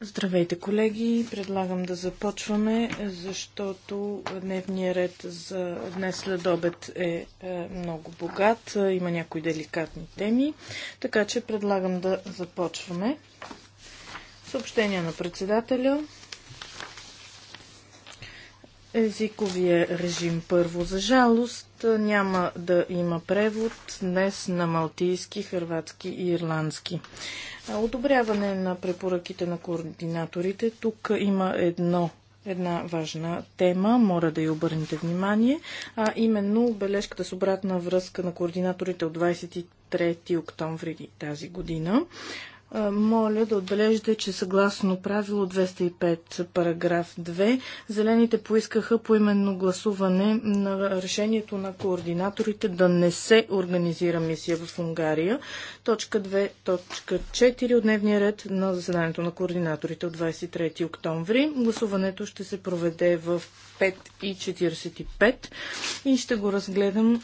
Здравейте, колеги! Предлагам да започваме, защото дневният ред за днес след обед е, е много богат. Има някои деликатни теми, така че предлагам да започваме. Съобщение на председателя. Езиковия режим първо. За жалост няма да има превод днес на малтийски, хрватски и ирландски. Одобряване на препоръките на координаторите. Тук има едно една важна тема, Мора да й обърнете внимание, а именно бележката с обратна връзка на координаторите от 23 октомври тази година моля да отбележите, че съгласно правило 205 параграф 2, зелените поискаха поименно гласуване на решението на координаторите да не се организира мисия в Унгария. Точка 2, точка 4 от дневния ред на заседанието на координаторите от 23 октомври. Гласуването ще се проведе в 5.45 и ще го разгледам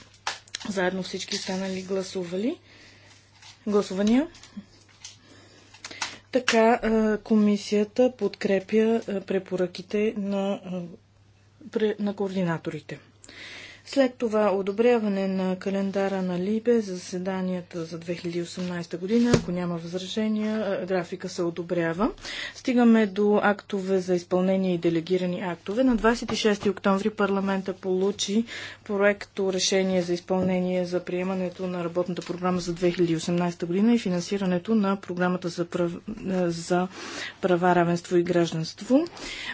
заедно всички станали гласували. Гласувания. Така комисията подкрепя препоръките на, на координаторите. След това одобряване на календара на Либе за заседанията за 2018 година. Ако няма възражения, графика се одобрява. Стигаме до актове за изпълнение и делегирани актове. На 26 октомври парламента получи проекто решение за изпълнение за приемането на работната програма за 2018 година и финансирането на програмата за, прав... за права, равенство и гражданство.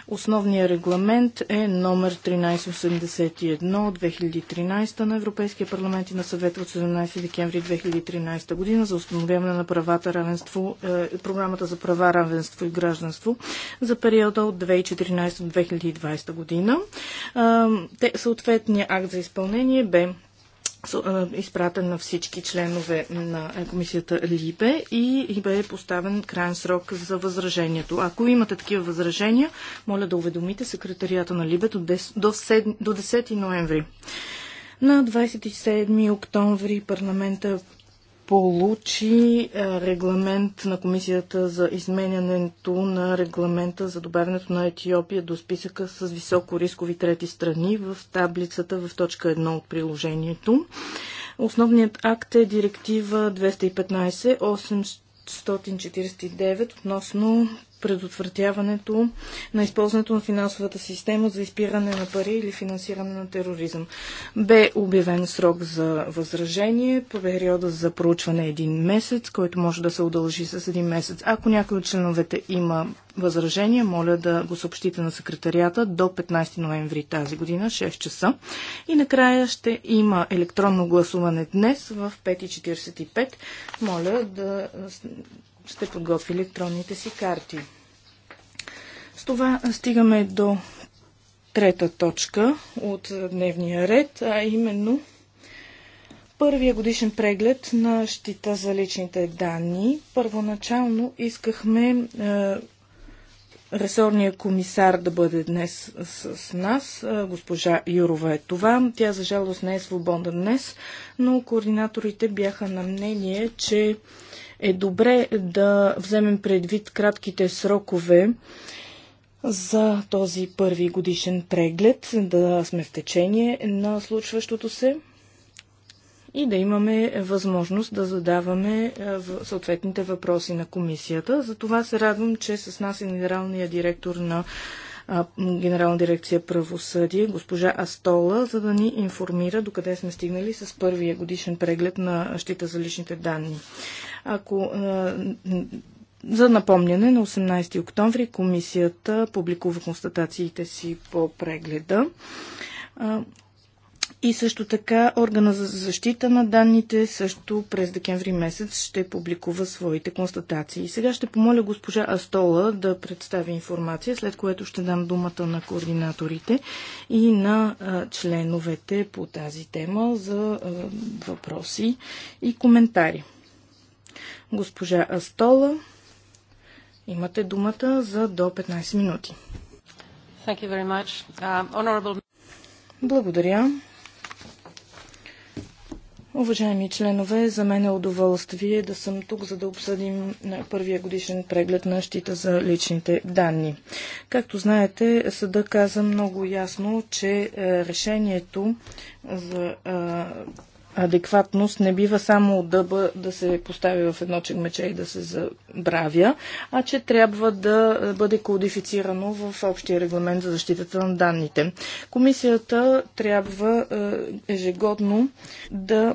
Основният регламент е номер 1381 от 2018 2013 на Европейския парламент и на съвета от 17 декември 2013 година за установяване на правата равенство, е, програмата за права, равенство и гражданство за периода от 2014 до 2020 година. Е, съответният акт за изпълнение бе изпратен на всички членове на комисията Либе и бе е поставен крайен срок за възражението. Ако имате такива възражения, моля да уведомите секретарията на Либе до 10, до 10 ноември. На 27 октомври парламента получи е, регламент на комисията за изменянето на регламента за добавянето на Етиопия до списъка с високо рискови трети страни в таблицата в точка 1 от приложението. Основният акт е директива 215 849 относно предотвратяването на използването на финансовата система за изпиране на пари или финансиране на тероризъм. Бе обявен срок за възражение, периода за проучване е един месец, който може да се удължи с един месец. Ако някой от членовете има възражение, моля да го съобщите на секретарията до 15 ноември тази година, 6 часа. И накрая ще има електронно гласуване днес в 5.45. Моля да ще подготви електронните си карти. С това стигаме до трета точка от дневния ред, а именно първия годишен преглед на щита за личните данни. Първоначално искахме е, ресорния комисар да бъде днес с, с нас. Е, госпожа Юрова е това. Тя за жалост не е свободна днес, но координаторите бяха на мнение, че е добре да вземем предвид кратките срокове за този първи годишен преглед, да сме в течение на случващото се и да имаме възможност да задаваме е, съответните въпроси на комисията. За това се радвам, че с нас е генералният директор на Генерална дирекция правосъдие, госпожа Астола, за да ни информира докъде сме стигнали с първия годишен преглед на щита за личните данни. Ако за напомняне, на 18 октомври комисията публикува констатациите си по прегледа и също така органа за защита на данните също през декември месец ще публикува своите констатации. Сега ще помоля госпожа Астола да представи информация, след което ще дам думата на координаторите и на членовете по тази тема за въпроси и коментари. Госпожа Астола, имате думата за до 15 минути. Uh, Благодаря. Уважаеми членове, за мен е удоволствие да съм тук, за да обсъдим първия годишен преглед на щита за личните данни. Както знаете, съда каза много ясно, че е, решението за е, адекватност не бива само от дъба да се постави в едно чекмече и да се забравя, а че трябва да бъде кодифицирано в общия регламент за защитата на данните. Комисията трябва е, ежегодно да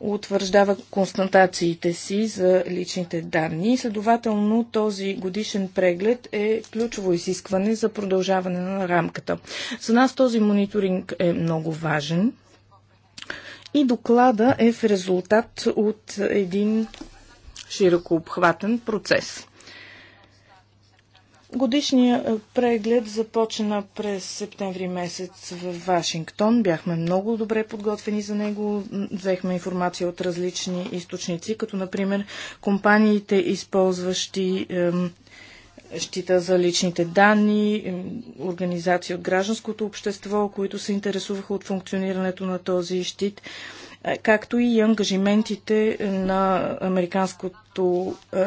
утвърждава констатациите си за личните данни. Следователно, този годишен преглед е ключово изискване за продължаване на рамката. За нас този мониторинг е много важен и доклада е в резултат от един широко обхватен процес. Годишният е, преглед започна през септември месец в Вашингтон. Бяхме много добре подготвени за него. Взехме информация от различни източници, като например компаниите, използващи щита за личните данни, организации от гражданското общество, които се интересуваха от функционирането на този щит, е, както и ангажиментите на, е,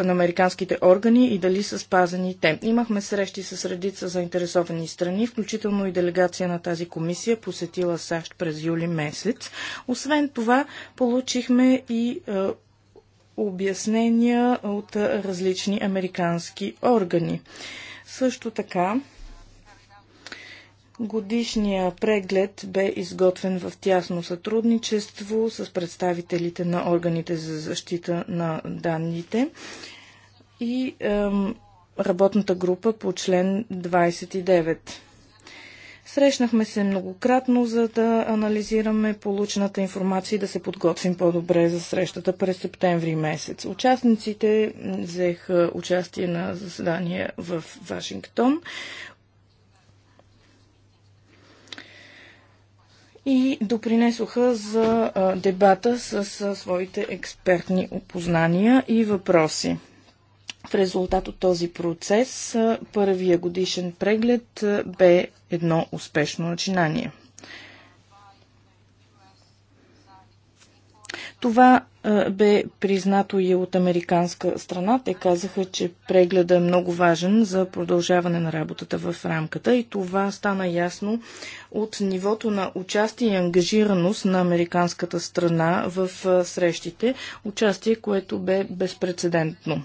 на американските органи и дали са спазени те. Имахме срещи с редица заинтересовани страни, включително и делегация на тази комисия, посетила САЩ през юли месец. Освен това, получихме и е, обяснения от различни американски органи. Също така, Годишният преглед бе изготвен в тясно сътрудничество с представителите на органите за защита на данните и ем, работната група по член 29. Срещнахме се многократно, за да анализираме получената информация и да се подготвим по-добре за срещата през септември месец. Участниците взеха участие на заседание в Вашингтон. и допринесоха за дебата с своите експертни опознания и въпроси. В резултат от този процес първия годишен преглед бе едно успешно начинание. Това а, бе признато и от американска страна. Те казаха, че прегледа е много важен за продължаване на работата в рамката и това стана ясно от нивото на участие и ангажираност на американската страна в а, срещите. Участие, което бе безпредседентно.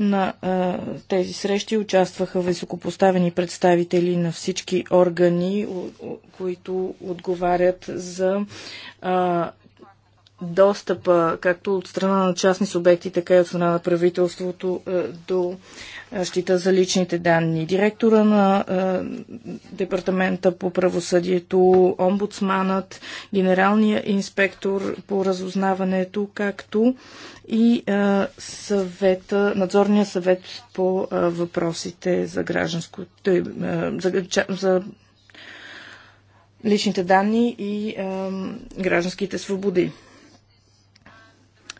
На а, тези срещи участваха високопоставени представители на всички органи, които отговарят за достъпа, както от страна на частни субекти, така и от страна на правителството е, до е, щита за личните данни. Директора на е, Департамента по правосъдието, омбудсманът, генералния инспектор по разузнаването, както и съвета, надзорния съвет по въпросите за гражданско за, за личните данни и гражданските свободи.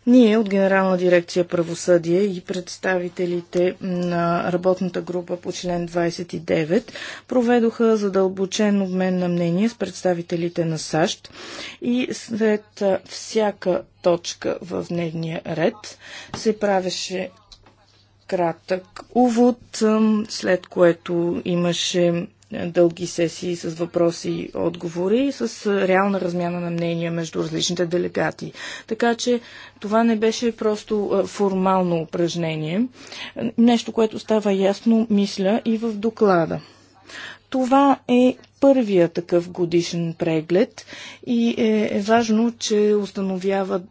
Ние от Генерална дирекция правосъдие и представителите на работната група по член 29 проведоха задълбочен обмен на мнение с представителите на САЩ и след всяка точка в дневния ред се правеше кратък увод, след което имаше дълги сесии с въпроси и отговори, с реална размяна на мнения между различните делегати. Така че това не беше просто формално упражнение, нещо, което става ясно, мисля, и в доклада. Това е първия такъв годишен преглед и е, е важно, че установява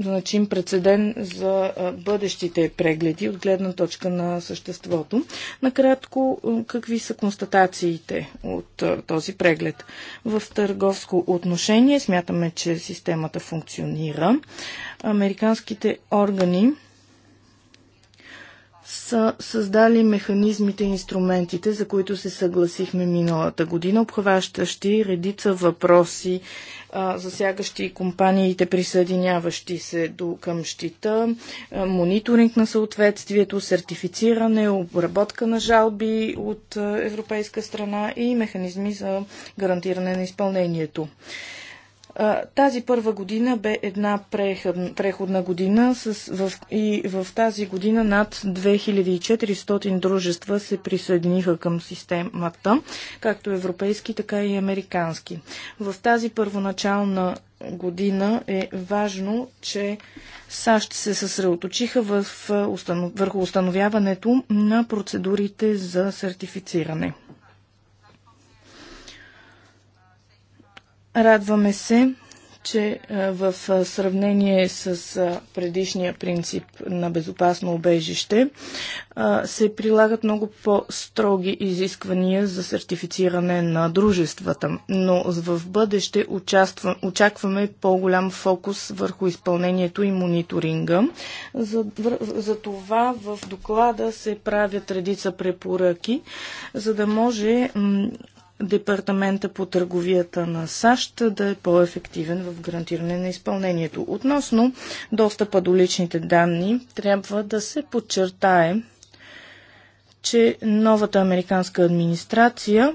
значим прецеден за бъдещите прегледи от гледна точка на съществото. Накратко, какви са констатациите от този преглед? В търговско отношение смятаме, че системата функционира. Американските органи са създали механизмите и инструментите, за които се съгласихме миналата година, обхващащи редица въпроси засягащи компаниите, присъединяващи се до, към щита, мониторинг на съответствието, сертифициране, обработка на жалби от европейска страна и механизми за гарантиране на изпълнението. Тази първа година бе една преходна година и в тази година над 2400 дружества се присъединиха към системата, както европейски, така и американски. В тази първоначална година е важно, че САЩ се съсредоточиха в, върху установяването на процедурите за сертифициране. Радваме се, че в сравнение с предишния принцип на безопасно обежище се прилагат много по-строги изисквания за сертифициране на дружествата, но в бъдеще очакваме по-голям фокус върху изпълнението и мониторинга. за това в доклада се правят редица препоръки, за да може Департамента по търговията на САЩ да е по-ефективен в гарантиране на изпълнението. Относно достъпа до личните данни, трябва да се подчертае, че новата американска администрация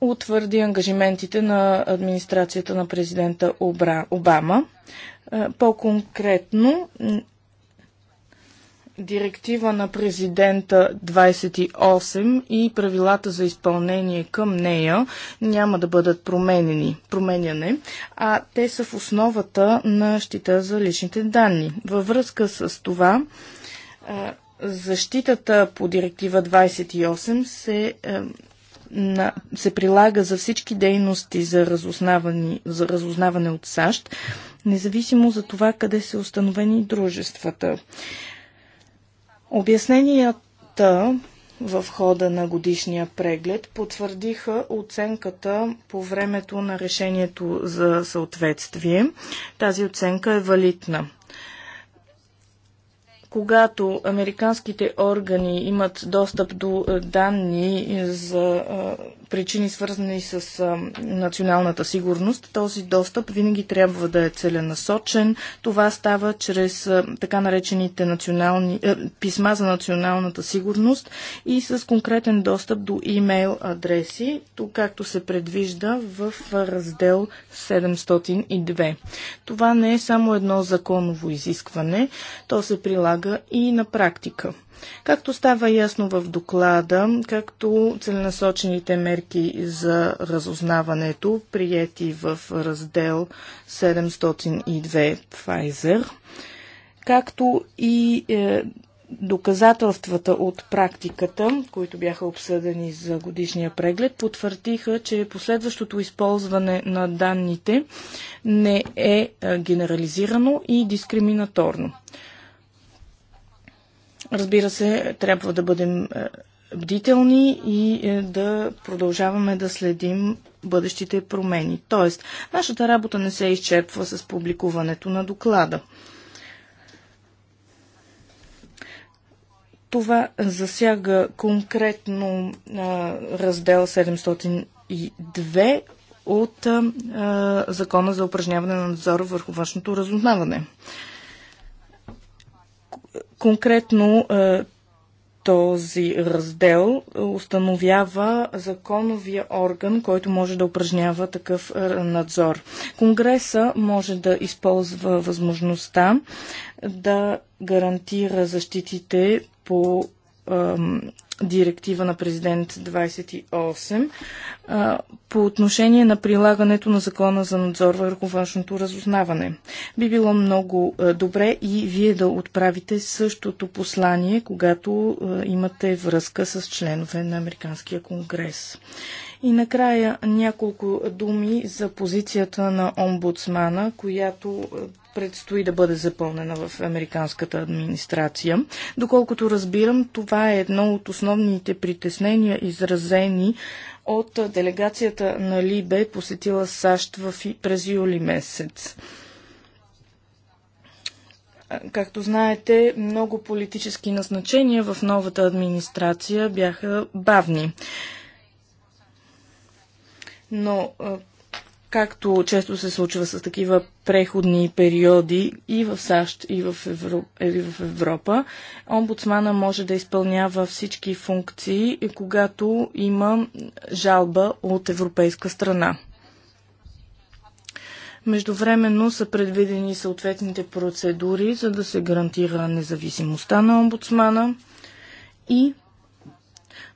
утвърди ангажиментите на администрацията на президента Обама. Е, по-конкретно директива на президента 28 и правилата за изпълнение към нея няма да бъдат променени, променяне, а те са в основата на щита за личните данни. Във връзка с това, защитата по директива 28 се на, се прилага за всички дейности за разузнаване, за разузнаване от САЩ, независимо за това къде са установени дружествата. Обясненията в хода на годишния преглед потвърдиха оценката по времето на решението за съответствие. Тази оценка е валидна когато американските органи имат достъп до е, данни за е, причини свързани с националната сигурност, този достъп винаги трябва да е целенасочен. Това става чрез така наречените национални, а, писма за националната сигурност и с конкретен достъп до имейл адреси, както се предвижда в раздел 702. Това не е само едно законово изискване, то се прилага и на практика. Както става ясно в доклада, както целенасочените мерки за разузнаването, приети в раздел 702 Pfizer, както и е, доказателствата от практиката, които бяха обсъдени за годишния преглед, потвърдиха, че последващото използване на данните не е, е генерализирано и дискриминаторно. Разбира се, трябва да бъдем е, бдителни и е, да продължаваме да следим бъдещите промени. Тоест, нашата работа не се изчерпва с публикуването на доклада. Това засяга конкретно а, е, раздел 702 от а, Закона за упражняване на надзора върху външното разузнаване. Конкретно е, този раздел установява законовия орган, който може да упражнява такъв е, надзор. Конгреса може да използва възможността да гарантира защитите по директива на президент 28 по отношение на прилагането на закона за надзор върху външното разузнаване. Би било много добре и вие да отправите същото послание, когато имате връзка с членове на Американския конгрес. И накрая няколко думи за позицията на омбудсмана, която предстои да бъде запълнена в американската администрация. Доколкото разбирам, това е едно от основните притеснения, изразени от делегацията на Либе, посетила САЩ в, през юли месец. Както знаете, много политически назначения в новата администрация бяха бавни. Но както често се случва с такива преходни периоди и в САЩ, и в, Евро... и в Европа, омбудсмана може да изпълнява всички функции, когато има жалба от европейска страна. Междувременно са предвидени съответните процедури, за да се гарантира независимостта на омбудсмана и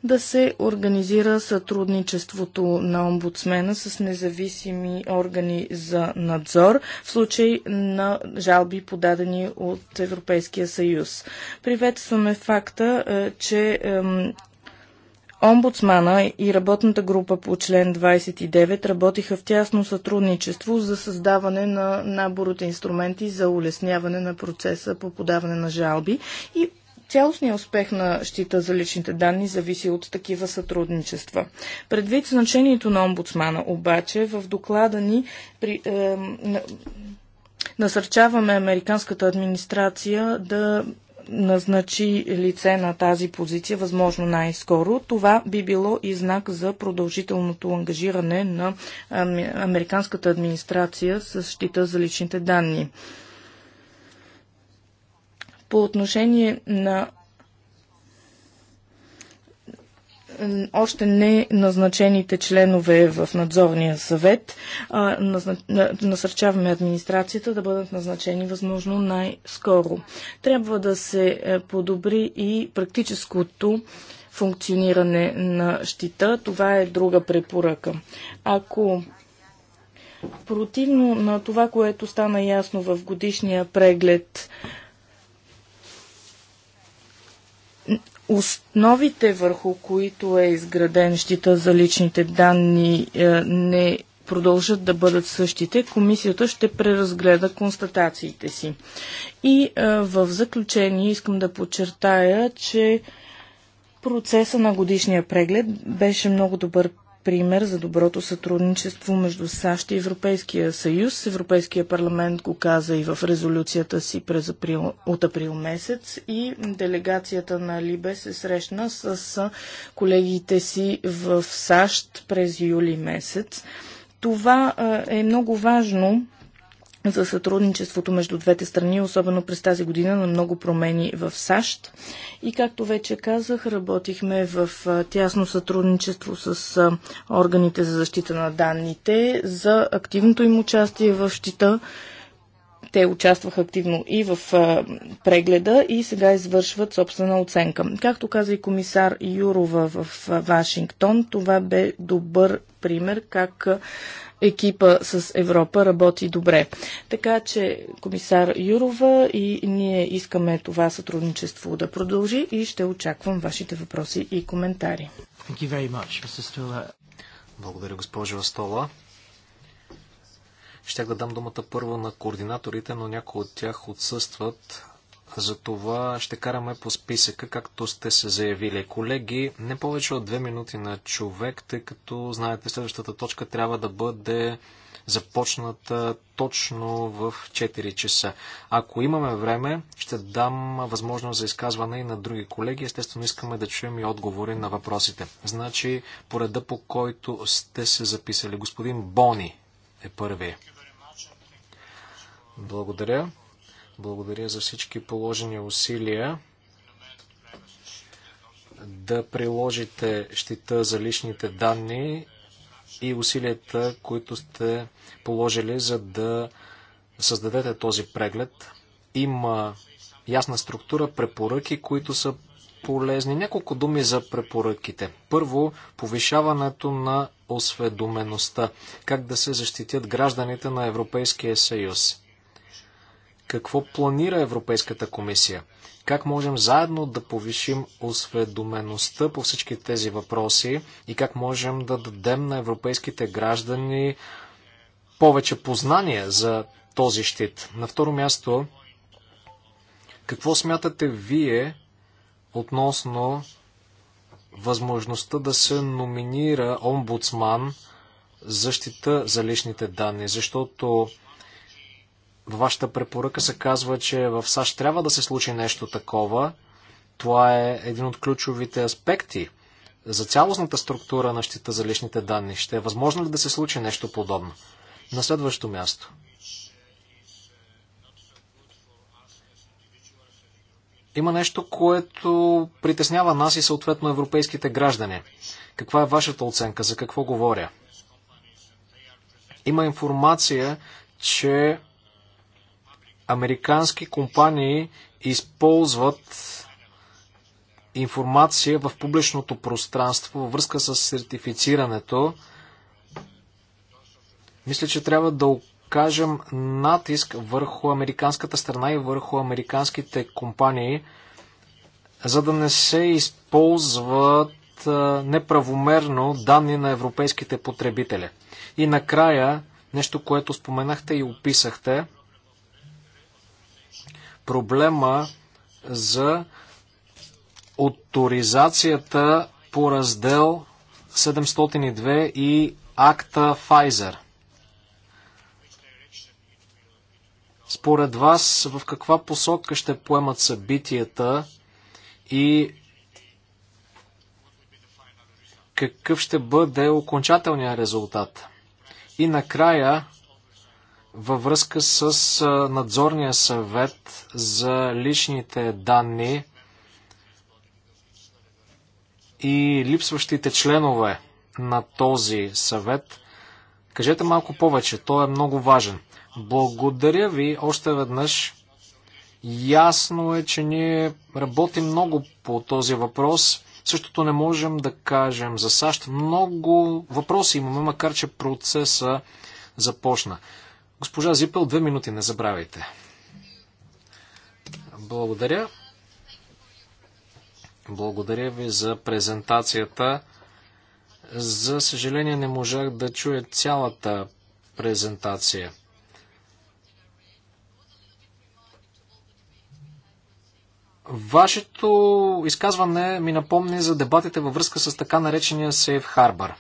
да се организира сътрудничеството на омбудсмена с независими органи за надзор в случай на жалби подадени от Европейския съюз. Приветстваме факта, е, че Омбудсмана и работната група по член 29 работиха в тясно сътрудничество за създаване на набор от инструменти за улесняване на процеса по подаване на жалби и цялостният успех на щита за личните данни зависи от такива сътрудничества. Предвид значението на омбудсмана, обаче, в доклада ни при, е, насърчаваме американската администрация да назначи лице на тази позиция, възможно най-скоро. Това би било и знак за продължителното ангажиране на ами, американската администрация с щита за личните данни по отношение на още не назначените членове в надзорния съвет. Насърчаваме администрацията да бъдат назначени възможно най-скоро. Трябва да се е, подобри и практическото функциониране на щита. Това е друга препоръка. Ако противно на това, което стана ясно в годишния преглед, основите върху които е изграден щита за личните данни е, не продължат да бъдат същите, комисията ще преразгледа констатациите си. И е, в заключение искам да подчертая, че процеса на годишния преглед беше много добър пример за доброто сътрудничество между САЩ и Европейския съюз. Европейския парламент го каза и в резолюцията си през април, от април месец и делегацията на Либе се срещна с колегите си в САЩ през юли месец. Това е много важно за сътрудничеството между двете страни, особено през тази година на много промени в САЩ. И както вече казах, работихме в тясно сътрудничество с органите за защита на данните за активното им участие в щита. Те участваха активно и в прегледа и сега извършват собствена оценка. Както каза и комисар Юрова в Вашингтон, това бе добър пример как екипа с Европа работи добре. Така че комисар Юрова и ние искаме това сътрудничество да продължи и ще очаквам вашите въпроси и коментари. Much, Благодаря, госпожо Стола. Ще да дам думата първо на координаторите, но някои от тях отсъстват. Затова ще караме по списъка, както сте се заявили. Колеги, не повече от две минути на човек, тъй като, знаете, следващата точка трябва да бъде започната точно в 4 часа. Ако имаме време, ще дам възможност за изказване и на други колеги. Естествено, искаме да чуем и отговори на въпросите. Значи, пореда по който сте се записали. Господин Бони е първи. Благодаря. Благодаря за всички положени усилия да приложите щита за личните данни и усилията, които сте положили, за да създадете този преглед. Има ясна структура, препоръки, които са полезни. Няколко думи за препоръките. Първо, повишаването на осведомеността. Как да се защитят гражданите на Европейския съюз. Какво планира Европейската комисия? Как можем заедно да повишим осведомеността по всички тези въпроси и как можем да дадем на европейските граждани повече познание за този щит? На второ място, какво смятате вие относно възможността да се номинира омбудсман защита за личните данни, защото във вашата препоръка се казва, че в САЩ трябва да се случи нещо такова. Това е един от ключовите аспекти за цялостната структура на щита за личните данни. Ще е възможно ли да се случи нещо подобно? На следващо място. Има нещо, което притеснява нас и съответно европейските граждани. Каква е вашата оценка? За какво говоря? Има информация, че американски компании използват информация в публичното пространство във връзка с сертифицирането. Мисля, че трябва да окажем натиск върху американската страна и върху американските компании, за да не се използват неправомерно данни на европейските потребители. И накрая, нещо, което споменахте и описахте – проблема за авторизацията по раздел 702 и акта Pfizer. Според вас в каква посока ще поемат събитията и какъв ще бъде окончателният резултат? И накрая във връзка с надзорния съвет за личните данни и липсващите членове на този съвет. Кажете малко повече, той е много важен. Благодаря ви още веднъж. Ясно е, че ние работим много по този въпрос. Същото не можем да кажем за САЩ. Много въпроси имаме, макар че процеса започна. Госпожа Зипел, две минути, не забравяйте. Благодаря. Благодаря ви за презентацията. За съжаление не можах да чуя цялата презентация. Вашето изказване ми напомни за дебатите във връзка с така наречения Safe Harbor.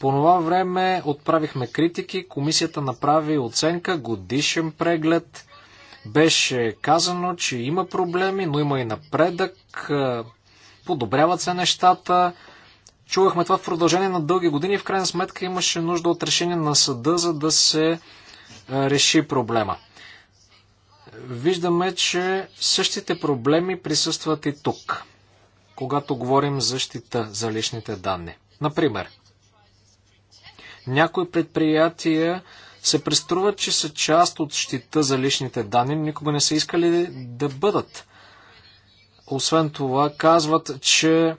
По това време отправихме критики, комисията направи оценка, годишен преглед. Беше казано, че има проблеми, но има и напредък, е, подобряват се нещата. Чувахме това в продължение на дълги години и в крайна сметка имаше нужда от решение на съда, за да се е, реши проблема. Виждаме, че същите проблеми присъстват и тук, когато говорим за защита за личните данни. Например, някои предприятия се преструват, че са част от щита за личните данни, никога не са искали да бъдат. Освен това, казват, че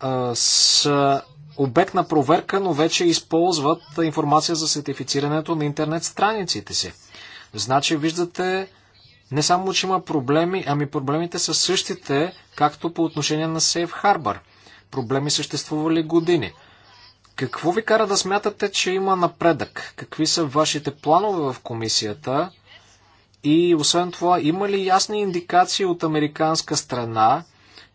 а, са обект на проверка, но вече използват информация за сертифицирането на интернет страниците си. Значи, виждате, не само, че има проблеми, ами проблемите са същите, както по отношение на Safe Harbor. Проблеми съществували години. Какво ви кара да смятате, че има напредък? Какви са вашите планове в комисията? И освен това, има ли ясни индикации от американска страна,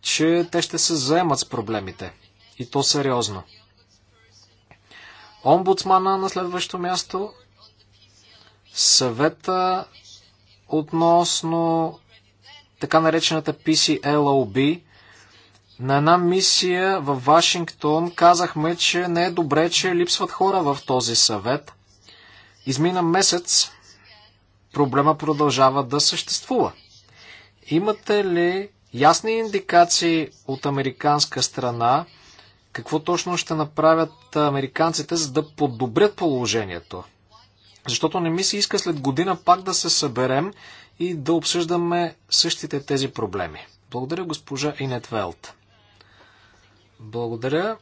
че те ще се заемат с проблемите? И то сериозно. Омбудсмана на следващо място, съвета относно така наречената PCLOB, на една мисия в Вашингтон казахме, че не е добре, че липсват хора в този съвет. Измина месец, проблема продължава да съществува. Имате ли ясни индикации от американска страна, какво точно ще направят американците, за да подобрят положението? Защото не ми се иска след година пак да се съберем и да обсъждаме същите тези проблеми. Благодаря госпожа Инетвелт. Благодаря.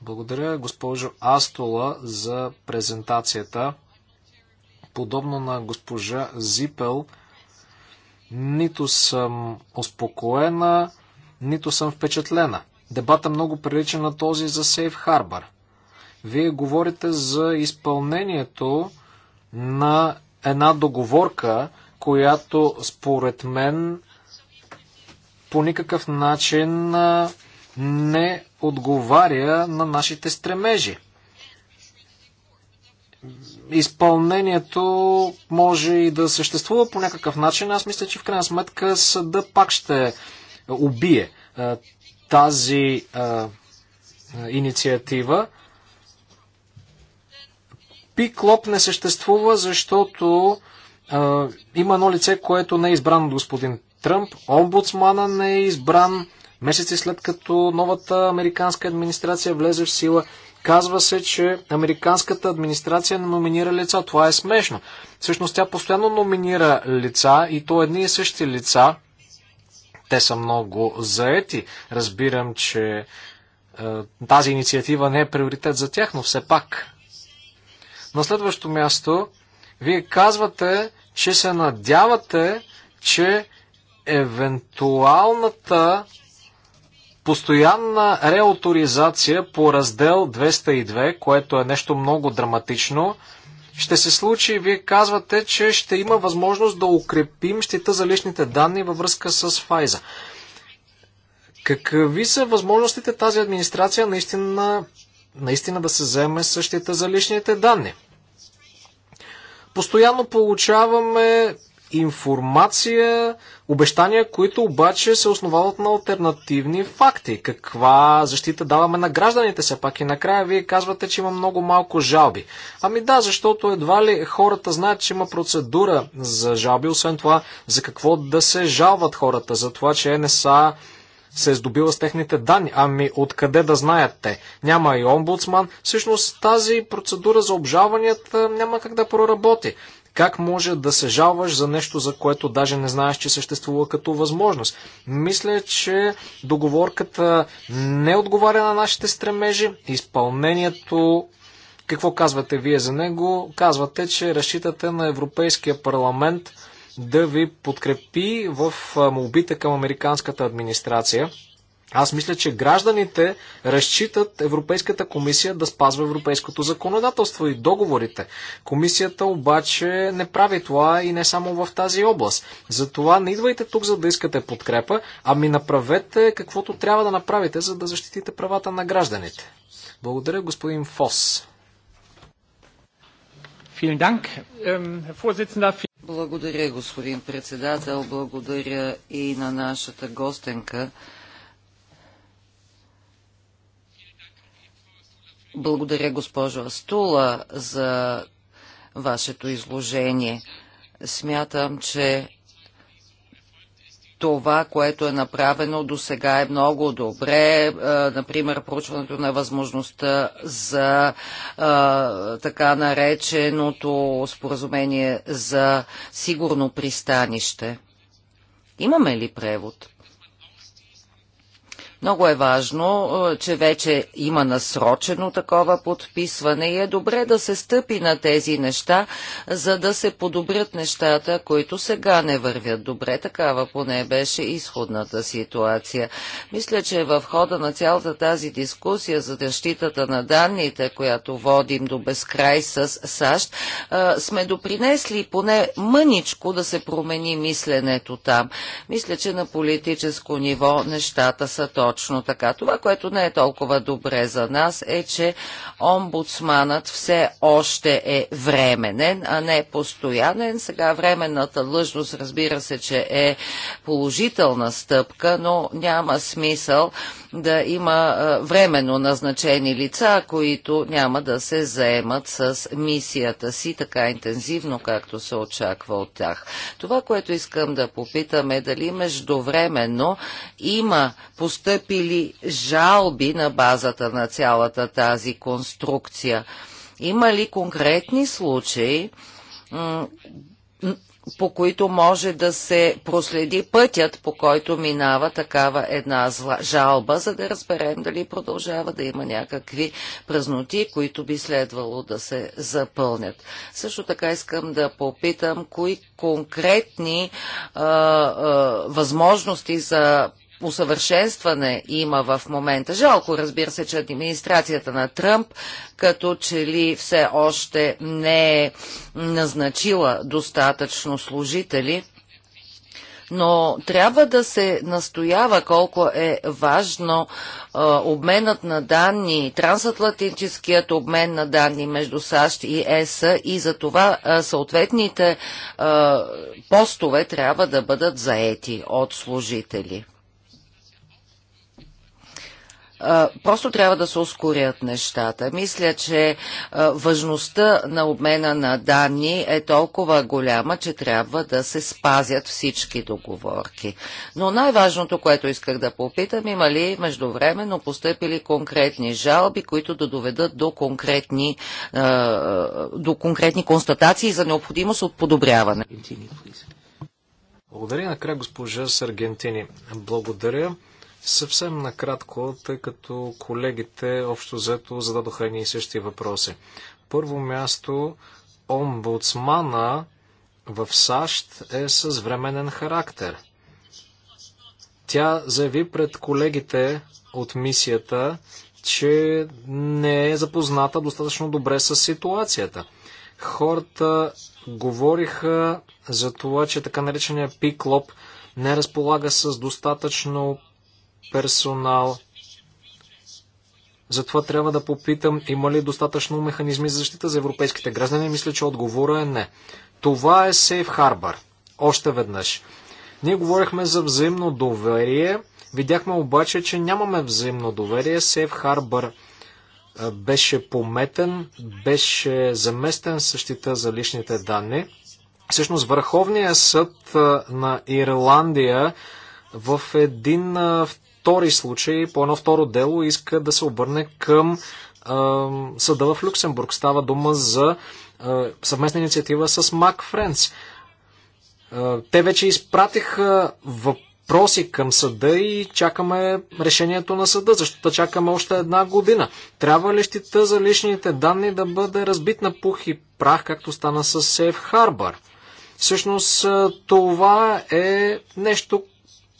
Благодаря, госпожо Астола, за презентацията. Подобно на госпожа Зипел, нито съм успокоена, нито съм впечатлена. Дебата много прилича на този за Сейф Харбър. Вие говорите за изпълнението на една договорка, която според мен по никакъв начин не отговаря на нашите стремежи. Изпълнението може и да съществува по някакъв начин. Аз мисля, че в крайна сметка съда пак ще убие тази а, инициатива. Пиклоп не съществува, защото а, има едно лице, което не е избрано от господин Тръмп, омбудсмана не е избран месеци след като новата американска администрация влезе в сила. Казва се, че американската администрация не номинира лица. Това е смешно. Всъщност тя постоянно номинира лица и то едни и същи лица. Те са много заети. Разбирам, че е, тази инициатива не е приоритет за тях, но все пак. На следващо място, вие казвате, че се надявате, че евентуалната Постоянна реауторизация по раздел 202, което е нещо много драматично, ще се случи. Вие казвате, че ще има възможност да укрепим щита за личните данни във връзка с Файза. Какви са възможностите тази администрация наистина, наистина да се вземе същите за личните данни? Постоянно получаваме информация, обещания, които обаче се основават на альтернативни факти. Каква защита даваме на гражданите се пак и накрая вие казвате, че има много малко жалби. Ами да, защото едва ли хората знаят, че има процедура за жалби, освен това за какво да се жалват хората, за това, че НСА се е здобила с техните данни. Ами откъде да знаят те? Няма и омбудсман. Всъщност тази процедура за обжалванията няма как да проработи. Как може да се жалваш за нещо, за което даже не знаеш, че съществува като възможност? Мисля, че договорката не отговаря на нашите стремежи. Изпълнението какво казвате вие за него? Казвате, че разчитате на Европейския парламент да ви подкрепи в молбите към американската администрация. Аз мисля, че гражданите разчитат Европейската комисия да спазва европейското законодателство и договорите. Комисията обаче не прави това и не само в тази област. Затова не идвайте тук, за да искате подкрепа, ами направете каквото трябва да направите, за да защитите правата на гражданите. Благодаря, господин Фос. Ähm, Благодаря, господин председател. Благодаря и на нашата гостенка Благодаря, госпожо Астула, за вашето изложение. Смятам, че това, което е направено до сега е много добре. Е, например, проучването на възможността за а, е, така нареченото споразумение за сигурно пристанище. Имаме ли превод? Много е важно, е, че вече има насрочено такова подписване и е добре да се стъпи на тези неща, за да се подобрят нещата, които сега не вървят добре. Такава поне беше изходната ситуация. Мисля, че в хода на цялата тази дискусия за защитата на данните, която водим до безкрай с САЩ, е, сме допринесли поне мъничко да се промени мисленето там. Мисля, че на политическо ниво нещата са точно точно така. Това, което не е толкова добре за нас е, че омбудсманът все още е временен, а не постоянен. Сега временната длъжност разбира се, че е положителна стъпка, но няма смисъл да има временно назначени лица, които няма да се заемат с мисията си така интензивно, както се очаква от тях. Това, което искам да попитам е дали междувременно има постъпили жалби на базата на цялата тази конструкция. Има ли конкретни случаи, по които може да се проследи пътят, по който минава такава една зла жалба, за да разберем дали продължава да има някакви празноти, които би следвало да се запълнят. Също така искам да попитам, кои конкретни а, а, възможности за усъвършенстване има в момента. Жалко, разбира се, че администрацията на Тръмп като че ли все още не е назначила достатъчно служители но трябва да се настоява колко е важно е, обменът на данни, трансатлантическият обмен на данни между САЩ и ЕС и за това е, съответните е, постове трябва да бъдат заети от служители просто трябва да се ускорят нещата. Мисля, че важността на обмена на данни е толкова голяма, че трябва да се спазят всички договорки. Но най-важното, което исках да попитам, има ли междувременно поступили конкретни жалби, които да доведат до конкретни, до конкретни констатации за необходимост от подобряване? Благодаря накрая госпожа Саргентини. Благодаря. Съвсем накратко, тъй като колегите общо взето зададоха едни и същи въпроси. Първо място, омбудсмана в САЩ е с временен характер. Тя заяви пред колегите от мисията, че не е запозната достатъчно добре с ситуацията. Хората говориха за това, че така наречения пиклоп не разполага с достатъчно персонал. Затова трябва да попитам, има ли достатъчно механизми за защита за европейските граждани? Мисля, че отговора е не. Това е Сейф Харбър. Още веднъж. Ние говорихме за взаимно доверие. Видяхме обаче, че нямаме взаимно доверие. Сейф Харбър беше пометен, беше заместен същита за личните данни. Всъщност Върховният съд на Ирландия в един втори случай, по едно второ дело, иска да се обърне към съда в Люксембург. Става дума за съвместна инициатива с Мак Френц. Те вече изпратиха въпроси към съда и чакаме решението на съда, защото чакаме още една година. Трябва ли щита за личните данни да бъде разбит на пух и прах, както стана с Сейф Харбър? Всъщност това е нещо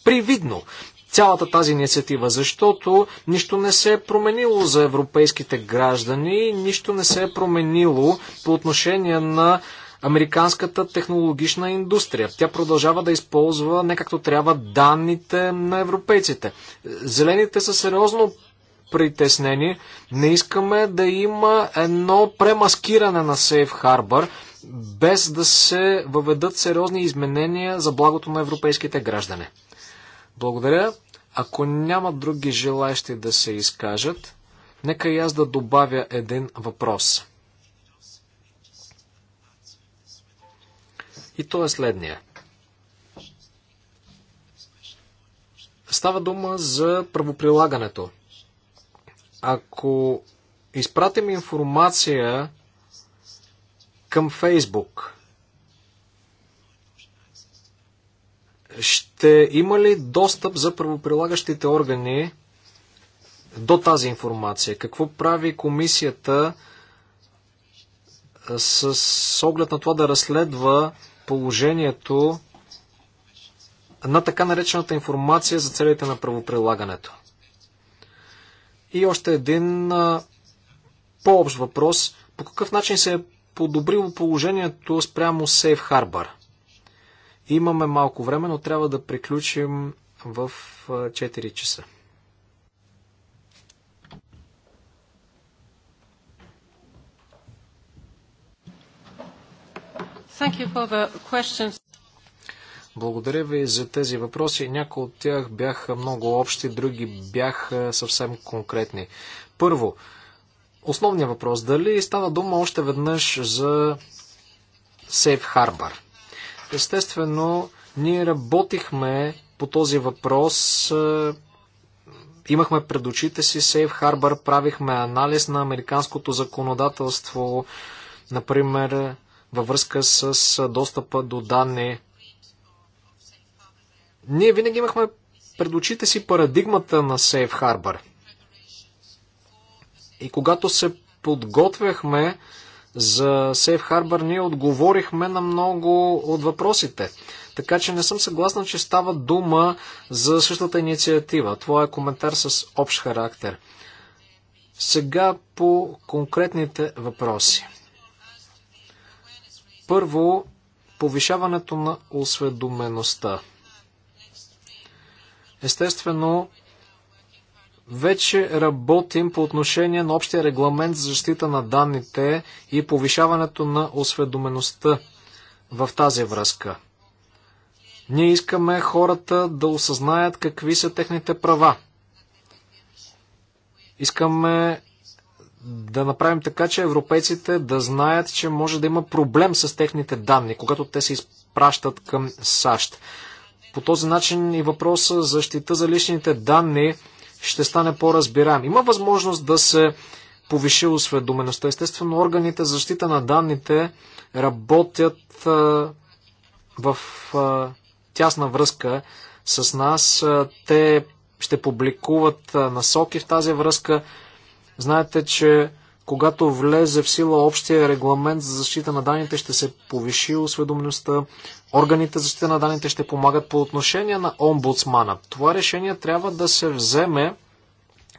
привидно цялата тази инициатива, защото нищо не се е променило за европейските граждани, нищо не се е променило по отношение на американската технологична индустрия. Тя продължава да използва не както трябва данните на европейците. Зелените са сериозно притеснени. Не искаме да има едно премаскиране на Сейф Harbor, без да се въведат сериозни изменения за благото на европейските граждани. Благодаря. Ако няма други желаящи да се изкажат, нека и аз да добавя един въпрос. И то е следния. Става дума за правоприлагането. Ако изпратим информация към Фейсбук Ще има ли достъп за правоприлагащите органи до тази информация? Какво прави комисията с оглед на това да разследва положението на така наречената информация за целите на правоприлагането? И още един по-общ въпрос. По какъв начин се е подобрило положението спрямо Сейф Harbor? Имаме малко време, но трябва да приключим в 4 часа. Благодаря ви за тези въпроси. Някои от тях бяха много общи, други бяха съвсем конкретни. Първо, основният въпрос. Дали става дума още веднъж за Сейф Harbor? Естествено, ние работихме по този въпрос. Е, имахме пред очите си Safe Harbor, правихме анализ на американското законодателство, например, във връзка с достъпа до данни. Ние винаги имахме пред очите си парадигмата на Safe Harbor. И когато се подготвяхме за Safe Harbor ние отговорихме на много от въпросите. Така че не съм съгласна, че става дума за същата инициатива. Това е коментар с общ характер. Сега по конкретните въпроси. Първо, повишаването на осведомеността. Естествено, вече работим по отношение на общия регламент за защита на данните и повишаването на осведомеността в тази връзка. Ние искаме хората да осъзнаят какви са техните права. Искаме да направим така, че европейците да знаят, че може да има проблем с техните данни, когато те се изпращат към САЩ. По този начин и въпроса за защита за личните данни ще стане по-разбираем. Има възможност да се повиши осведомеността. Естествено, органите за защита на данните работят в тясна връзка с нас. Те ще публикуват насоки в тази връзка. Знаете, че когато влезе в сила общия регламент за защита на данните, ще се повиши осведомеността. Органите за защита на данните ще помагат по отношение на омбудсмана. Това решение трябва да се вземе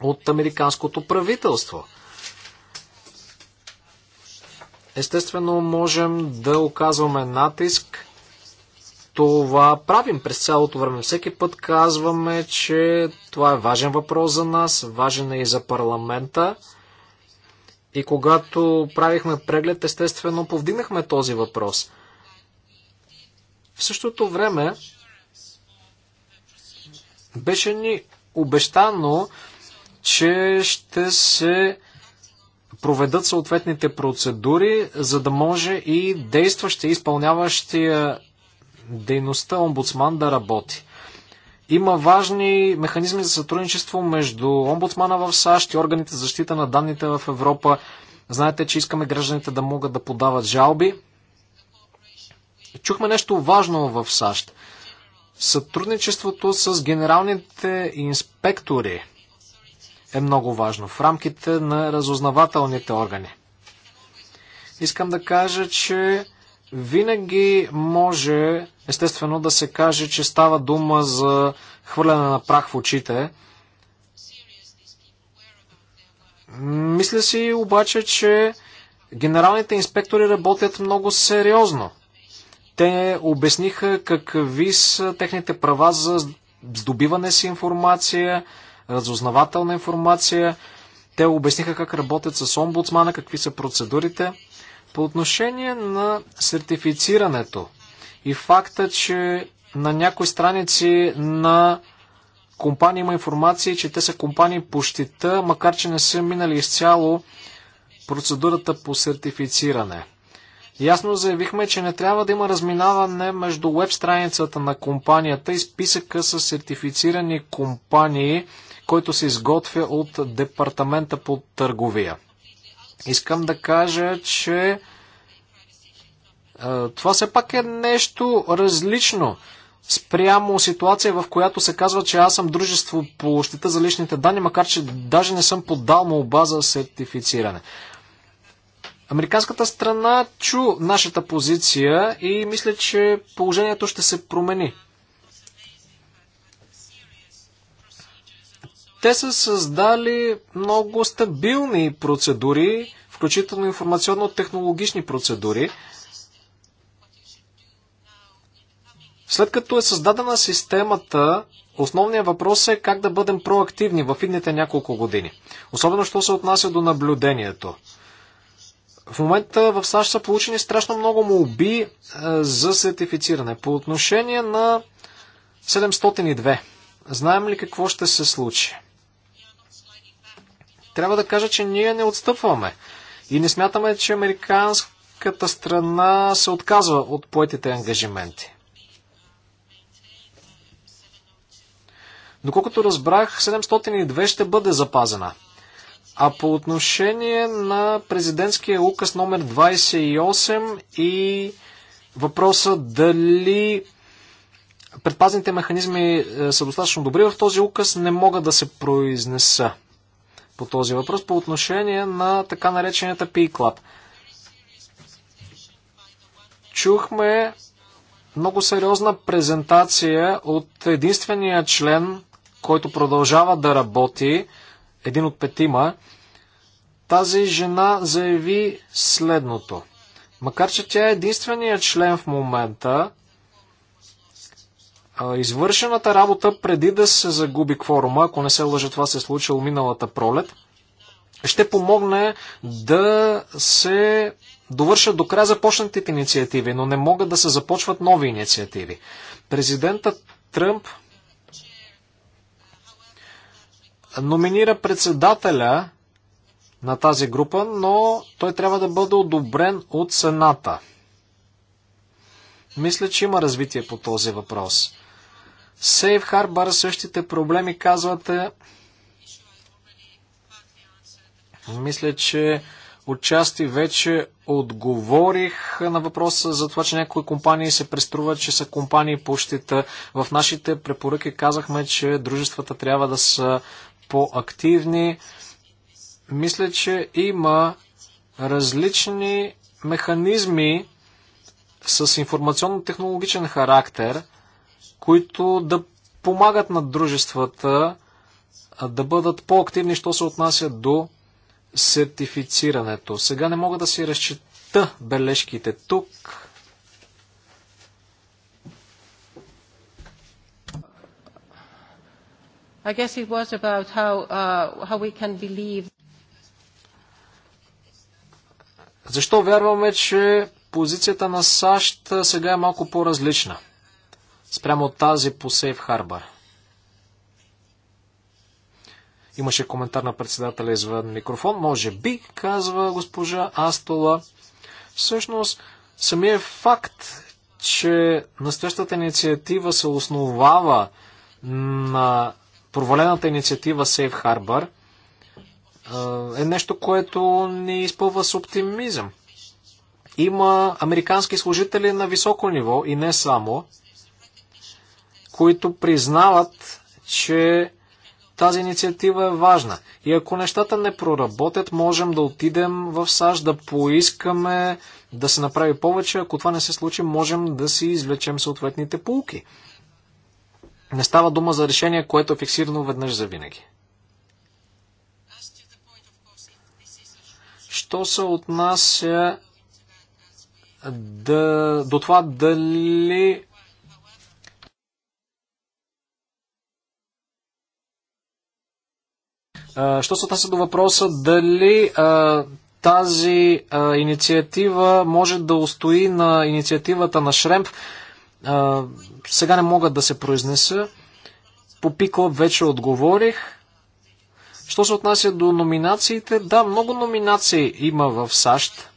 от американското правителство. Естествено, можем да оказваме натиск. Това правим през цялото време. Всеки път казваме, че това е важен въпрос за нас, важен е и за парламента. И когато правихме преглед, естествено, повдигнахме този въпрос – в същото време беше ни обещано, че ще се проведат съответните процедури, за да може и действащия, изпълняващия дейността омбудсман да работи. Има важни механизми за сътрудничество между омбудсмана в САЩ и органите за защита на данните в Европа. Знаете, че искаме гражданите да могат да подават жалби. Чухме нещо важно в САЩ. Сътрудничеството с генералните инспектори е много важно в рамките на разузнавателните органи. Искам да кажа, че винаги може, естествено, да се каже, че става дума за хвърляне на прах в очите. Мисля си обаче, че генералните инспектори работят много сериозно. Те обясниха какви са техните права за здобиване си информация, разузнавателна информация. Те обясниха как работят с омбудсмана, какви са процедурите. По отношение на сертифицирането и факта, че на някои страници на компании има информация, че те са компании по щита, макар че не са минали изцяло процедурата по сертифициране. Ясно заявихме, че не трябва да има разминаване между веб страницата на компанията и списъка с сертифицирани компании, който се изготвя от Департамента по търговия. Искам да кажа, че е, това все пак е нещо различно спрямо ситуация, в която се казва, че аз съм дружество по щита за личните данни, макар че даже не съм подал молба за сертифициране. Американската страна чу нашата позиция и мисля, че положението ще се промени. Те са създали много стабилни процедури, включително информационно-технологични процедури. След като е създадена системата, основният въпрос е как да бъдем проактивни в идните няколко години. Особено, що се отнася до наблюдението. В момента в САЩ са получени страшно много молби е, за сертифициране. По отношение на 702. Знаем ли какво ще се случи? Трябва да кажа, че ние не отстъпваме и не смятаме, че американската страна се отказва от поетите ангажименти. Доколкото разбрах, 702 ще бъде запазена. А по отношение на президентския указ номер 28 и въпроса дали предпазните механизми е, са достатъчно добри в този указ, не мога да се произнеса по този въпрос по отношение на така наречената P-Club. Чухме много сериозна презентация от единствения член, който продължава да работи, един от петима, тази жена заяви следното. Макар, че тя е единственият член в момента, извършената работа преди да се загуби кворума, ако не се лъжа, това се е случило миналата пролет, ще помогне да се довършат до края започнатите инициативи, но не могат да се започват нови инициативи. Президентът Тръмп номинира председателя на тази група, но той трябва да бъде одобрен от Сената. Мисля, че има развитие по този въпрос. Сейф Харбар същите проблеми казвате. Мисля, че отчасти вече отговорих на въпроса за това, че някои компании се преструват, че са компании по щита. В нашите препоръки казахме, че дружествата трябва да са по-активни. Мисля, че има различни механизми с информационно-технологичен характер, които да помагат на дружествата да бъдат по-активни, що се отнася до сертифицирането. Сега не мога да си разчита бележките тук. I guess it was about how, uh, how we can believe. Защо вярваме, че позицията на САЩ сега е малко по-различна спрямо от тази по Сейф Харбър? Имаше коментар на председателя извън микрофон. Може би, казва госпожа Астола. Всъщност, самия факт, че настоящата инициатива се основава на провалената инициатива Safe Harbor е, е нещо, което ни изпълва с оптимизъм. Има американски служители на високо ниво и не само, които признават, че тази инициатива е важна. И ако нещата не проработят, можем да отидем в САЩ да поискаме да се направи повече. Ако това не се случи, можем да си извлечем съответните полки. Не става дума за решение, което е фиксирано веднъж за винаги. Що се отнася да, до това дали Що се отнася до въпроса дали а, тази а, инициатива може да устои на инициативата на Шремп, а, сега не мога да се произнеса. По пикъл вече отговорих. Що се отнася до номинациите? Да, много номинации има в САЩ.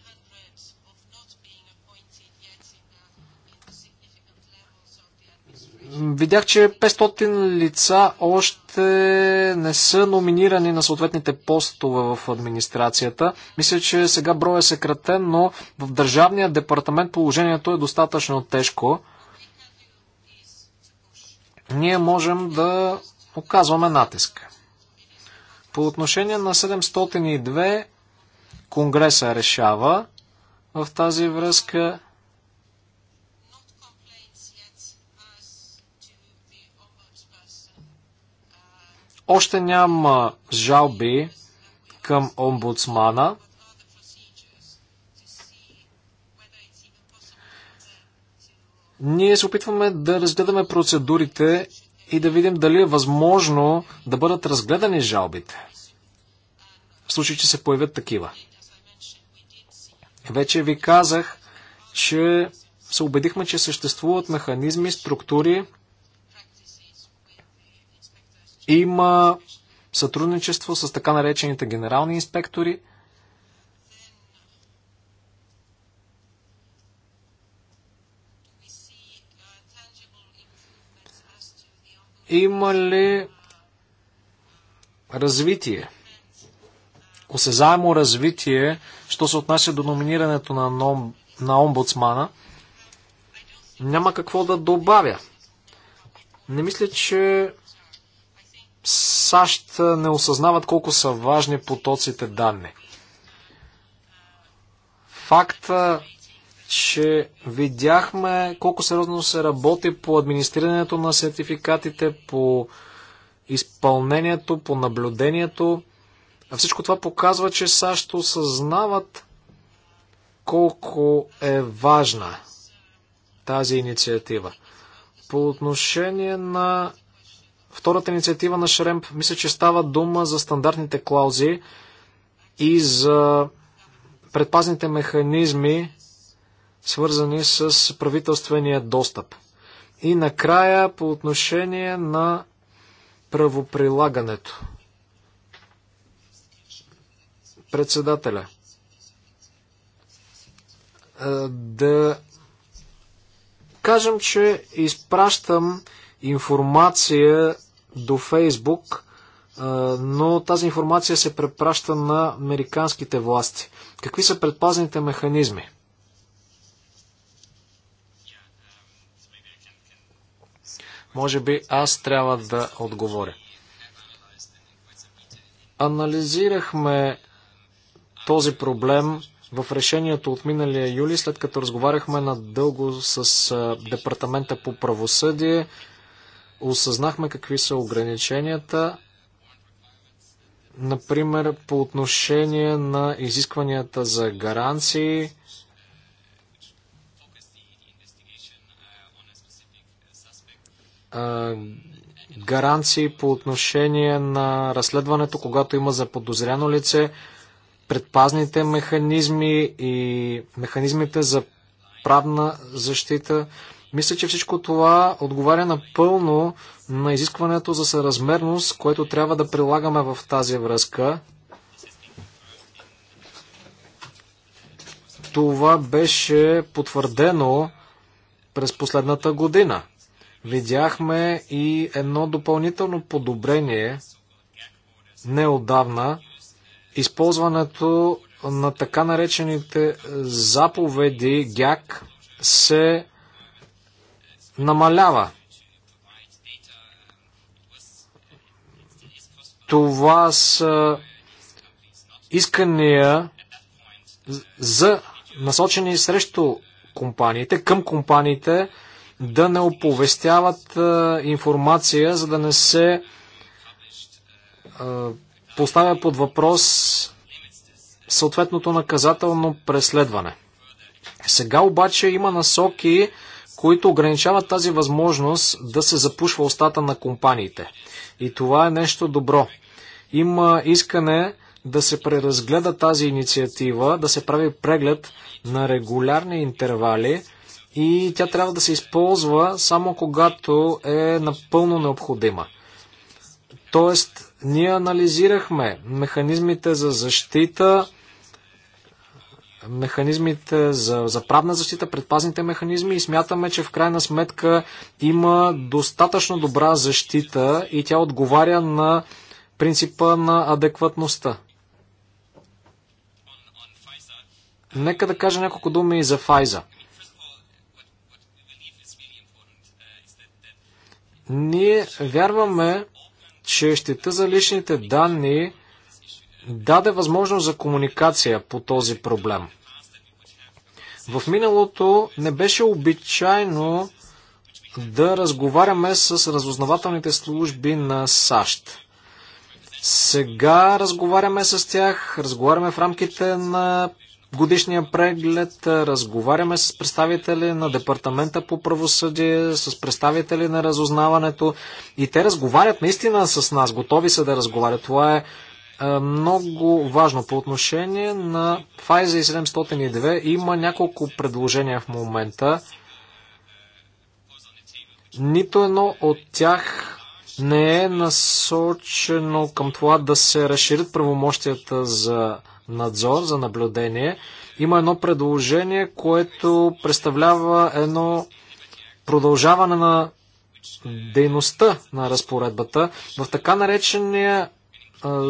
Видях, че 500 лица още не са номинирани на съответните постове в администрацията. Мисля, че сега броя е съкратен, но в Държавния департамент положението е достатъчно тежко ние можем да оказваме натиска. По отношение на 702 Конгреса решава в тази връзка Още няма жалби към омбудсмана. Ние се опитваме да разгледаме процедурите и да видим дали е възможно да бъдат разгледани жалбите. В случай, че се появят такива. Вече ви казах, че се убедихме, че съществуват механизми, структури. Има сътрудничество с така наречените генерални инспектори – Има ли развитие? Осезаемо развитие, що се отнася до номинирането на, ном, на омбудсмана, няма какво да добавя. Не мисля, че САЩ не осъзнават колко са важни потоците данни. Факта, че видяхме колко сериозно се работи по администрирането на сертификатите, по изпълнението, по наблюдението. А всичко това показва, че САЩ осъзнават колко е важна тази инициатива. По отношение на втората инициатива на Шремп, мисля, че става дума за стандартните клаузи и за предпазните механизми свързани с правителствения достъп. И накрая по отношение на правоприлагането. Председателя. Е, да кажем, че изпращам информация до Фейсбук, е, но тази информация се препраща на американските власти. Какви са предпазните механизми? Може би аз трябва да отговоря. Анализирахме този проблем в решението от миналия юли, след като разговаряхме надълго с Департамента по правосъдие, осъзнахме какви са ограниченията, например по отношение на изискванията за гаранции, гаранции по отношение на разследването, когато има заподозряно лице, предпазните механизми и механизмите за правна защита. Мисля, че всичко това отговаря напълно на изискването за съразмерност, което трябва да прилагаме в тази връзка. Това беше потвърдено през последната година – видяхме и едно допълнително подобрение неодавна. Използването на така наречените заповеди ГЯК се намалява. Това са искания за насочени срещу компаниите, към компаниите, да не оповестяват информация, за да не се поставя под въпрос съответното наказателно преследване. Сега обаче има насоки, които ограничават тази възможност да се запушва устата на компаниите. И това е нещо добро. Има искане да се преразгледа тази инициатива, да се прави преглед на регулярни интервали – и тя трябва да се използва само когато е напълно необходима. Тоест, ние анализирахме механизмите за защита, механизмите за, за правна защита, предпазните механизми и смятаме, че в крайна сметка има достатъчно добра защита и тя отговаря на принципа на адекватността. Нека да кажа няколко думи и за Файза. Ние вярваме, че щита за личните данни даде възможност за комуникация по този проблем. В миналото не беше обичайно да разговаряме с разузнавателните служби на САЩ. Сега разговаряме с тях, разговаряме в рамките на годишния преглед, разговаряме с представители на Департамента по правосъдие, с представители на разузнаването и те разговарят наистина с нас, готови са да разговарят. Това е много важно. По отношение на Pfizer 702 има няколко предложения в момента. Нито едно от тях не е насочено към това да се разширят правомощията за надзор, за наблюдение. Има едно предложение, което представлява едно продължаване на дейността на разпоредбата. В така наречения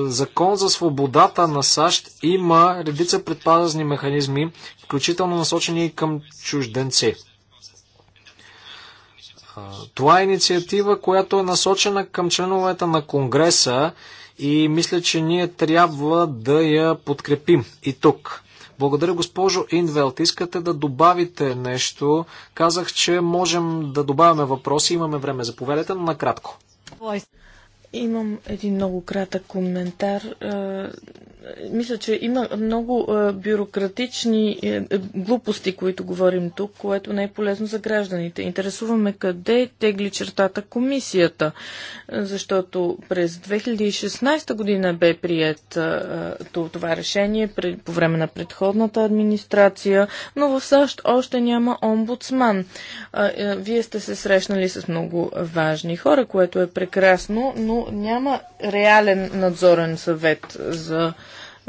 Закон за свободата на САЩ има редица предпазни механизми, включително насочени и към чужденци. Това е инициатива, която е насочена към членовете на Конгреса и мисля, че ние трябва да я подкрепим и тук. Благодаря, госпожо Индвелт. Искате да добавите нещо? Казах, че можем да добавяме въпроси. Имаме време. Заповядайте но накратко. Имам един много кратък коментар. Е, мисля, че има много е, бюрократични е, е, глупости, които говорим тук, което не е полезно за гражданите. Интересуваме къде тегли чертата комисията, защото през 2016 година бе прият това решение по време на предходната администрация, но в САЩ още няма омбудсман. Вие сте се срещнали с много важни хора, което е прекрасно, но няма реален надзорен съвет за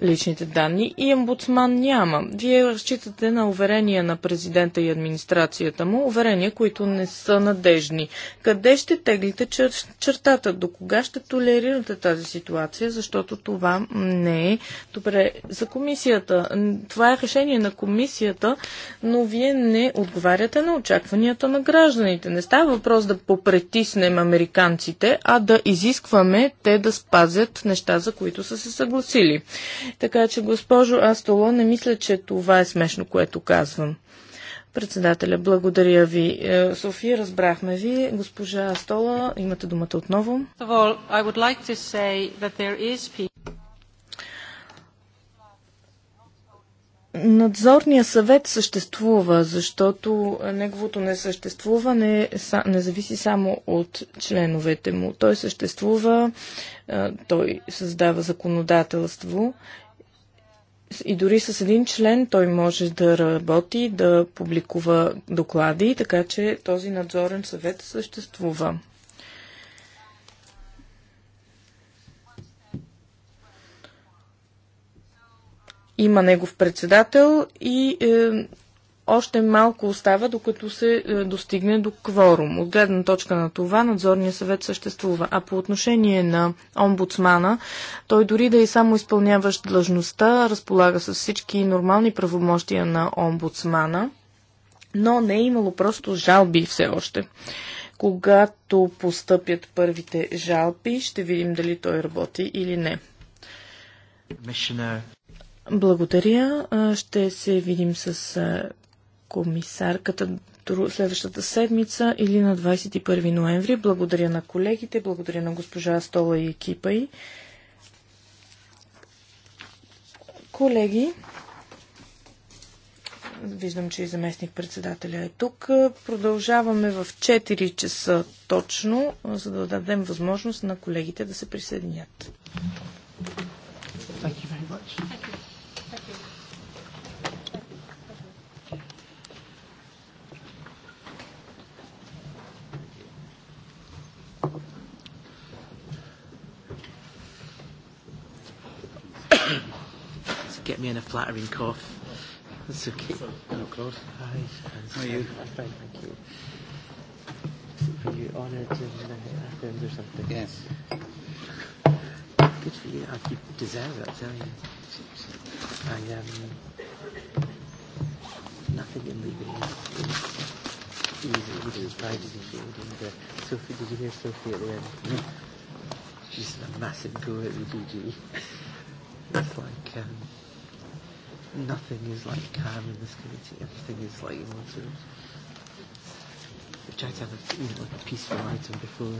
личните данни и омбудсман няма. Вие разчитате на уверения на президента и администрацията му, уверения, които не са надежни. Къде ще теглите чер- чертата? До кога ще толерирате тази ситуация? Защото това не е добре за комисията. Това е решение на комисията, но вие не отговаряте на очакванията на гражданите. Не става въпрос да попретиснем американците, а да изискваме те да спазят неща, за които са се съгласили. Така че, госпожо Астоло, не мисля, че това е смешно, което казвам. Председателя, благодаря ви. Е, София, разбрахме ви. Госпожа Астола, имате думата отново. Надзорният съвет съществува, защото неговото несъществуване не зависи само от членовете му. Той съществува той създава законодателство и дори с един член той може да работи, да публикува доклади, така че този надзорен съвет съществува. Има негов председател и е, още малко остава, докато се е, достигне до кворум. От гледна точка на това надзорният съвет съществува. А по отношение на омбудсмана, той дори да е само изпълняващ длъжността, разполага с всички нормални правомощия на омбудсмана, но не е имало просто жалби все още. Когато постъпят първите жалби, ще видим дали той работи или не. Благодаря. Е, ще се видим с е, комисарката следващата седмица или на 21 ноември. Благодаря на колегите, благодаря на госпожа Стола и екипа й. Колеги, виждам, че и заместник председателя е тук. Продължаваме в 4 часа точно, за да дадем възможност на колегите да се присъединят. me in a flattering cough. That's okay. Hello, Claude. Hi. How are you? I'm fine, thank you. Are you honoured and Athens or something? Yes. Good for you. I, you deserve it, I tell you. I am um, nothing in leaving is easy. Either it's pride Sophie, did you hear Sophie at the end? She's a massive go at the DG. nothing is like calm in this committee. Everything is like you want to. We try to have a, you know, like a peaceful item before.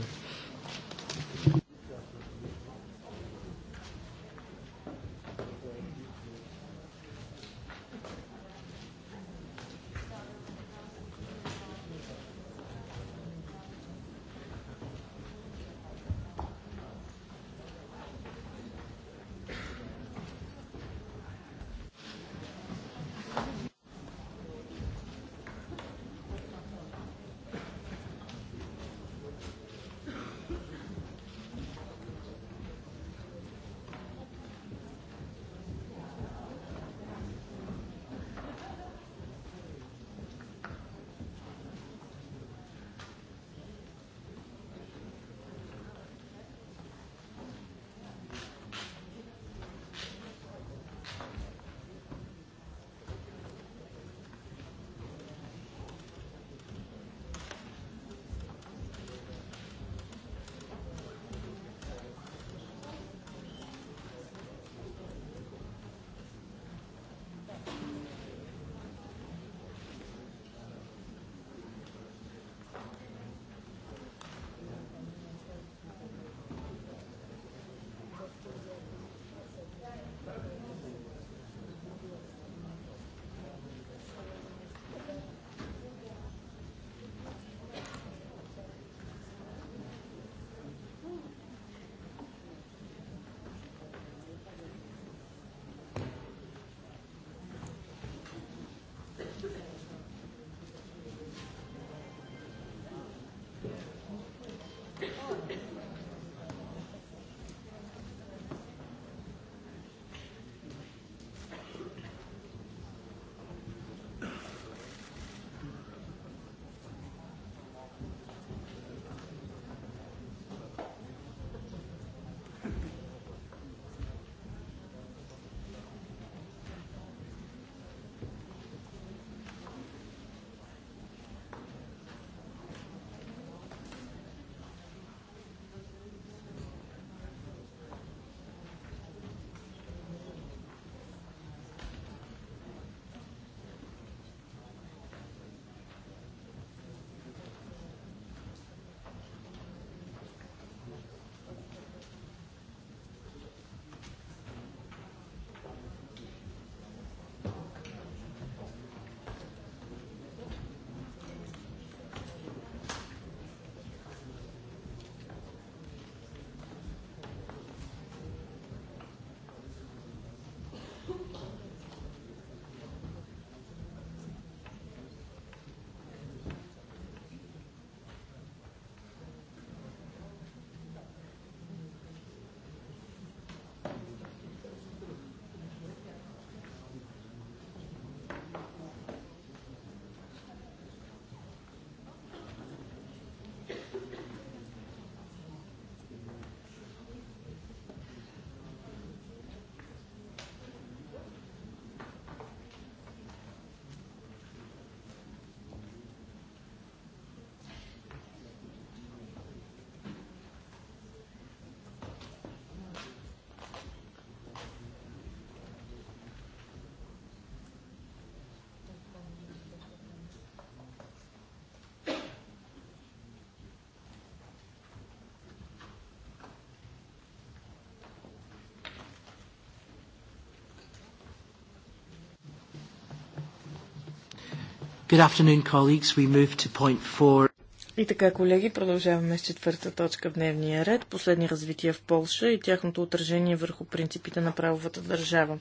Good afternoon, colleagues. We move to point four. И така, колеги, продължаваме с четвърта точка в дневния ред. Последни развития в Полша и тяхното отражение върху принципите на правовата държава.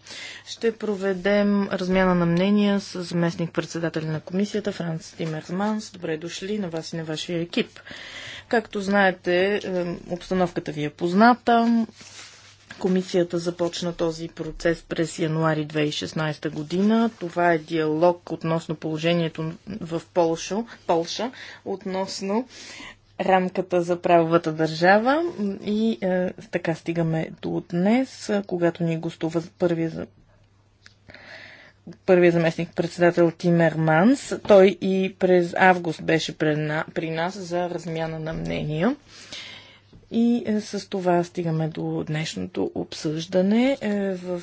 Ще проведем размяна на мнения с заместник председателя на комисията Франц Тимерманс. Добре дошли на вас и на вашия екип. Както знаете, е, обстановката ви е позната. Комисията започна този процес през януари 2016 година. Това е диалог относно положението в Полша, Полша относно рамката за правовата държава. И е, така стигаме до днес, е, когато ни гостува първия първият заместник председател Тимер Манс. Той и през август беше при нас за размяна на мнения. И е, с това стигаме до днешното обсъждане е, в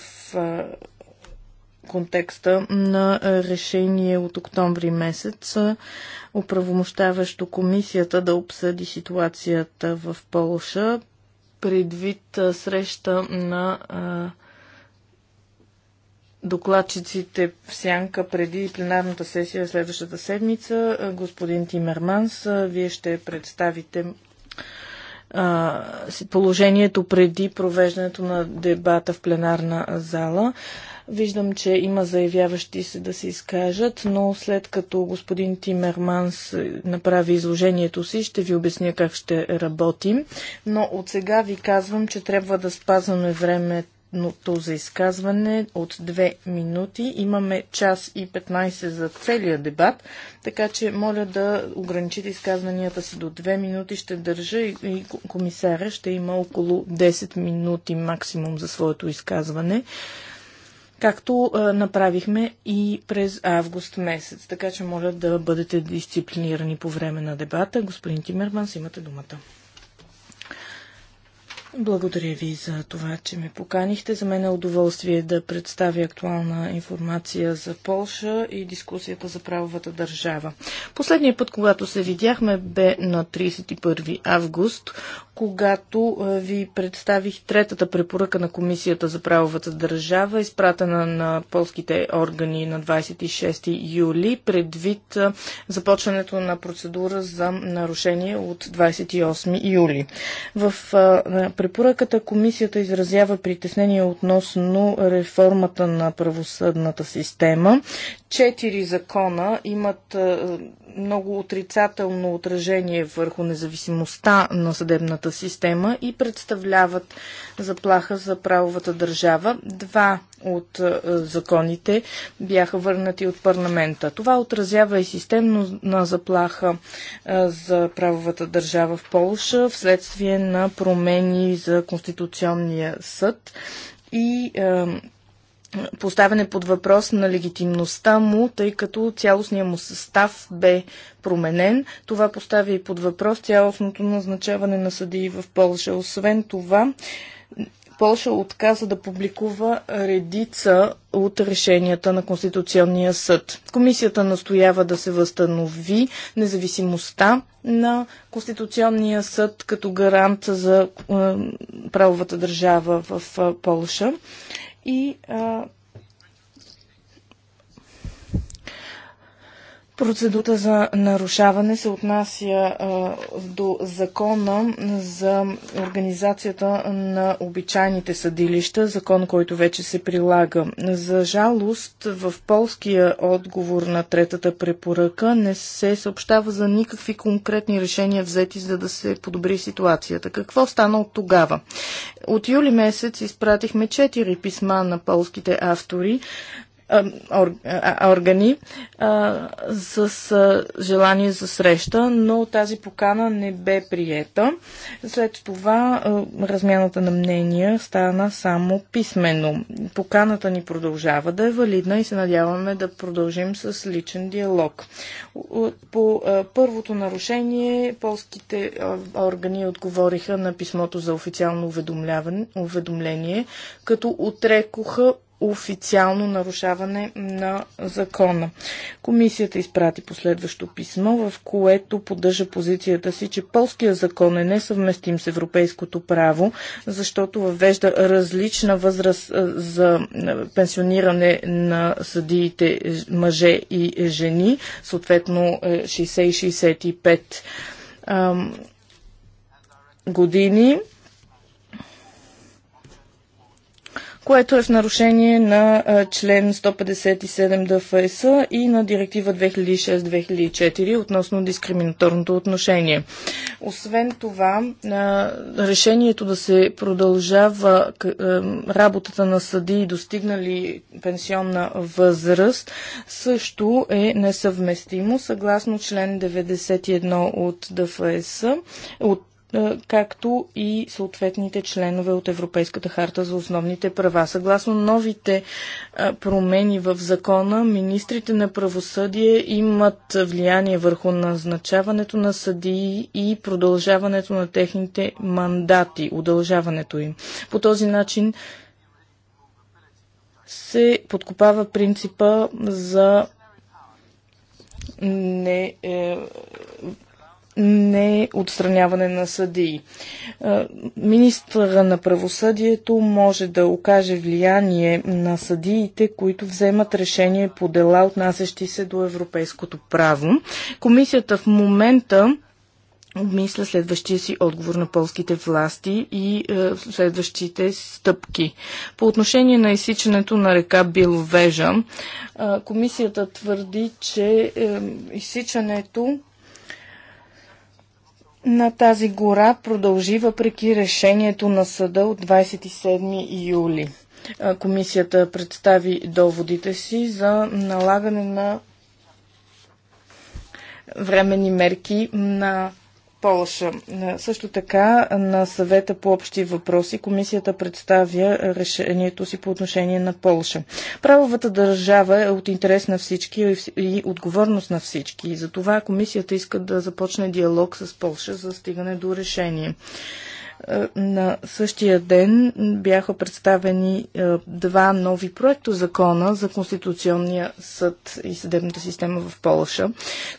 контекста на е, решение от октомври месец, оправомощаващо комисията да обсъди ситуацията в Полша предвид среща на докладчиците в сянка преди пленарната сесия следващата седмица. Господин Тимерманс, вие ще представите положението преди провеждането на дебата в пленарна зала. Виждам, че има заявяващи се да се изкажат, но след като господин Тимерманс направи изложението си, ще ви обясня как ще работим. Но от сега ви казвам, че трябва да спазваме времето едното за изказване от 2 минути. Имаме час и 15 за целия дебат, така че моля да ограничите изказванията си до 2 минути. Ще държа и комисаря ще има около 10 минути максимум за своето изказване както а, направихме и през август месец. Така че моля да бъдете дисциплинирани по време на дебата. Господин Тимерманс, имате думата. Благодаря ви за това, че ме поканихте. За мен е удоволствие да представя актуална информация за Полша и дискусията за правовата държава. Последният път, когато се видяхме, бе на 31 август, когато ви представих третата препоръка на Комисията за правовата държава, изпратена на полските органи на 26 юли, предвид започването на процедура за нарушение от 28 юли. В препоръката комисията изразява притеснение относно реформата на правосъдната система. Четири закона имат е, много отрицателно отражение върху независимостта на съдебната система и представляват заплаха за правовата държава. Два от е, законите бяха върнати от парламента. Това отразява и системно на заплаха е, за правовата държава в Полша вследствие на промени за Конституционния съд и е, поставяне под въпрос на легитимността му, тъй като цялостният му състав бе променен. Това поставя и под въпрос цялостното назначаване на съдии в Польша. Освен това, Полша отказа да публикува редица от решенията на Конституционния съд. Комисията настоява да се възстанови независимостта на Конституционния съд като гарант за е, правовата държава в е, Полша и а, е, Процедурата за нарушаване се отнася а, до закона за организацията на обичайните съдилища, закон, който вече се прилага. За жалост, в полския отговор на третата препоръка не се съобщава за никакви конкретни решения взети, за да се подобри ситуацията. Какво стана от тогава? От юли месец изпратихме четири писма на полските автори органи с желание за среща, но тази покана не бе приета. След това размяната на мнения стана само писменно. Поканата ни продължава да е валидна и се надяваме да продължим с личен диалог. По първото нарушение полските органи отговориха на писмото за официално уведомление, като отрекоха официално нарушаване на закона. Комисията изпрати последващо писмо, в което поддържа позицията си, че полския закон е несъвместим с европейското право, защото въвежда различна възраст е, за е, пенсиониране на съдиите е, мъже и жени, съответно 60 и 65 години което е в нарушение на член 157 ДФС и на директива 2006-2004 относно дискриминаторното отношение. Освен това, решението да се продължава работата на съди, достигнали пенсионна възраст, също е несъвместимо съгласно член 91 от ДФС, от както и съответните членове от Европейската харта за основните права. Съгласно новите промени в закона, министрите на правосъдие имат влияние върху назначаването на съдии и продължаването на техните мандати, удължаването им. По този начин се подкопава принципа за не, е, не отстраняване на съдии. Министъра на правосъдието може да окаже влияние на съдиите, които вземат решение по дела, отнасящи се до европейското право. Комисията в момента обмисля следващия си отговор на полските власти и е, следващите стъпки. По отношение на изсичането на река Биловежа, е, комисията твърди, че е, изсичането на тази гора продължи въпреки решението на съда от 27 юли. Комисията представи доводите си за налагане на временни мерки на Полша. Е, също така на съвета по общи въпроси комисията представя решението си по отношение на Полша. Правовата държава е от интерес на всички и отговорност на всички. И затова комисията иска да започне диалог с Полша за стигане до решение. Е, на същия ден бяха представени е, два нови проекто закона за Конституционния съд и съдебната система в Полша.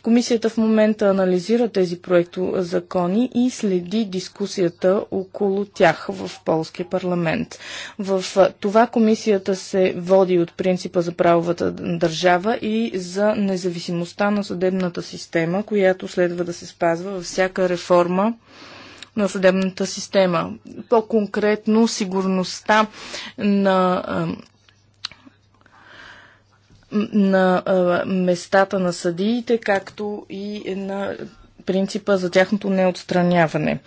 Комисията в момента анализира тези проекто закони и следи дискусията около тях в полския парламент. В е, това комисията се води от принципа за правовата държава и за независимостта на съдебната система, която следва да се спазва във всяка реформа на съдебната система. По-конкретно сигурността на на местата на съдиите, както и на принципа за тяхното неотстраняване.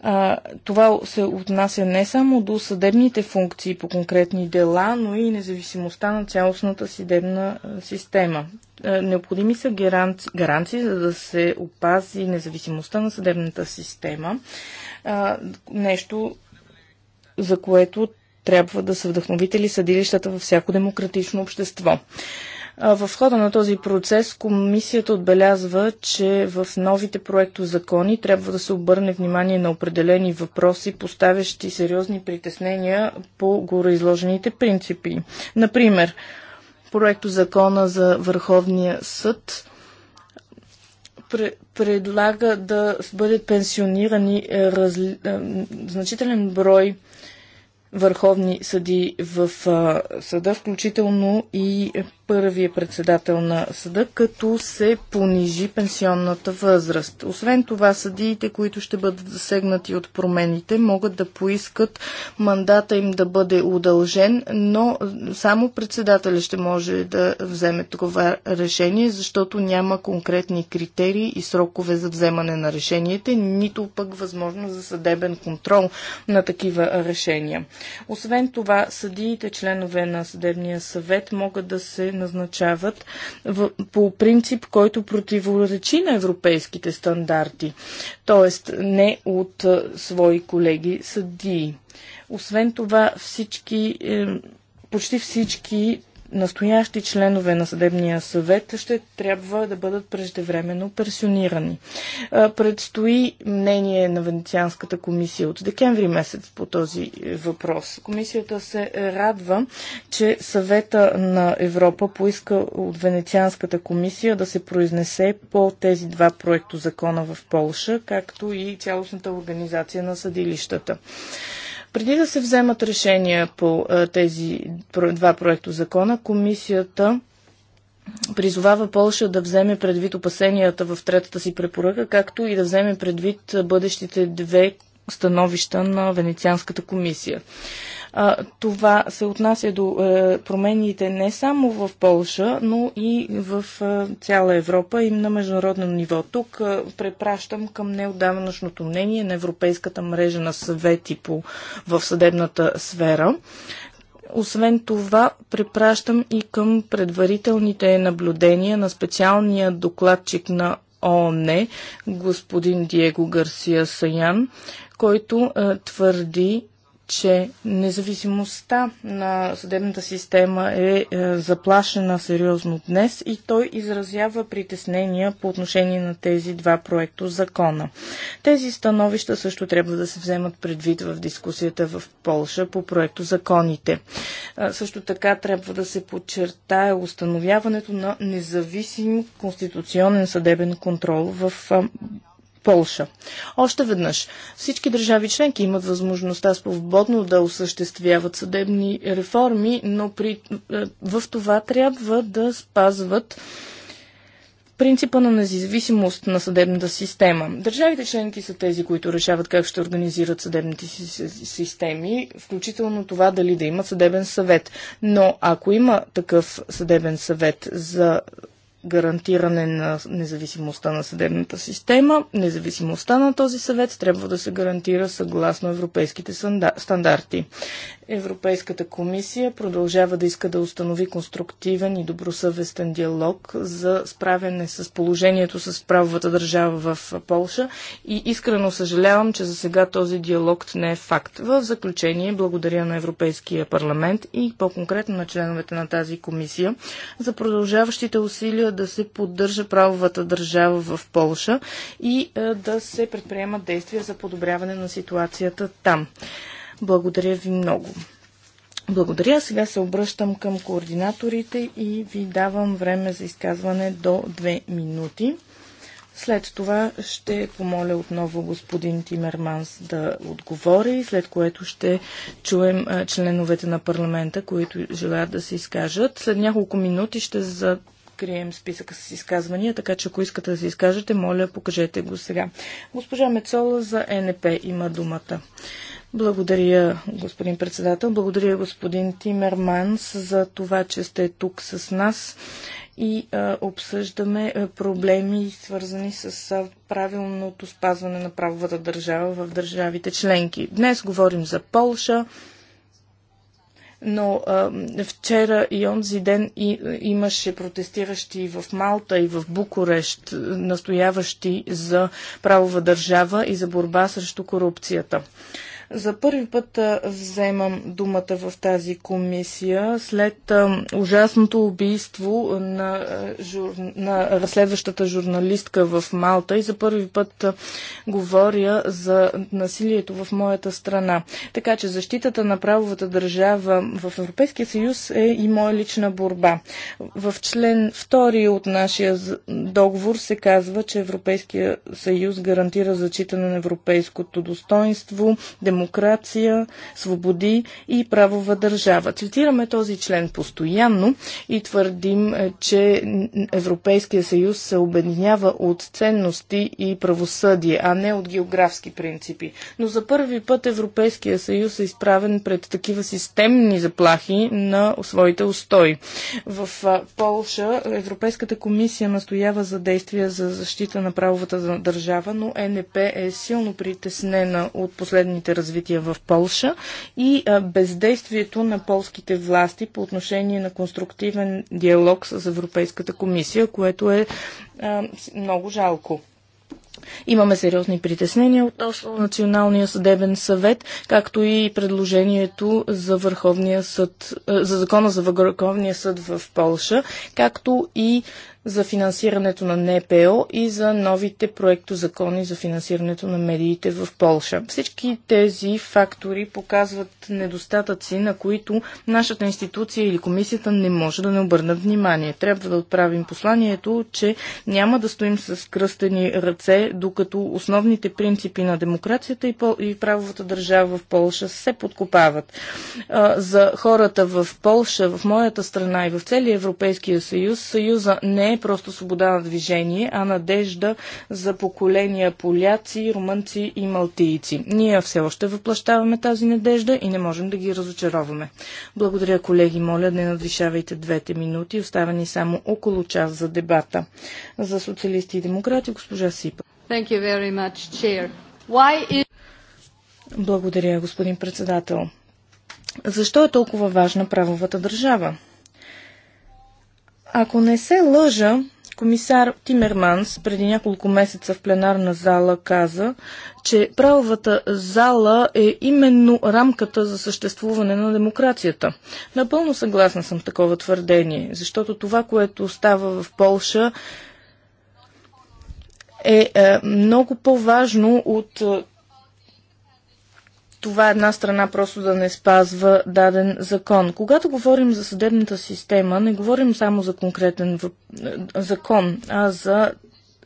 А, това се отнася не само до съдебните функции по конкретни дела, но и независимостта на цялостната съдебна система. А, необходими са гаранци, гаранции, за да се опази независимостта на съдебната система. А, нещо, за което трябва да са вдъхновители съдилищата във всяко демократично общество. В хода на този процес комисията отбелязва, че в новите проекто закони трябва да се обърне внимание на определени въпроси, поставящи сериозни притеснения по гореизложените принципи. Например, проекто закона за Върховния съд предлага да бъдат пенсионирани е, разли... Е, значителен брой върховни съди в съда, включително и първия председател на съда, като се понижи пенсионната възраст. Освен това, съдиите, които ще бъдат засегнати от промените, могат да поискат мандата им да бъде удължен, но само председателя ще може да вземе такова решение, защото няма конкретни критерии и срокове за вземане на решенията, нито пък възможност за съдебен контрол на такива решения. Освен това, съдиите, членове на съдебния съвет, могат да се назначават по принцип, който противоречи на европейските стандарти, т.е. не от свои колеги съдии. Освен това, всички, е, почти всички настоящи членове на съдебния съвет ще трябва да бъдат преждевременно персонирани. Предстои мнение на Венецианската комисия от декември месец по този е, въпрос. Комисията се радва, че съвета на Европа поиска от Венецианската комисия да се произнесе по тези два проекто закона в Полша, както и цялостната организация на съдилищата. Преди да се вземат решения по тези два проекта закона, комисията призовава Полша да вземе предвид опасенията в третата си препоръка, както и да вземе предвид бъдещите две становища на Венецианската комисия. Това се отнася до е, промените не само в Полша, но и в е, цяла Европа и на международно ниво. Тук е, препращам към неодавнашното мнение на Европейската мрежа на съвети по, в съдебната сфера, освен това, препращам и към предварителните наблюдения на специалния докладчик на ООН, господин Диего Гарсия Саян, който е, твърди, че независимостта на съдебната система е, е заплашена сериозно днес и той изразява притеснения по отношение на тези два проекто закона. Тези становища също трябва да се вземат предвид в дискусията в Полша по проекто законите. Също така трябва да се подчертае установяването на независим конституционен съдебен контрол в Полша. Още веднъж, всички държави членки имат възможността свободно да осъществяват съдебни реформи, но при, е, в това трябва да спазват принципа на независимост на съдебната система. Държавите членки са тези, които решават как ще организират съдебните си системи, включително това дали да имат съдебен съвет. Но ако има такъв съдебен съвет за гарантиране на независимостта на съдебната система. Независимостта на този съвет трябва да се гарантира съгласно европейските стандарти. Европейската комисия продължава да иска да установи конструктивен и добросъвестен диалог за справяне с положението с правовата държава в Полша и искрено съжалявам, че за сега този диалог не е факт. В заключение благодаря на Европейския парламент и по-конкретно на членовете на тази комисия за продължаващите усилия да се поддържа правовата държава в Полша и е, да се предприемат действия за подобряване на ситуацията там. Благодаря ви много. Благодаря. Сега се обръщам към координаторите и ви давам време за изказване до 2 минути. След това ще помоля отново господин Тимерманс да отговори, след което ще чуем членовете на парламента, които желаят да се изкажат. След няколко минути ще закрием списъка с изказвания, така че ако искате да се изкажете, моля, покажете го сега. Госпожа Мецола за НП има думата. Благодаря, господин председател. Благодаря, господин Тимерманс, за това, че сте тук с нас и а, обсъждаме проблеми, свързани с а, правилното спазване на правовата държава в държавите членки. Днес говорим за Полша, но а, вчера и онзи ден и, имаше протестиращи в Малта и в Букурещ, настояващи за правова държава и за борба срещу корупцията. За първи път вземам думата в тази комисия след ужасното убийство на, жур... на разследващата журналистка в Малта и за първи път говоря за насилието в моята страна. Така че защитата на правовата държава в Европейския съюз е и моя лична борба. В член 2 от нашия договор се казва, че Европейския съюз гарантира зачитане на европейското достоинство, демократия демокрация, свободи и правова държава. Цитираме този член постоянно и твърдим, е, че Европейския съюз се обединява от ценности и правосъдие, а не от географски принципи. Но за първи път Европейския съюз е изправен пред такива системни заплахи на своите устои. В Полша Европейската комисия настоява за действия за защита на правовата държава, но НП е силно притеснена от последните развитие в Полша и бездействието на полските власти по отношение на конструктивен диалог с Европейската комисия, което е много жалко. Имаме сериозни притеснения относно Националния съдебен съвет, както и предложението за Върховния съд, за закона за Върховния съд в Полша, както и за финансирането на НПО и за новите проектозакони за финансирането на медиите в Полша. Всички тези фактори показват недостатъци, на които нашата институция или комисията не може да не обърнат внимание. Трябва да отправим посланието, че няма да стоим с кръстени ръце, докато основните принципи на демокрацията и правовата държава в Полша се подкопават. За хората в Полша, в моята страна и в целия Европейския съюз, съюза не е не просто свобода на движение, а надежда за поколения поляци, румънци и малтийци. Ние все още въплащаваме тази надежда и не можем да ги разочароваме. Благодаря, колеги. Моля, не надвишавайте двете минути. Остава ни само около час за дебата. За социалисти и демократи, госпожа Сипа. Thank you very much, Chair. Why is... Благодаря, господин председател. Защо е толкова важна правовата държава? Ако не се лъжа, комисар Тимерманс преди няколко месеца в пленарна зала каза, че правовата зала е именно рамката за съществуване на демокрацията. Напълно съгласна съм такова твърдение, защото това, което става в Полша, е, е много по-важно от е, това една страна просто да не спазва даден закон. Когато говорим за съдебната система, не говорим само за конкретен въп... закон, а за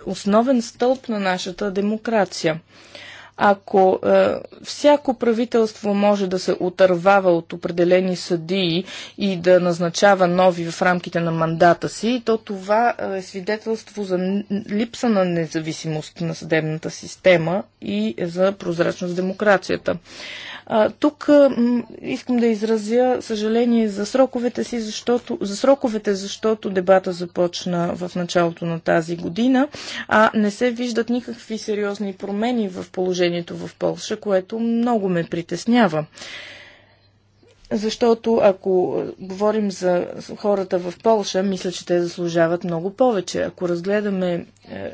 основен стълб на нашата демокрация. Ако е, всяко правителство може да се отървава от определени съдии и да назначава нови в рамките на мандата си, то това е свидетелство за липса на независимост на съдебната система и за прозрачност в демокрацията тук искам да изразя съжаление за сроковете си, защото, за сроковете, защото дебата започна в началото на тази година, а не се виждат никакви сериозни промени в положението в Польша, което много ме притеснява. Защото ако говорим за хората в Полша, мисля, че те заслужават много повече. Ако разгледаме е,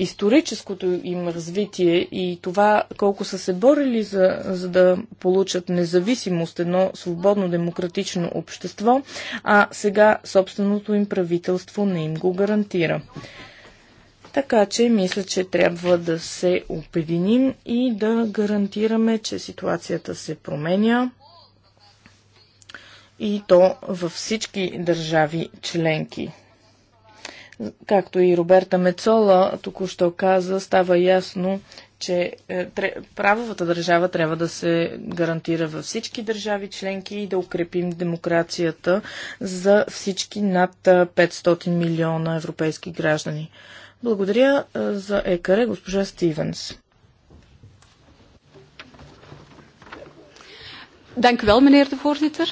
историческото им развитие и това колко са се борили за, за да получат независимост, едно свободно демократично общество, а сега собственото им правителство не им го гарантира. Така че мисля, че трябва да се обединим и да гарантираме, че ситуацията се променя и то във всички държави членки. Както и Роберта Мецола току-що каза, става ясно, че е, правовата държава трябва да се гарантира във всички държави членки и да укрепим демокрацията за всички над 500 е, милиона европейски граждани. Благодаря е, за екаре, госпожа Стивенс. Dank u wel, meneer de voorzitter.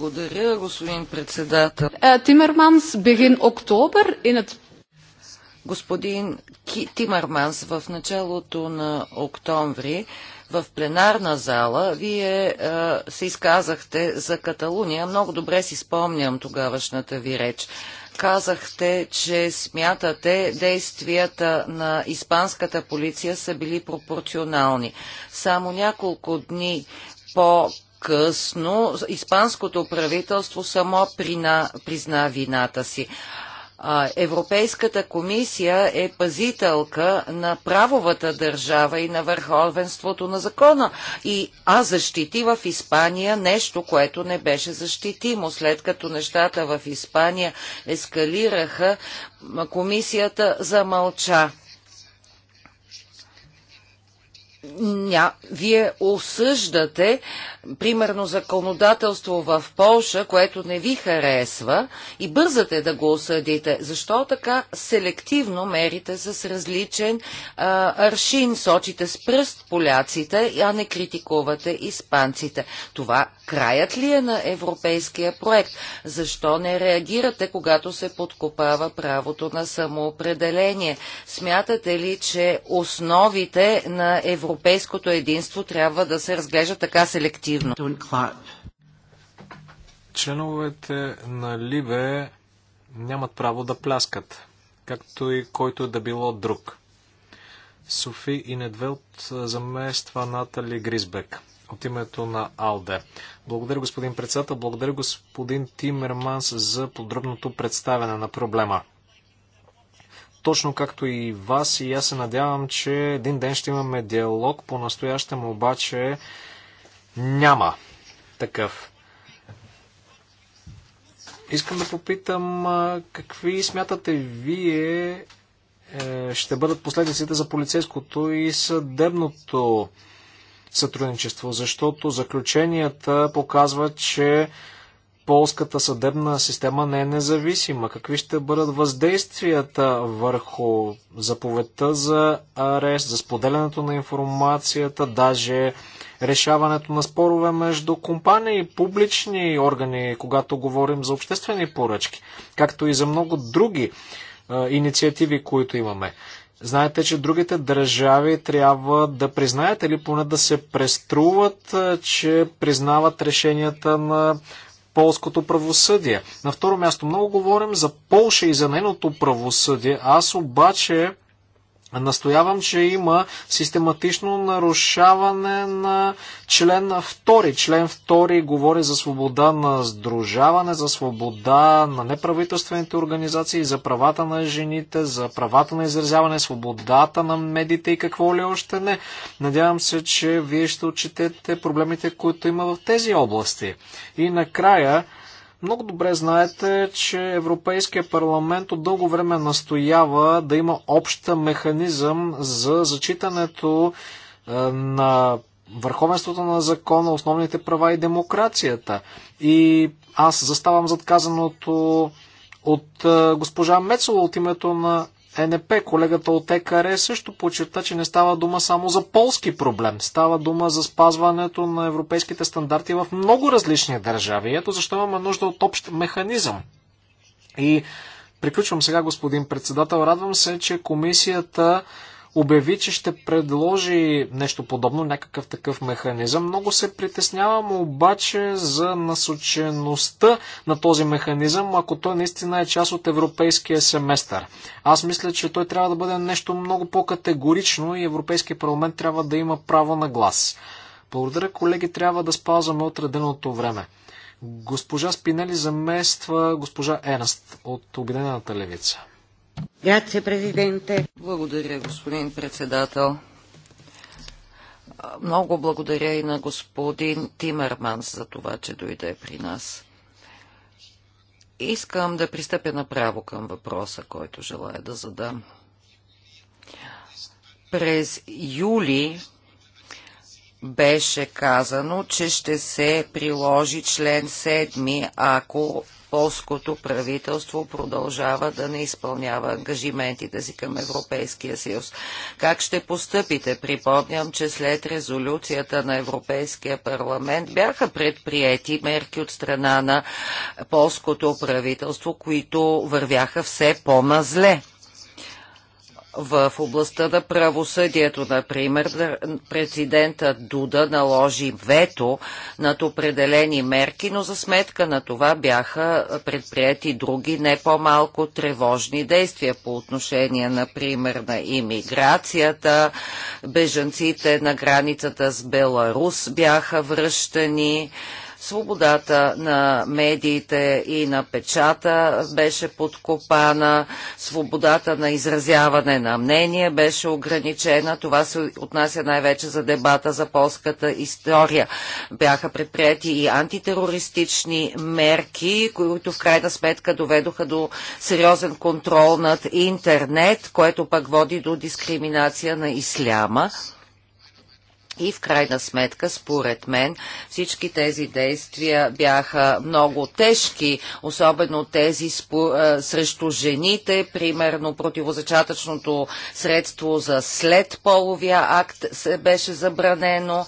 Благодаря, господин председател. Е, Тимерманс бегин октобър и над... Господин Тимерманс, в началото на октомври в пленарна зала вие е, се изказахте за Каталуния. Много добре си спомням тогавашната ви реч. Казахте, че смятате действията на испанската полиция са били пропорционални. Само няколко дни по късно испанското правителство само прина, призна вината си. Европейската комисия е пазителка на правовата държава и на върховенството на закона. И а защити в Испания нещо, което не беше защитимо. След като нещата в Испания ескалираха, комисията замълча ня, вие осъждате, примерно, законодателство в Полша, което не ви харесва и бързате да го осъдите. Защо така селективно мерите с различен а, аршин, сочите с пръст поляците, а не критикувате испанците? Това краят ли е на европейския проект? Защо не реагирате, когато се подкопава правото на самоопределение? Смятате ли, че основите на европейския европейското единство трябва да се разглежда така селективно. Членовете на Либе нямат право да пляскат, както и който е да било друг. Софи Инедвелт замества Натали Гризбек от името на АЛДЕ. Благодаря господин председател, благодаря господин Тимерманс за подробното представяне на проблема точно както и вас и аз се надявам, че един ден ще имаме диалог, по-настоящем обаче няма такъв. Искам да попитам какви смятате вие е, ще бъдат последиците за полицейското и съдебното сътрудничество, защото заключенията показват, че полската съдебна система не е независима? Какви ще бъдат въздействията върху заповедта за арест, за споделянето на информацията, даже решаването на спорове между компании, публични органи, когато говорим за обществени поръчки, както и за много други а, е, инициативи, които имаме? Знаете, че другите държави трябва да признаят или поне да се преструват, е, че признават решенията на полското правосъдие. На второ място много говорим за Полша и за нейното правосъдие. Аз обаче Настоявам, че има систематично нарушаване на член 2. Член 2 говори за свобода на сдружаване, за свобода на неправителствените организации, за правата на жените, за правата на изразяване, свободата на медиите и какво ли още не. Надявам се, че вие ще отчетете проблемите, които има в тези области. И накрая, много добре знаете, че Европейския парламент от дълго време настоява да има обща механизъм за зачитането е, на върховенството на закона, основните права и демокрацията. И аз заставам зад казаното от е, госпожа Мецова от името на ЕНП, Колегата от ЕКР също почерта, че не става дума само за полски проблем. Става дума за спазването на европейските стандарти в много различни държави. Ето защо имаме нужда от общ механизъм. И приключвам сега, господин председател. Радвам се, че комисията обяви, че ще предложи нещо подобно, някакъв такъв механизъм. Много се притеснявам обаче за насочеността на този механизъм, ако той наистина е част от европейския семестър. Аз мисля, че той трябва да бъде нещо много по-категорично и Европейския парламент трябва да има право на глас. Благодаря, колеги, трябва да спазваме отреденото време. Госпожа Спинели замества госпожа Ернст от Обединената левица. Грация, президенте. Благодаря, господин председател. Много благодаря и на господин Тимерманс за това, че дойде при нас. Искам да пристъпя направо към въпроса, който желая да задам. През юли беше казано, че ще се приложи член 7, ако полското правителство продължава да не изпълнява ангажиментите си към Европейския съюз. Как ще постъпите? Припомням, че след резолюцията на Европейския парламент бяха предприяти мерки от страна на полското правителство, които вървяха все по-назле. В областта на правосъдието, например, президента Дуда наложи вето над определени мерки, но за сметка на това бяха предприяти други не по-малко тревожни действия по отношение, например, на имиграцията. Бежанците на границата с Беларус бяха връщани Свободата на медиите и на печата беше подкопана, свободата на изразяване на мнение беше ограничена. Това се отнася най-вече за дебата за полската история. Бяха предприяти и антитерористични мерки, които в крайна сметка доведоха до сериозен контрол над интернет, което пък води до дискриминация на исляма. И в крайна сметка, според мен, всички тези действия бяха много тежки, особено тези спо... Е, срещу жените, примерно противозачатъчното средство за след половия акт се беше забранено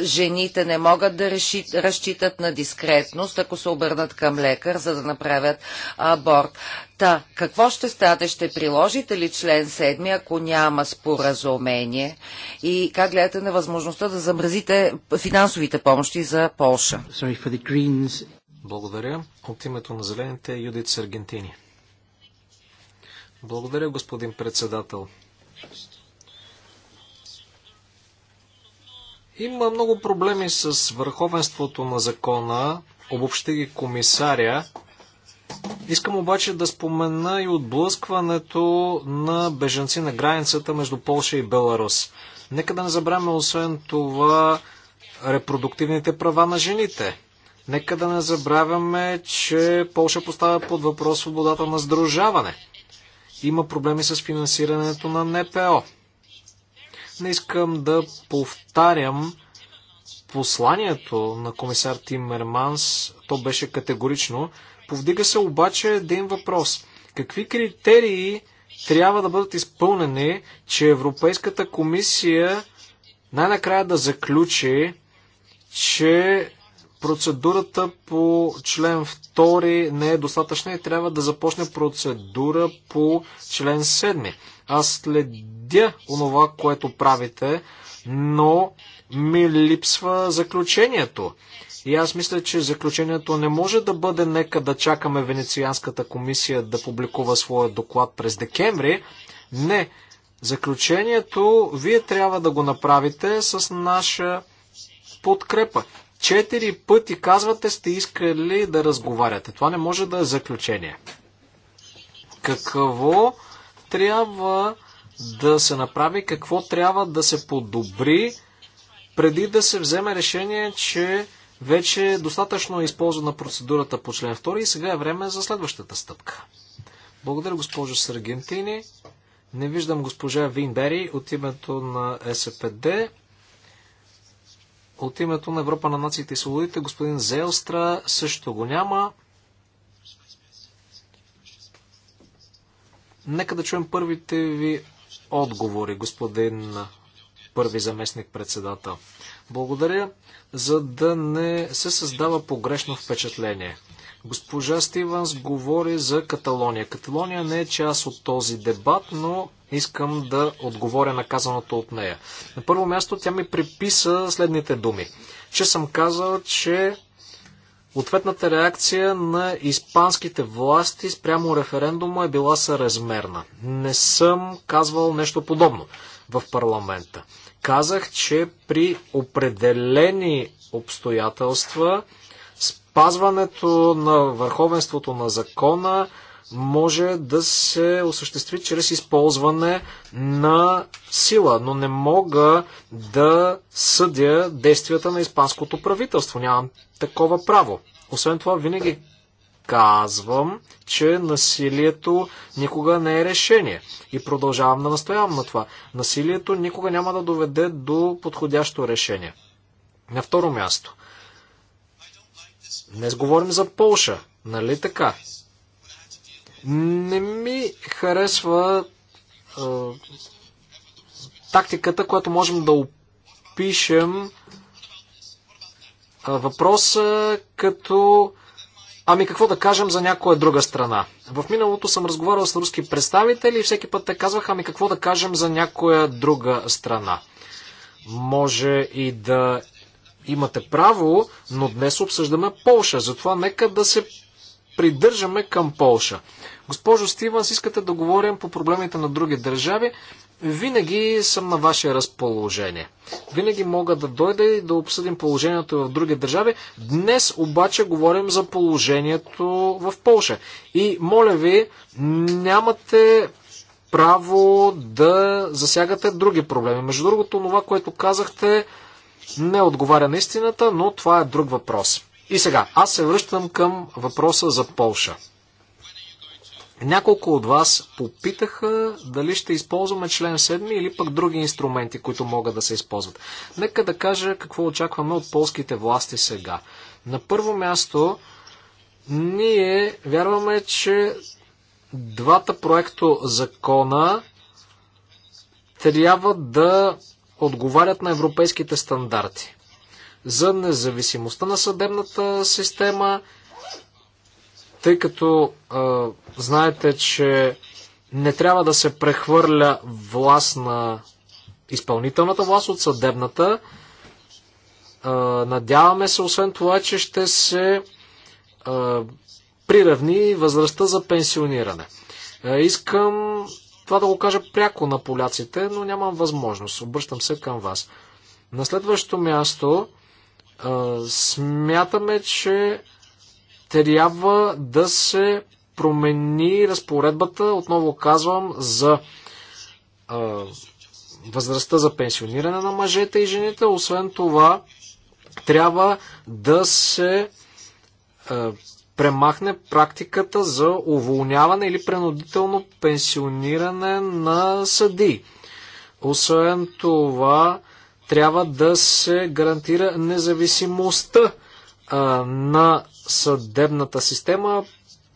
жените не могат да решит, разчитат на дискретност, ако се обърнат към лекар, за да направят аборт. Та, какво ще стане? Ще приложите ли член 7, ако няма споразумение? И как гледате на възможността да замразите финансовите помощи за Полша? Благодаря. От името на зелените Юдит Сергентини. Благодаря, господин председател. Има много проблеми с върховенството на закона, обобщи ги комисаря. Искам обаче да спомена и отблъскването на бежанци на границата между Полша и Беларус. Нека да не забравяме освен това репродуктивните права на жените. Нека да не забравяме, че Полша поставя под въпрос свободата на сдружаване. Има проблеми с финансирането на НПО. Не искам да повтарям посланието на комисар Тимерманс, то беше категорично. Повдига се обаче един въпрос. Какви критерии трябва да бъдат изпълнени, че Европейската комисия най-накрая да заключи, че Процедурата по член 2 не е достатъчна и трябва да започне процедура по член 7. Аз следя онова, което правите, но ми липсва заключението. И аз мисля, че заключението не може да бъде нека да чакаме Венецианската комисия да публикува своя доклад през декември. Не. Заключението вие трябва да го направите с наша подкрепа. Четири пъти казвате сте искали да разговаряте. Това не може да е заключение. Какво трябва да се направи, какво трябва да се подобри, преди да се вземе решение, че вече е достатъчно е използвана процедурата по член 2 и сега е време за следващата стъпка. Благодаря, госпожо Саргентини. Не виждам госпожа Винбери от името на СПД. От името на Европа на нациите и свободите, господин Зелстра също го няма. Нека да чуем първите ви отговори, господин първи заместник председател. Благодаря, за да не се създава погрешно впечатление. Госпожа Стиванс говори за Каталония. Каталония не е част от този дебат, но искам да отговоря на казаното от нея. На първо място тя ми приписа следните думи. Че съм казал, че ответната реакция на испанските власти спрямо референдума е била съразмерна. Не съм казвал нещо подобно в парламента. Казах, че при определени обстоятелства спазването на върховенството на закона може да се осъществи чрез използване на сила, но не мога да съдя действията на испанското правителство. Нямам такова право. Освен това, винаги казвам, че насилието никога не е решение. И продължавам да настоявам на това. Насилието никога няма да доведе до подходящо решение. На второ място – Днес говорим за Полша, нали така? Не ми харесва е, тактиката, която можем да опишем е, въпроса като Ами какво да кажем за някоя друга страна? В миналото съм разговарял с руски представители и всеки път те казваха, ами какво да кажем за някоя друга страна? Може и да Имате право, но днес обсъждаме Полша. Затова нека да се придържаме към Полша. Госпожо Стиванс, искате да говорим по проблемите на други държави. Винаги съм на ваше разположение. Винаги мога да дойда и да обсъдим положението в други държави. Днес обаче говорим за положението в Полша. И моля ви, нямате право да засягате други проблеми. Между другото, това, което казахте, не отговаря на истината, но това е друг въпрос. И сега, аз се връщам към въпроса за Полша. Няколко от вас попитаха дали ще използваме член 7 или пък други инструменти, които могат да се използват. Нека да кажа какво очакваме от полските власти сега. На първо място, ние вярваме, че двата проекто закона трябва да отговарят на европейските стандарти. За независимостта на съдебната система, тъй като а, знаете, че не трябва да се прехвърля власт на изпълнителната власт от съдебната. А, надяваме се, освен това, че ще се а, приравни възрастта за пенсиониране. А, искам това да го кажа пряко на поляците, но нямам възможност. Обръщам се към вас. На следващото място смятаме, че трябва да се промени разпоредбата, отново казвам, за възрастта за пенсиониране на мъжете и жените. Освен това, трябва да се премахне практиката за уволняване или принудително пенсиониране на съди. Освен това, трябва да се гарантира независимостта а, на съдебната система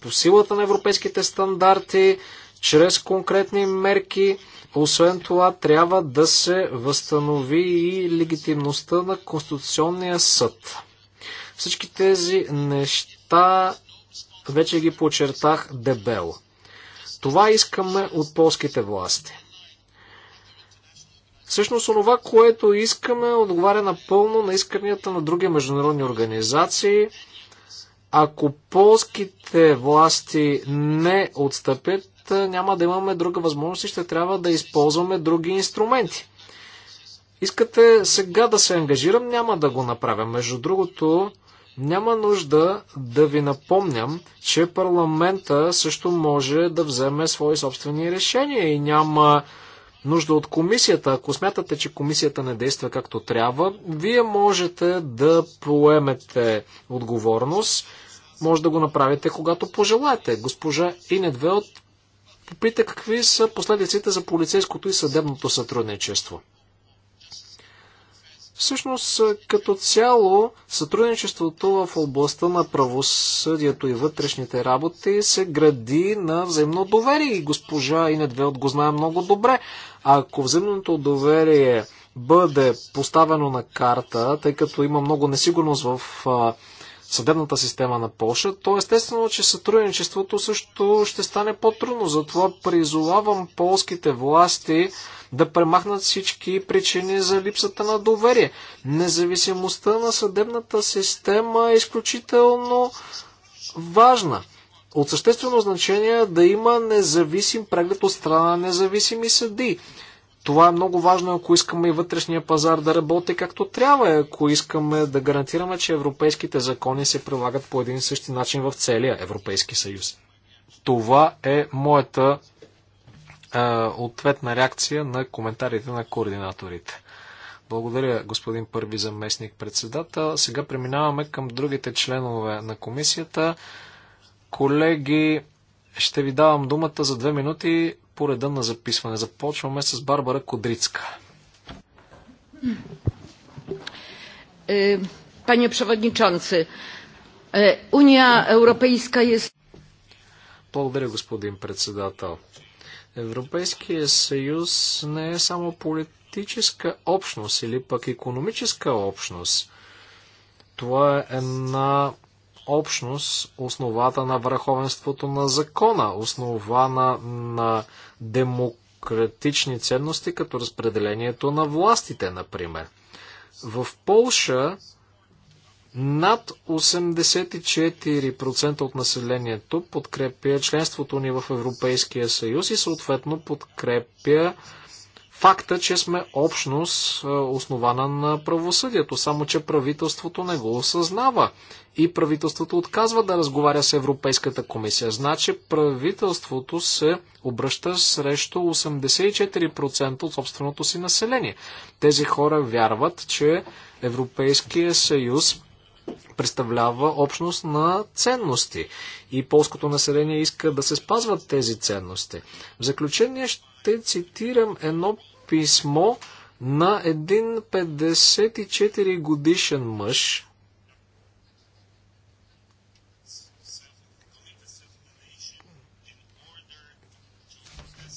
по силата на европейските стандарти, чрез конкретни мерки. Освен това, трябва да се възстанови и легитимността на Конституционния съд. Всички тези неща неща вече ги подчертах дебело. Това искаме от полските власти. Всъщност, онова, което искаме, отговаря напълно на исканията на други международни организации. Ако полските власти не отстъпят, няма да имаме друга възможност и ще трябва да използваме други инструменти. Искате сега да се ангажирам, няма да го направя. Между другото, няма нужда да ви напомням, че парламента също може да вземе свои собствени решения и няма нужда от комисията. Ако смятате, че комисията не действа както трябва, вие можете да поемете отговорност. Може да го направите, когато пожелаете. Госпожа Инедвелт попита какви са последиците за полицейското и съдебното сътрудничество. Всъщност, като цяло, сътрудничеството в областта на правосъдието и вътрешните работи се гради на взаимно доверие и госпожа Инедвелт го знае много добре. Ако взаимното доверие бъде поставено на карта, тъй като има много несигурност в съдебната система на Польша, то естествено, че сътрудничеството също ще стане по-трудно. Затова призовавам полските власти да премахнат всички причини за липсата на доверие. Независимостта на съдебната система е изключително важна. От съществено значение е да има независим преглед от страна на независими съди. Това е много важно, ако искаме и вътрешния пазар да работи както трябва, ако искаме да гарантираме, че европейските закони се прилагат по един и същи начин в целия Европейски съюз. Това е моята ответна реакция на коментарите на координаторите. Благодаря, господин първи заместник председател. Сега преминаваме към другите членове на комисията. Колеги, ще ви давам думата за две минути по реда на записване. Започваме с Барбара Кодрицка. Е, пане przewodniczący, е, Уния европейска е. Благодаря, господин председател. Европейския съюз не е само политическа общност или пък економическа общност. Това е една общност, основата на върховенството на закона, основана на демократични ценности, като разпределението на властите, например. В Полша над 84% от населението подкрепя членството ни в Европейския съюз и съответно подкрепя факта, че сме общност, основана на правосъдието, само че правителството не го осъзнава. И правителството отказва да разговаря с Европейската комисия. Значи правителството се обръща срещу 84% от собственото си население. Тези хора вярват, че Европейския съюз представлява общност на ценности и полското население иска да се спазват тези ценности. В заключение ще цитирам едно писмо на един 54 годишен мъж,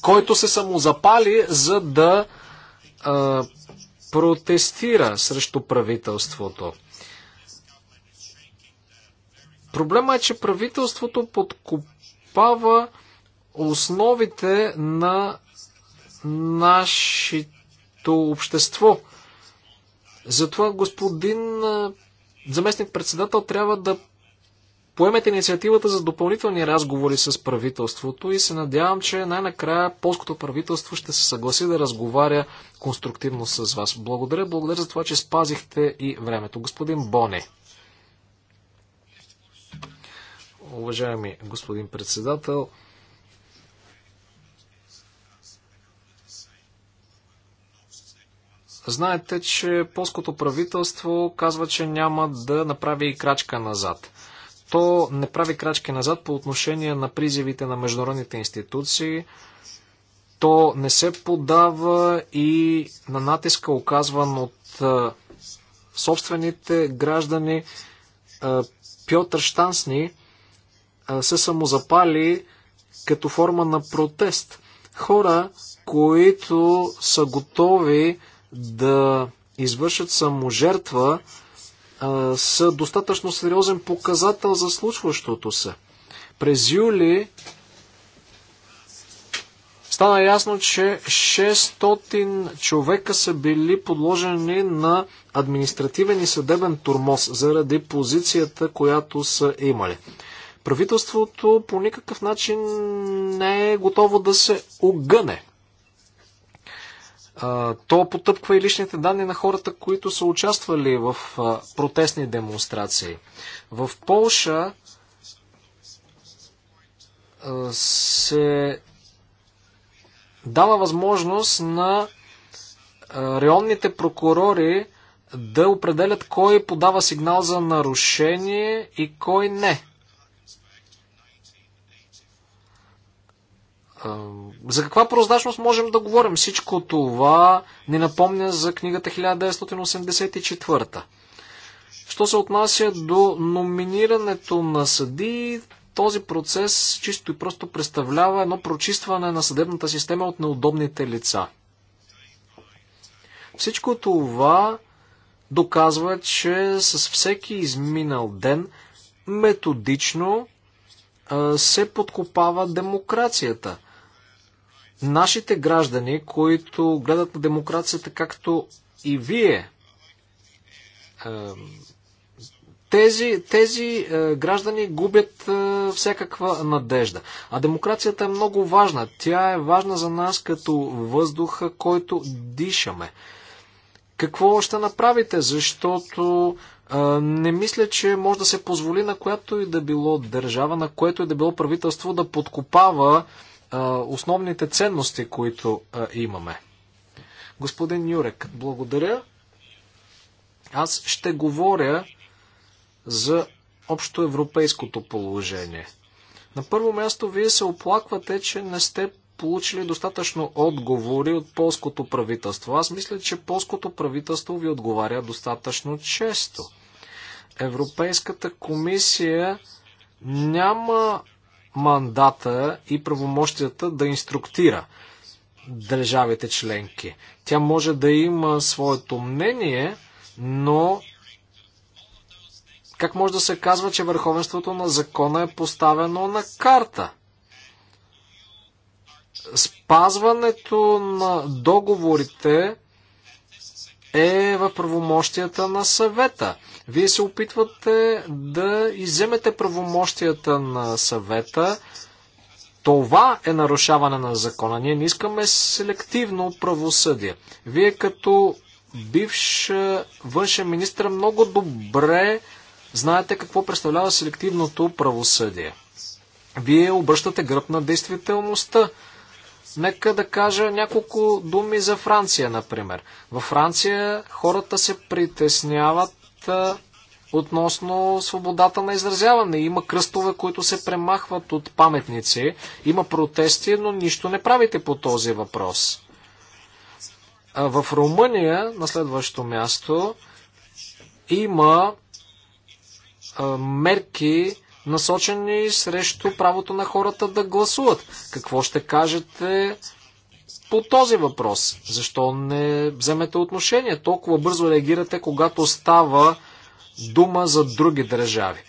който се самозапали, за да а, протестира срещу правителството. Проблема е, че правителството подкопава основите на нашето общество. Затова, господин заместник-председател, трябва да поемете инициативата за допълнителни разговори с правителството и се надявам, че най-накрая полското правителство ще се съгласи да разговаря конструктивно с вас. Благодаря, благодаря за това, че спазихте и времето. Господин Боне. Уважаеми господин председател, Знаете, че полското правителство казва, че няма да направи и крачка назад. То не прави крачки назад по отношение на призивите на международните институции. То не се подава и на натиска, оказван от собствените граждани. Пьотър Штансни се самозапали като форма на протест. Хора, които са готови да извършат саможертва, са достатъчно сериозен показател за случващото се. През юли стана ясно, че 600 човека са били подложени на административен и съдебен турмоз заради позицията, която са имали. Правителството по никакъв начин не е готово да се огъне. То потъпква и личните данни на хората, които са участвали в протестни демонстрации. В Полша се дава възможност на районните прокурори да определят кой подава сигнал за нарушение и кой не. За каква прозрачност можем да говорим? Всичко това ни напомня за книгата 1984. Що се отнася до номинирането на съди, този процес чисто и просто представлява едно прочистване на съдебната система от неудобните лица. Всичко това доказва, че с всеки изминал ден методично се подкопава демокрацията. Нашите граждани, които гледат на демокрацията както и вие, тези, тези е, граждани губят е, всякаква надежда. А демокрацията е много важна. Тя е важна за нас като въздуха, който дишаме. Какво ще направите? Защото е, не мисля, че може да се позволи на която и да било държава, на което и да било правителство да подкопава основните ценности, които имаме. Господин Юрек, благодаря. Аз ще говоря за общоевропейското положение. На първо място, вие се оплаквате, че не сте получили достатъчно отговори от полското правителство. Аз мисля, че полското правителство ви отговаря достатъчно често. Европейската комисия няма мандата и правомощията да инструктира държавите членки. Тя може да има своето мнение, но как може да се казва, че върховенството на закона е поставено на карта? Спазването на договорите е в правомощията на съвета. Вие се опитвате да иземете правомощията на съвета. Това е нарушаване на закона. Ние не искаме селективно правосъдие. Вие като бивш външен министр много добре знаете какво представлява селективното правосъдие. Вие обръщате гръб на действителността. Нека да кажа няколко думи за Франция, например. Във Франция хората се притесняват относно свободата на изразяване. Има кръстове, които се премахват от паметници. Има протести, но нищо не правите по този въпрос. В Румъния, на следващото място, има мерки насочени срещу правото на хората да гласуват. Какво ще кажете по този въпрос? Защо не вземете отношение? Толкова бързо реагирате, когато става дума за други държави.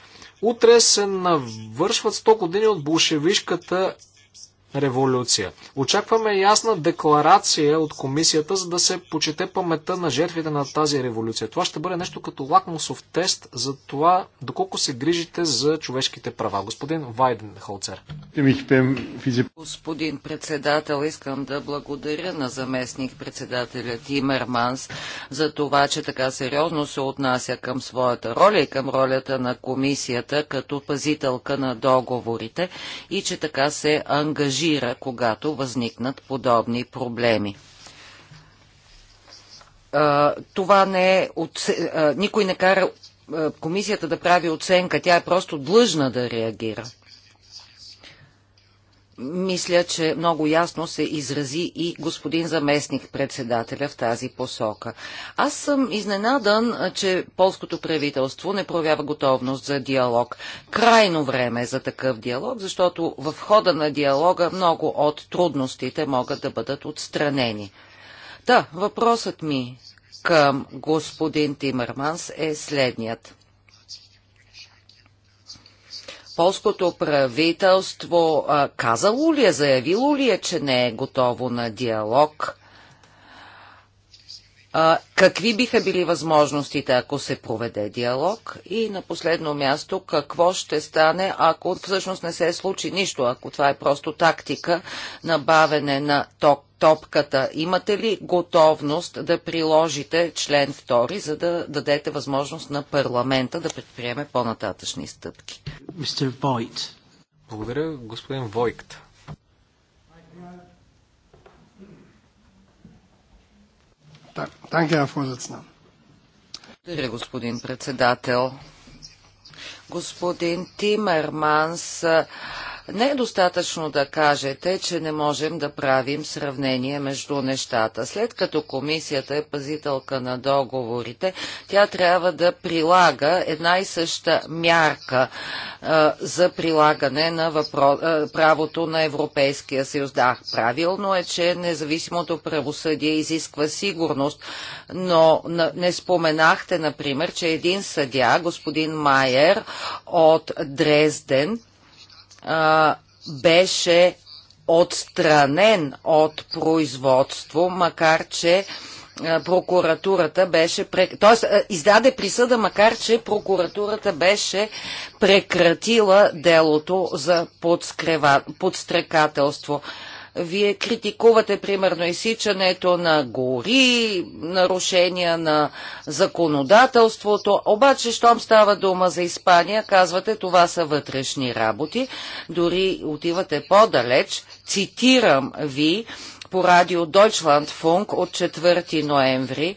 Утре се навършват 100 години от булшевишката революция. Очакваме ясна декларация от комисията, за да се почете паметта на жертвите на тази революция. Това ще бъде нещо като лакмусов тест за това, доколко се грижите за човешките права. Господин Вайден Холцер. Господин председател, искам да благодаря на заместник председателя Тимерманс за това, че така сериозно се отнася към своята роля и към ролята на комисията като пазителка на договорите и че така се ангажира ангажира, когато възникнат подобни проблеми. Това не е... Никой не кара комисията да прави оценка, тя е просто длъжна да реагира мисля, че много ясно се изрази и господин заместник председателя в тази посока. Аз съм изненадан, че полското правителство не проявява готовност за диалог. Крайно време е за такъв диалог, защото в хода на диалога много от трудностите могат да бъдат отстранени. Да, въпросът ми към господин Тимърманс е следният полското правителство казало ли е, заявило ли е, че не е готово на диалог? А, какви биха били възможностите, ако се проведе диалог? И на последно място, какво ще стане, ако всъщност не се случи нищо, ако това е просто тактика на бавене на ток, топката? Имате ли готовност да приложите член 2, за да дадете възможност на парламента да предприеме по-нататъчни стъпки? Мистер Войт. Благодаря, господин Войкт. Благодаря, господин председател. Господин Тимерманс, не е достатъчно да кажете, че не можем да правим сравнение между нещата. След като комисията е пазителка на договорите, тя трябва да прилага една и съща мярка а, за прилагане на въпро... а, правото на Европейския съюз. Да, правилно е, че независимото правосъдие изисква сигурност, но не споменахте, например, че един съдя, господин Майер от Дрезден, а, беше отстранен от производство, макар че прокуратурата беше... Тоест, издаде присъда, макар че прокуратурата беше прекратила делото за подстрекателство. Вие критикувате, примерно, изсичането на гори, нарушения на законодателството, обаче, щом става дума за Испания, казвате, това са вътрешни работи. Дори отивате по-далеч, цитирам ви по радио Deutschlandfunk от 4 ноември,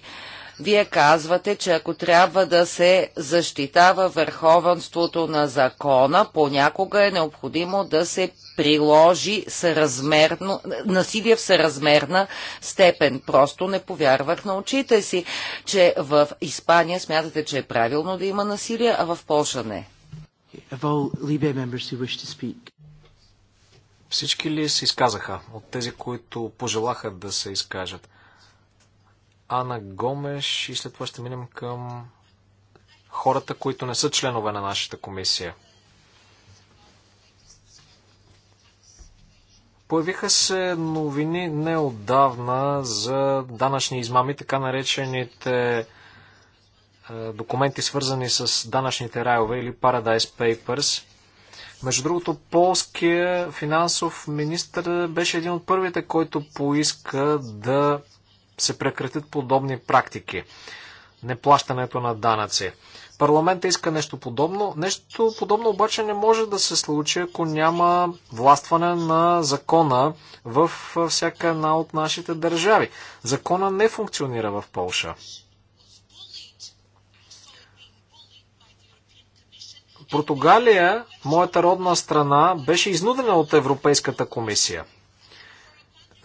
вие казвате, че ако трябва да се защитава върховенството на закона, понякога е необходимо да се приложи съразмерно, насилие в съразмерна степен. Просто не повярвах на очите си, че в Испания смятате, че е правилно да има насилие, а в Польша не. Всички ли се изказаха от тези, които пожелаха да се изкажат? Ана Гомеш и след това ще минем към хората, които не са членове на нашата комисия. Появиха се новини неодавна за данъчни измами, така наречените е, документи свързани с данъчните райове или Paradise Papers. Между другото, полския финансов министр беше един от първите, който поиска да се прекратят подобни практики. Неплащането на данъци. Парламента иска нещо подобно. Нещо подобно обаче не може да се случи, ако няма властване на закона в всяка една от нашите държави. Закона не функционира в Полша. Португалия, моята родна страна, беше изнудена от Европейската комисия.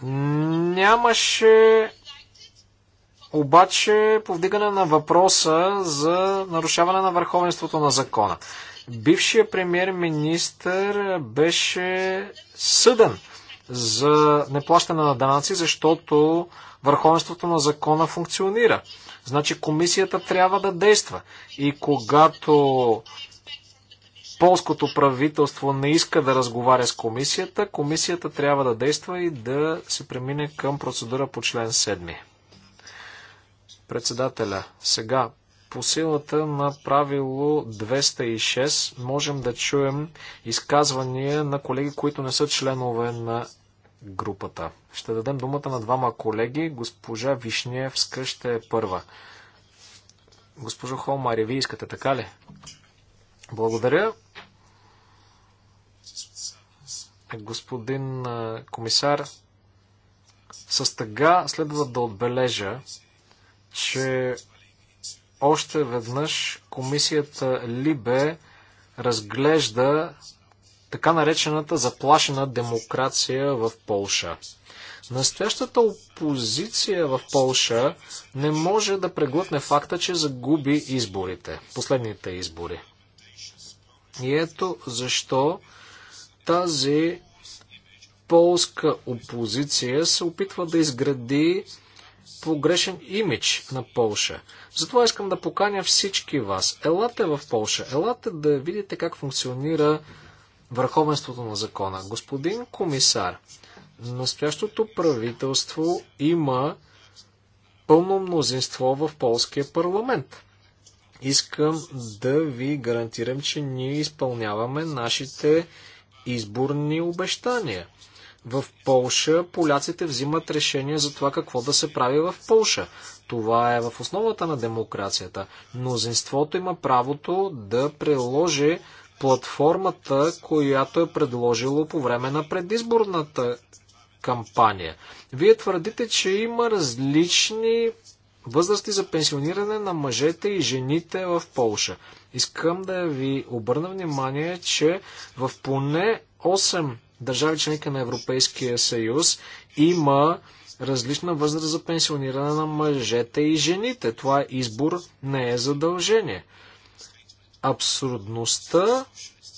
Нямаше обаче повдигане на въпроса за нарушаване на върховенството на закона. Бившия премьер-министр беше съден за неплащане на данъци, защото върховенството на закона функционира. Значи комисията трябва да действа. И когато полското правителство не иска да разговаря с комисията, комисията трябва да действа и да се премине към процедура по член 7. Председателя, сега по силата на правило 206 можем да чуем изказвания на колеги, които не са членове на групата. Ще дадем думата на двама колеги. Госпожа Вишневска ще е първа. Госпожо Холмари, вие искате така ли? Благодаря. Господин комисар, с тъга следва да отбележа, че още веднъж комисията Либе разглежда така наречената заплашена демокрация в Полша. Настоящата опозиция в Полша не може да преглътне факта, че загуби изборите, последните избори. И ето защо тази полска опозиция се опитва да изгради погрешен имидж на Полша. Затова искам да поканя всички вас. Елате в Полша, елате да видите как функционира върховенството на закона. Господин комисар, настоящото правителство има пълно мнозинство в полския парламент. Искам да ви гарантирам, че ние изпълняваме нашите изборни обещания в Полша поляците взимат решение за това какво да се прави в Полша. Това е в основата на демокрацията. Мнозинството има правото да приложи платформата, която е предложило по време на предизборната кампания. Вие твърдите, че има различни възрасти за пенсиониране на мъжете и жените в Полша. Искам да ви обърна внимание, че в поне 8 държави членка на Европейския съюз има различна възраст за пенсиониране на мъжете и жените. Това избор, не е задължение. Абсурдността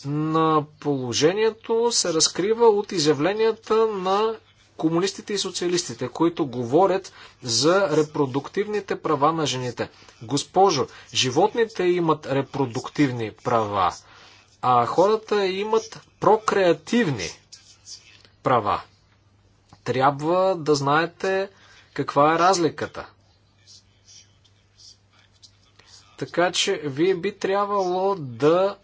на положението се разкрива от изявленията на комунистите и социалистите, които говорят за репродуктивните права на жените. Госпожо, животните имат репродуктивни права, а хората имат прокреативни права. Трябва да знаете каква е разликата. Така че вие би трябвало да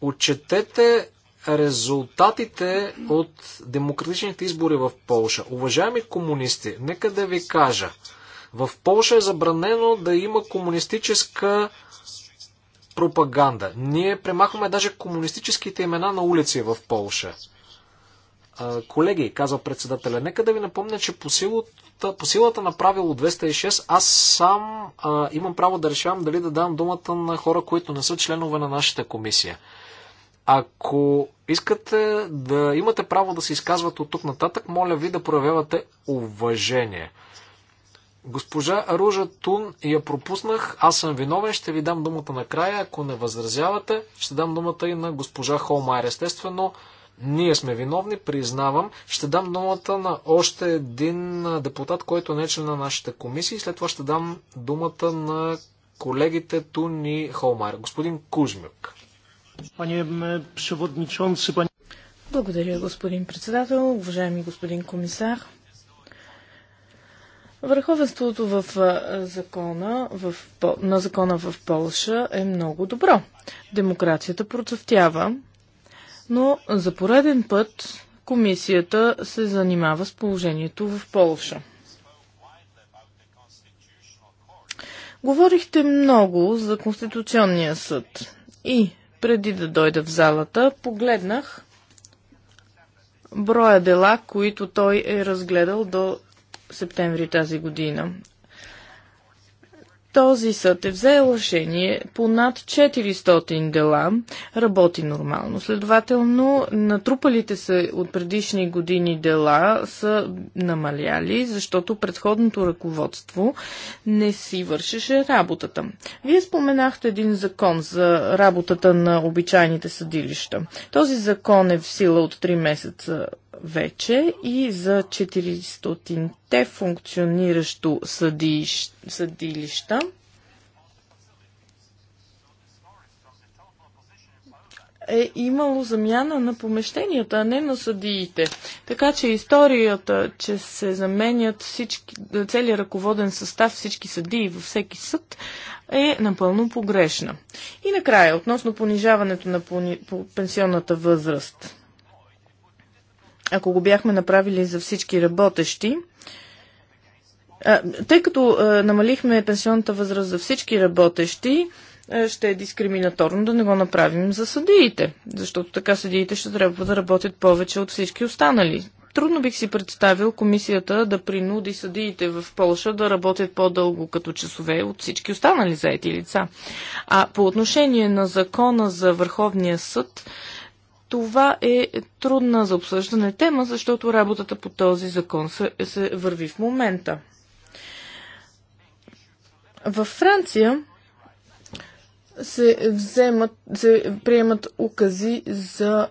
отчетете резултатите от демократичните избори в Полша. Уважаеми комунисти, нека да ви кажа, в Полша е забранено да има комунистическа пропаганда. Ние премахваме даже комунистическите имена на улици в Полша. Колеги, казва председателя, нека да ви напомня, че по силата, по силата на правило 206 аз сам а, имам право да решавам дали да дам думата на хора, които не са членове на нашата комисия. Ако искате да имате право да се изказвате от тук нататък, моля ви да проявявате уважение. Госпожа Ружа Тун я пропуснах, аз съм виновен, ще ви дам думата накрая, ако не възразявате, ще дам думата и на госпожа Холмайер. Естествено, ние сме виновни, признавам. Ще дам думата на още един депутат, който не е член на нашата комисия след това ще дам думата на колегите Туни Холмар. Господин Кузмюк. Благодаря, господин председател, уважаеми господин комисар. Върховенството в закона, в, на закона в Полша е много добро. Демокрацията процъфтява. Но за пореден път комисията се занимава с положението в Полша. Говорихте много за Конституционния съд и преди да дойда в залата, погледнах броя дела, които той е разгледал до септември тази година. Този съд е взел решение по над 400 дела, работи нормално. Следователно, натрупалите се от предишни години дела са намаляли, защото предходното ръководство не си вършеше работата. Вие споменахте един закон за работата на обичайните съдилища. Този закон е в сила от 3 месеца вече и за 400-те функциониращо съдиш, съдилища. е имало замяна на помещенията, а не на съдиите. Така че историята, че се заменят всички, целият ръководен състав, всички съдии във всеки съд, е напълно погрешна. И накрая, относно понижаването на пенсионната възраст ако го бяхме направили за всички работещи, тъй като намалихме пенсионната възраст за всички работещи, ще е дискриминаторно да не го направим за съдиите, защото така съдиите ще трябва да работят повече от всички останали. Трудно бих си представил комисията да принуди съдиите в Польша да работят по-дълго като часове от всички останали заети лица. А по отношение на закона за Върховния съд, това е трудна за обсъждане тема, защото работата по този закон се, се върви в момента. Във Франция се, вземат, се приемат укази за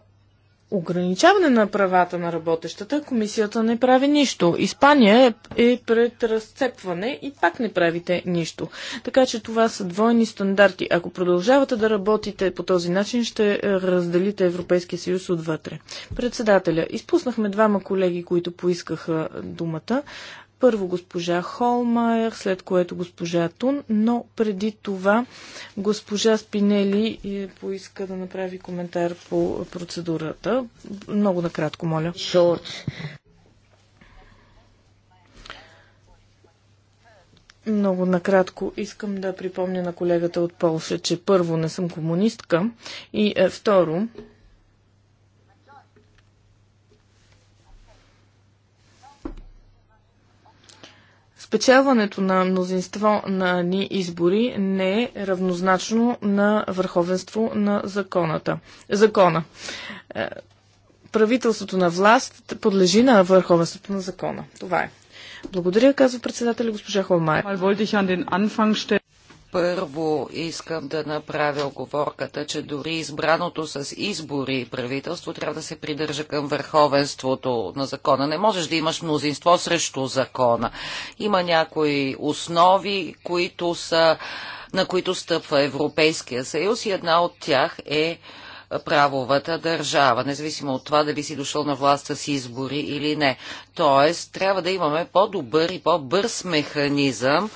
ограничаване на правата на работещата, комисията не прави нищо. Испания е, е пред разцепване и пак не правите нищо. Така че това са двойни стандарти. Ако продължавате да работите по този начин, ще е, разделите Европейския съюз отвътре. Председателя, изпуснахме двама колеги, които поискаха думата. Първо госпожа Холмайер, след което госпожа Тун, но преди това госпожа Спинели е, поиска да направи коментар по процедурата. Много накратко, моля. Шорт. Много накратко искам да припомня на колегата от Полша, че първо не съм комунистка и е, второ Спечелването на мнозинство на ни избори не е равнозначно на върховенство на законата. закона. Е, правителството на власт подлежи на върховенството на закона. Това е. Благодаря, казва председателя госпожа Холмайер. Първо искам да направя оговорката, че дори избраното с избори правителство трябва да се придържа към върховенството на закона. Не можеш да имаш мнозинство срещу закона. Има някои основи, които са, на които стъпва Европейския съюз и една от тях е правовата държава, независимо от това дали си дошъл на власт с избори или не. Тоест, трябва да имаме по-добър и по-бърз механизъм,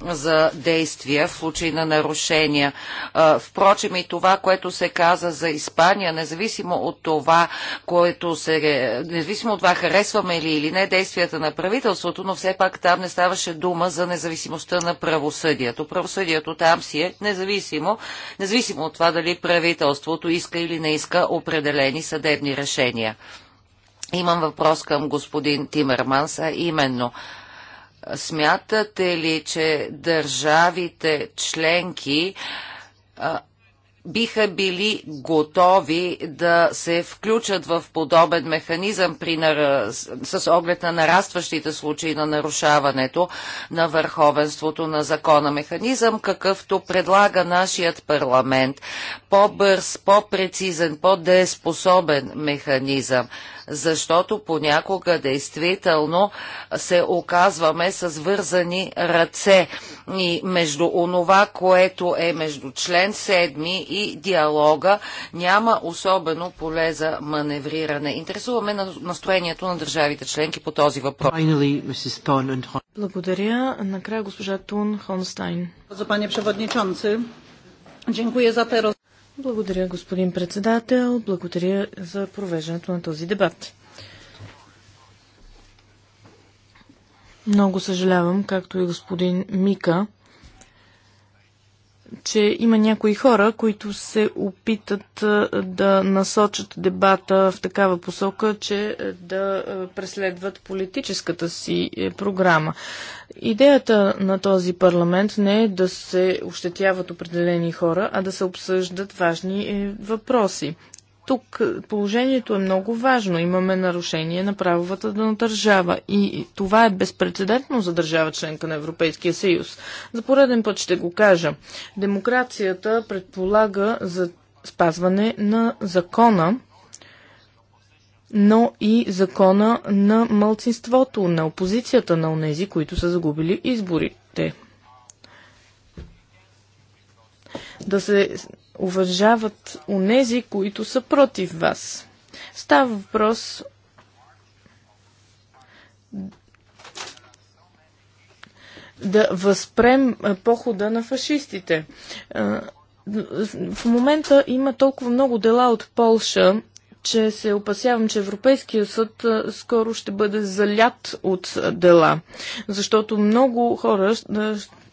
за действия в случай на нарушения. Впрочем и това, което се каза за Испания, независимо от това, което се... независимо от това харесваме ли или не действията на правителството, но все пак там не ставаше дума за независимостта на правосъдието. Правосъдието там си е независимо, независимо от това дали правителството иска или не иска определени съдебни решения. Имам въпрос към господин Тимерманс, а именно – Смятате ли, че държавите членки биха били готови да се включат в подобен механизъм при нараз... с оглед на нарастващите случаи на нарушаването на върховенството на закона. Механизъм, какъвто предлага нашият парламент. По-бърз, по-прецизен, по-дееспособен механизъм защото понякога действително се оказваме с вързани ръце и между онова, което е между член 7 и диалога, няма особено поле за маневриране. Интересуваме на настроението на държавите членки по този въпрос. Благодаря. Накрая госпожа Тун Хонстайн. Благодаря, господин председател. Благодаря за провеждането на този дебат. Много съжалявам, както и господин Мика, че има някои хора, които се опитат да насочат дебата в такава посока, че да преследват политическата си е, програма. Идеята на този парламент не е да се ощетяват определени хора, а да се обсъждат важни е, въпроси. Тук положението е много важно. Имаме нарушение на правовата държава и това е безпредседентно за държава членка на Европейския съюз. За пореден път ще го кажа. Демокрацията предполага за спазване на закона, но и закона на мълцинството, на опозицията на онези, които са загубили изборите. Да се уважават онези, които са против вас. Става въпрос да възпрем похода на фашистите. В момента има толкова много дела от Полша, че се опасявам, че Европейския съд скоро ще бъде залят от дела, защото много хора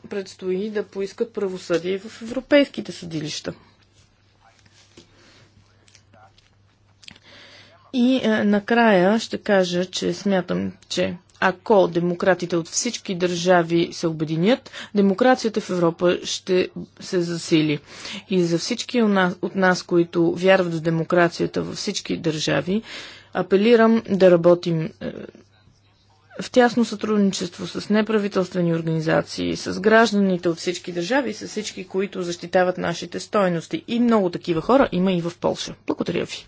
предстои да поискат правосъдие в европейските съдилища. И е, накрая ще кажа, че смятам, че ако демократите от всички държави се обединят, демокрацията в Европа ще се засили. И за всички от нас, които вярват в демокрацията във всички държави, апелирам да работим е, в тясно сътрудничество с неправителствени организации, с гражданите от всички държави, с всички, които защитават нашите стойности. И много такива хора има и в Польша. Благодаря ви.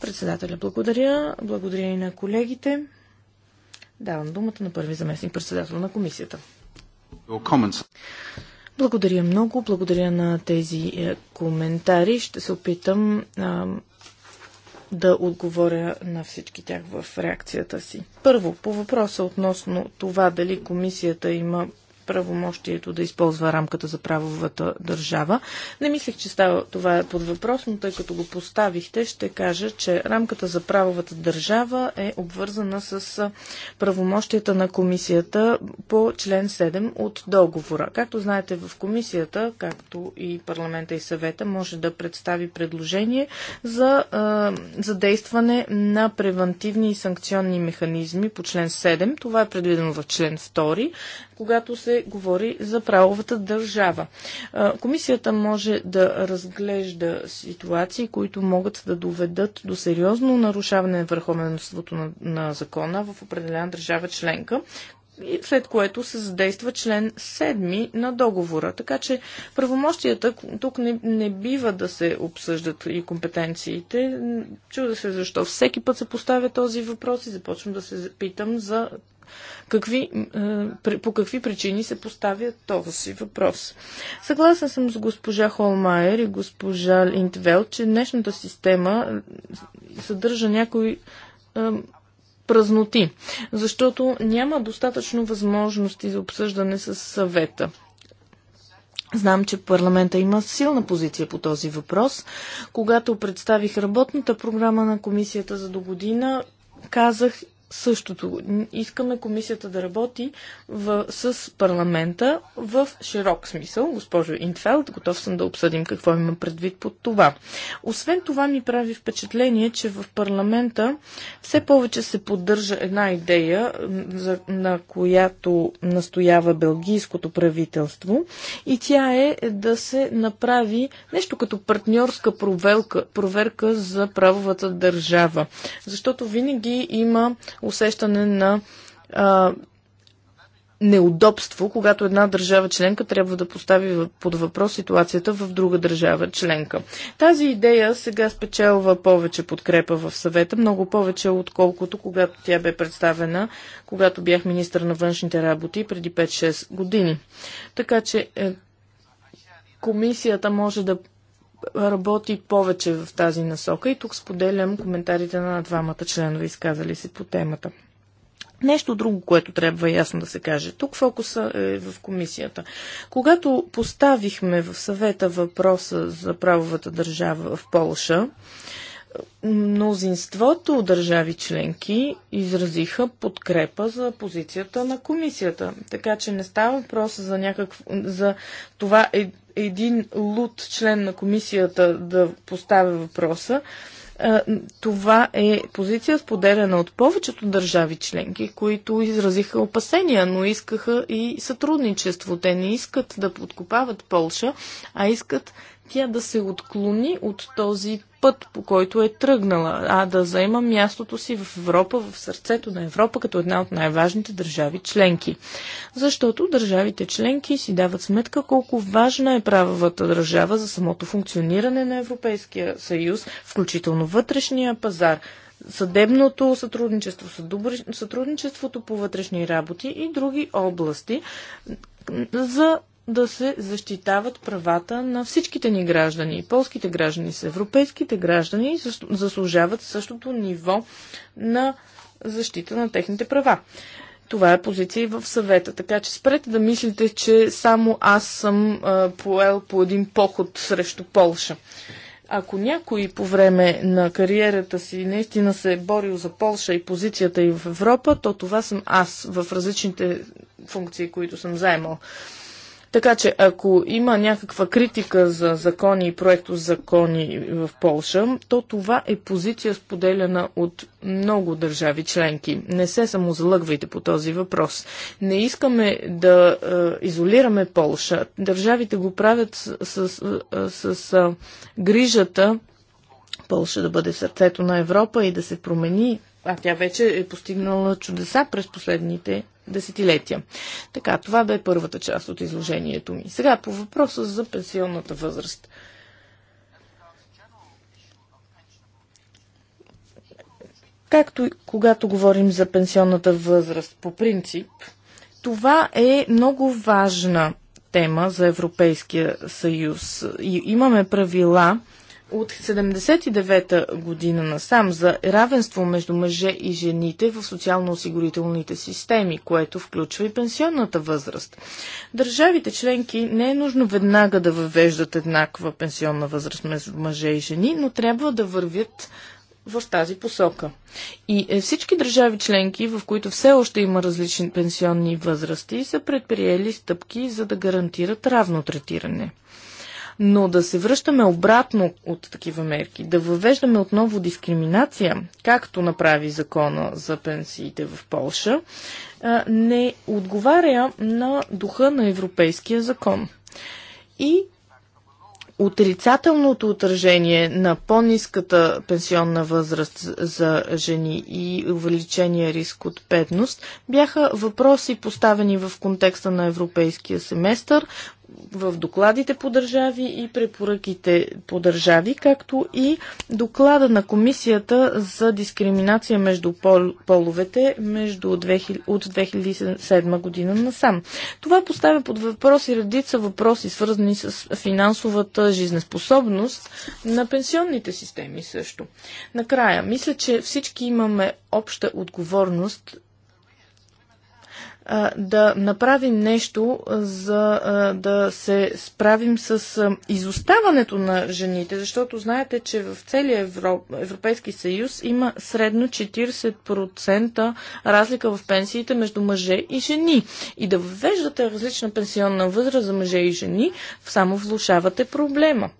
Председателя, благодаря. Благодаря и на колегите. Давам думата на първи заместник председател на комисията. Благодаря много. Благодаря на тези е, коментари. Ще се опитам а, да отговоря на всички тях в реакцията си. Първо, по въпроса относно това дали комисията има правомощието да използва рамката за правовата държава. Не мислех, че става това е под въпрос, но тъй като го поставихте, ще кажа, че рамката за правовата държава е обвързана с правомощията на комисията по член 7 от договора. Както знаете, в комисията, както и парламента и съвета, може да представи предложение за задействане на превентивни и санкционни механизми по член 7. Това е предвидено в член 2, когато се говори за правовата държава. Комисията може да разглежда ситуации, които могат да доведат до сериозно нарушаване на върховенството на, на закона в определена държава членка, след което се задейства член 7 на договора. Така че правомощията тук не, не бива да се обсъждат и компетенциите. Чуда се защо всеки път се поставя този въпрос и започвам да се питам за какви, по какви причини се поставя този въпрос. Съгласен съм с госпожа Холмайер и госпожа Линтвел, че днешната система съдържа някои празноти, защото няма достатъчно възможности за обсъждане с съвета. Знам, че парламента има силна позиция по този въпрос. Когато представих работната програма на комисията за до година, казах същото. Искаме комисията да работи в, с парламента в широк смисъл. Госпожо Интфелд, готов съм да обсъдим какво има предвид под това. Освен това ми прави впечатление, че в парламента все повече се поддържа една идея, за, на която настоява белгийското правителство и тя е да се направи нещо като партньорска проверка, проверка за правовата държава. Защото винаги има усещане на а, неудобство, когато една държава членка трябва да постави под въпрос ситуацията в друга държава членка. Тази идея сега спечелва повече подкрепа в съвета, много повече отколкото когато тя бе представена, когато бях министър на външните работи преди 5-6 години. Така че е, комисията може да работи повече в тази насока и тук споделям коментарите на двамата членове, изказали се по темата. Нещо друго, което трябва ясно да се каже. Тук фокуса е в комисията. Когато поставихме в съвета въпроса за правовата държава в Полша, мнозинството държави членки изразиха подкрепа за позицията на комисията. Така че не става въпрос за, някакво, за това е един луд член на комисията да поставя въпроса, това е позиция споделена от повечето държави членки, които изразиха опасения, но искаха и сътрудничество. Те не искат да подкопават Полша, а искат тя да се отклони от този път, по който е тръгнала, а да заема мястото си в Европа, в сърцето на Европа, като една от най-важните държави членки. Защото държавите членки си дават сметка колко важна е правовата държава за самото функциониране на Европейския съюз, включително вътрешния пазар, съдебното сътрудничество, сътрудничеството по вътрешни работи и други области за да се защитават правата на всичките ни граждани. Полските граждани са европейските граждани заслужават същото ниво на защита на техните права. Това е позиция и в съвета. Така че спрете да мислите, че само аз съм а, поел по един поход срещу Полша. Ако някой по време на кариерата си наистина се е борил за Полша и позицията и в Европа, то това съм аз в различните функции, които съм заемал. Така че ако има някаква критика за закони и проекто закони в Полша, то това е позиция споделена от много държави членки. Не се самозалъгвайте по този въпрос. Не искаме да е, изолираме Полша. Държавите го правят с, с, е, с, е, с е, грижата Полша да бъде сърцето на Европа и да се промени. А тя вече е постигнала чудеса през последните десетилетия. Така, това бе първата част от изложението ми. Сега по въпроса за пенсионната възраст. Както и когато говорим за пенсионната възраст по принцип, това е много важна тема за Европейския съюз. И имаме правила, от 79-та година насам за равенство между мъже и жените в социално-осигурителните системи, което включва и пенсионната възраст. Държавите членки не е нужно веднага да въвеждат еднаква пенсионна възраст между мъже и жени, но трябва да вървят в тази посока. И е, всички държави членки, в които все още има различни пенсионни възрасти, са предприели стъпки, за да гарантират равно третиране. Но да се връщаме обратно от такива мерки, да въвеждаме отново дискриминация, както направи закона за пенсиите в Полша, не отговаря на духа на европейския закон. И отрицателното отражение на по-низката пенсионна възраст за жени и увеличения риск от бедност бяха въпроси поставени в контекста на европейския семестър, в докладите по държави и препоръките по държави, както и доклада на Комисията за дискриминация между пол, половете между 2000, от 2007 година насам. Това поставя под въпрос и редица въпроси, свързани с финансовата жизнеспособност на пенсионните системи също. Накрая, мисля, че всички имаме обща отговорност да направим нещо, за да се справим с изоставането на жените, защото знаете, че в целия Европейски съюз има средно 40% разлика в пенсиите между мъже и жени. И да въвеждате различна пенсионна възраст за мъже и жени, само влушавате проблема.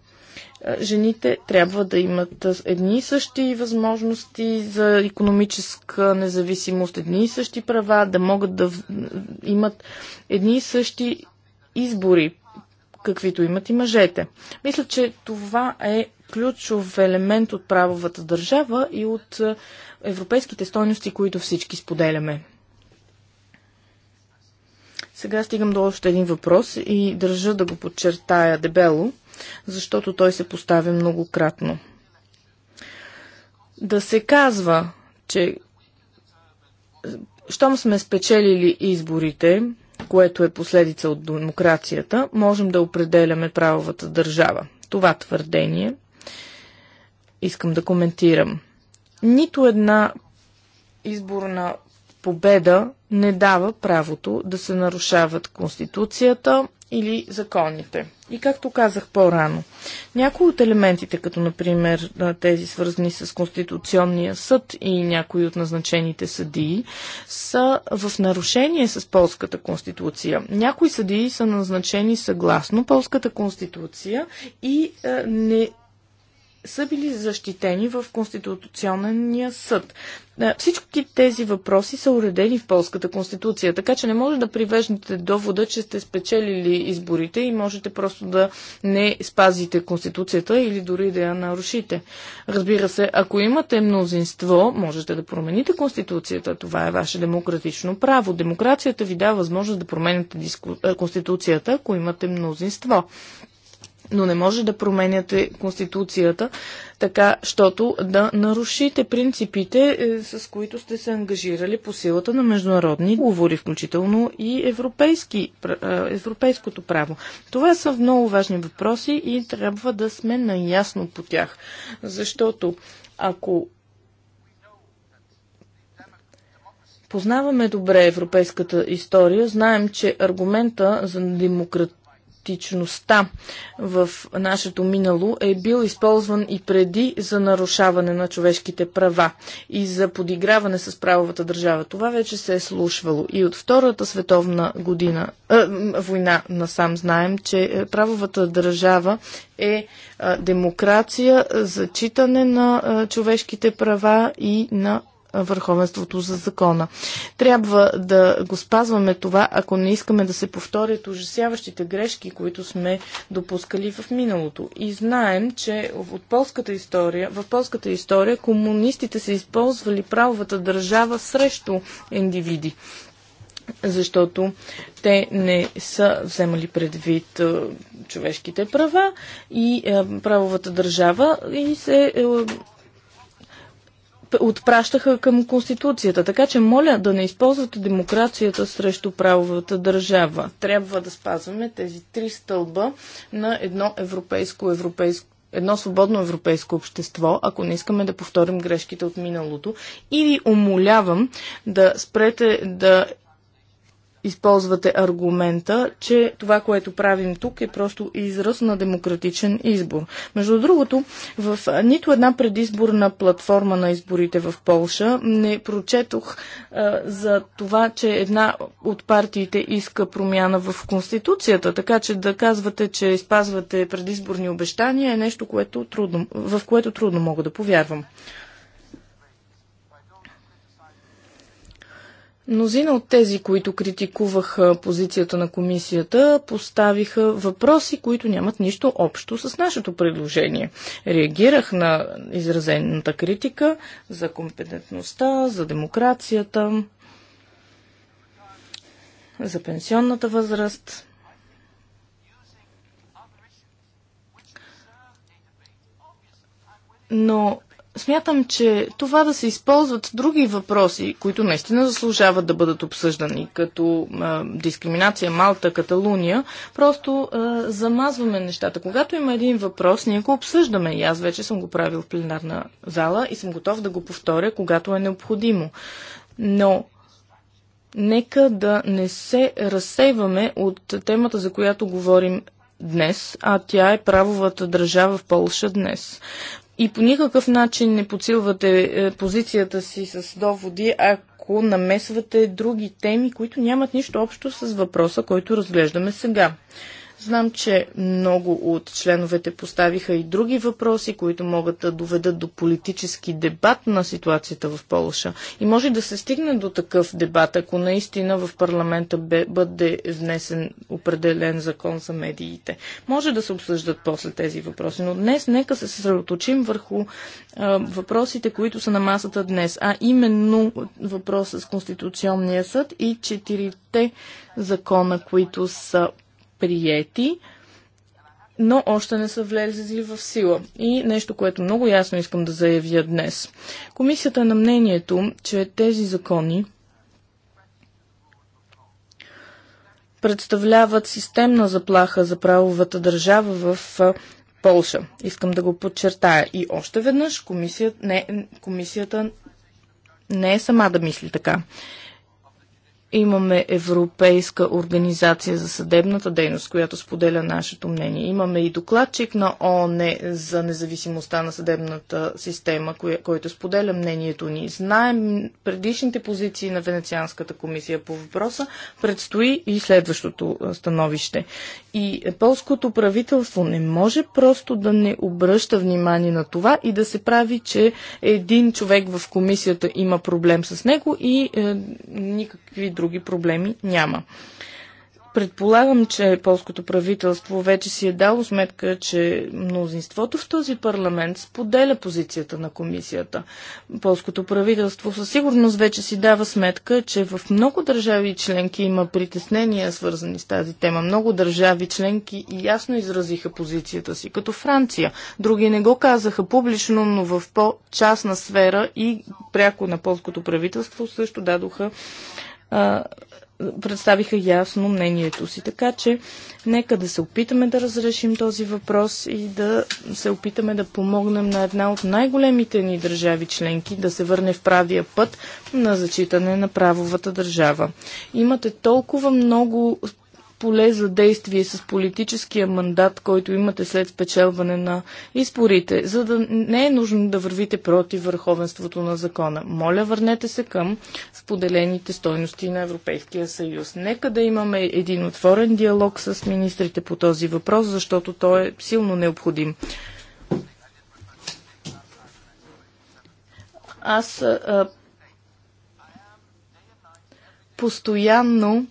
Е, жените трябва да имат е, едни и същи възможности за економическа независимост, едни и същи права, да могат да имат едни и същи избори, каквито имат и мъжете. Мисля, че това е ключов елемент от правовата държава и от е, европейските стойности, които всички споделяме. Сега стигам до още един въпрос и държа да го подчертая дебело, защото той се поставя многократно. Да се казва, че щом сме спечелили изборите, което е последица от демокрацията, можем да определяме правовата държава. Това твърдение искам да коментирам. Нито една изборна победа не дава правото да се нарушават Конституцията или законите. И както казах по-рано, някои от елементите, като например тези свързани с Конституционния съд и някои от назначените съдии, са в нарушение с Полската конституция. Някои съдии са назначени съгласно Полската конституция и не са били защитени в Конституционния съд. Е, всички тези въпроси са уредени в полската конституция, така че не може да привеждате довода, че сте спечелили изборите и можете просто да не спазите конституцията или дори да я нарушите. Разбира се, ако имате мнозинство, можете да промените конституцията. Това е ваше демократично право. Демокрацията ви дава възможност да променяте е, конституцията, ако имате мнозинство но не може да променяте Конституцията, така, щото да нарушите принципите, е, с които сте се ангажирали по силата на международни говори, включително и европейски, е, европейското право. Това са много важни въпроси и трябва да сме наясно по тях, защото ако Познаваме добре европейската история, знаем, че аргумента за демократ идентичността в нашето минало е бил използван и преди за нарушаване на човешките права и за подиграване с правовата държава. Това вече се е слушвало. И от Втората световна година, э, война насам знаем, че е, правовата държава е, е демокрация, зачитане на е, човешките права и на върховенството за закона. Трябва да го спазваме това, ако не искаме да се повторят ужасяващите грешки, които сме допускали в миналото. И знаем, че от полската история, в полската история комунистите са използвали правовата държава срещу индивиди защото те не са вземали предвид е, човешките права и е, правовата държава и се е, отпращаха към Конституцията. Така че моля да не използвате демокрацията срещу правовата държава. Трябва да спазваме тези три стълба на едно европейско, европейско едно свободно европейско общество, ако не искаме да повторим грешките от миналото. И ви умолявам да спрете да използвате аргумента, че това, което правим тук е просто израз на демократичен избор. Между другото, в нито една предизборна платформа на изборите в Полша не прочетох а, за това, че една от партиите иска промяна в Конституцията, така че да казвате, че изпазвате предизборни обещания е нещо, което трудно, в което трудно мога да повярвам. Мнозина от тези, които критикуваха позицията на комисията, поставиха въпроси, които нямат нищо общо с нашето предложение. Реагирах на изразената критика за компетентността, за демокрацията, за пенсионната възраст. Но смятам, че това да се използват други въпроси, които наистина заслужават да бъдат обсъждани, като а, дискриминация Малта, Каталуния, просто а, замазваме нещата. Когато има един въпрос, ние го обсъждаме и аз вече съм го правил в пленарна зала и съм готов да го повторя, когато е необходимо. Но нека да не се разсейваме от темата, за която говорим днес, а тя е правовата държава в Полша днес. И по никакъв начин не подсилвате е, позицията си с доводи, ако намесвате други теми, които нямат нищо общо с въпроса, който разглеждаме сега. Знам, че много от членовете поставиха и други въпроси, които могат да доведат до политически дебат на ситуацията в Полша. И може да се стигне до такъв дебат, ако наистина в парламента бъде внесен определен закон за медиите. Може да се обсъждат после тези въпроси, но днес нека се съсредоточим върху а, въпросите, които са на масата днес, а именно въпрос с Конституционния съд и четирите закона, които са приети, но още не са влезли в сила. И нещо, което много ясно искам да заявя днес. Комисията е на мнението, че тези закони представляват системна заплаха за правовата държава в Полша. Искам да го подчертая. И още веднъж комисията не, комисията не е сама да мисли така. Имаме Европейска организация за съдебната дейност, която споделя нашето мнение. Имаме и докладчик на ООН за независимостта на съдебната система, който споделя мнението ни. Знаем предишните позиции на Венецианската комисия по въпроса. Предстои и следващото становище. И полското правителство не може просто да не обръща внимание на това и да се прави, че един човек в комисията има проблем с него и е, никакви други проблеми няма. Предполагам, че полското правителство вече си е дало сметка, че мнозинството в този парламент споделя позицията на комисията. Полското правителство със сигурност вече си дава сметка, че в много държави членки има притеснения, свързани с тази тема. Много държави членки ясно изразиха позицията си, като Франция. Други не го казаха публично, но в по-частна сфера и пряко на полското правителство също дадоха а, представиха ясно мнението си. Така че нека да се опитаме да разрешим този въпрос и да се опитаме да помогнем на една от най-големите ни държави членки да се върне в правия път на зачитане на правовата държава. Имате толкова много поле за действие с политическия мандат, който имате след спечелване на изборите, за да не е нужно да вървите против върховенството на закона. Моля, върнете се към споделените стойности на Европейския съюз. Нека да имаме един отворен диалог с министрите по този въпрос, защото той е силно необходим. Аз а, постоянно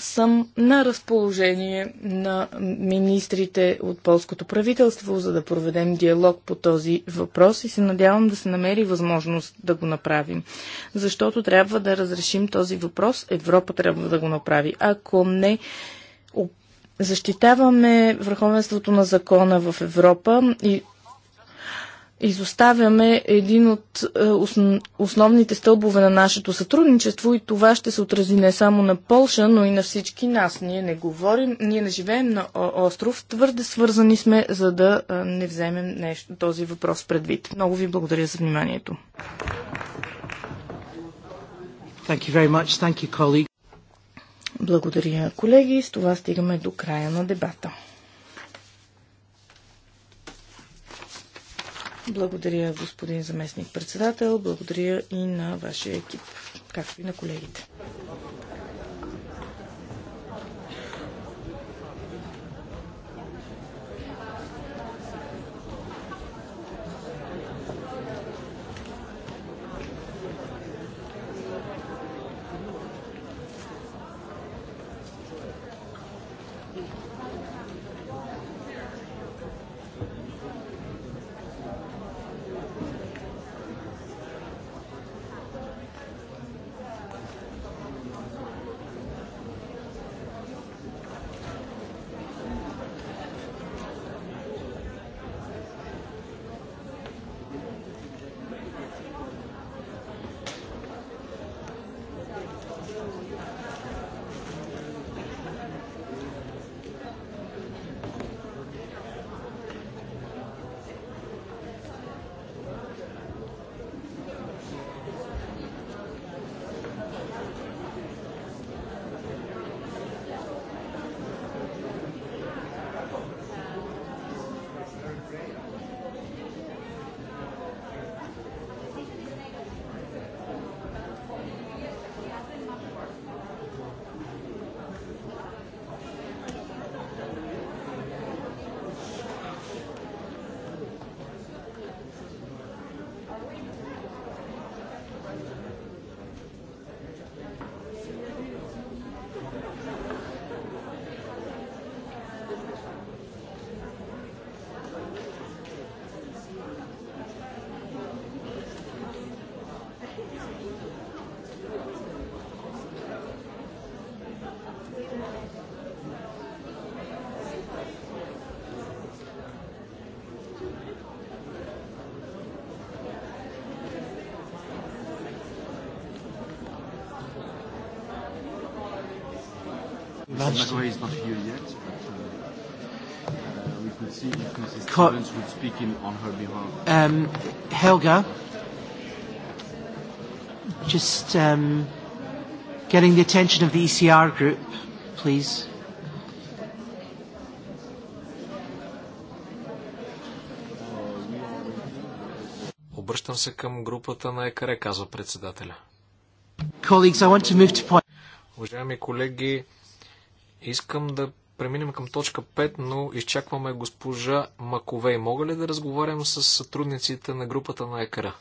съм на разположение на министрите от полското правителство, за да проведем диалог по този въпрос и се надявам да се намери възможност да го направим. Защото трябва да разрешим този въпрос, Европа трябва да го направи. Ако не защитаваме върховенството на закона в Европа и изоставяме един от е, основните стълбове на нашето сътрудничество и това ще се отрази не само на Полша, но и на всички нас. Ние не говорим, ние не живеем на остров, твърде свързани сме, за да е, не вземем нещо, този въпрос предвид. Много ви благодаря за вниманието. Thank you very much. Thank you, Благодаря, колеги. С това стигаме до края на дебата. Благодаря, господин заместник председател. Благодаря и на вашия екип, както и на колегите. Maguire is not here yet, but uh, we could see if Mrs. Co- Stevens would speak in, on her behalf. Um, Helga, just um, getting the attention of the ECR group, please. Обръщам се към групата на ЕКР, казва председателя. Уважаеми колеги, Искам да преминем към точка 5, но изчакваме госпожа Маковей. Мога ли да разговарям с сътрудниците на групата на екара?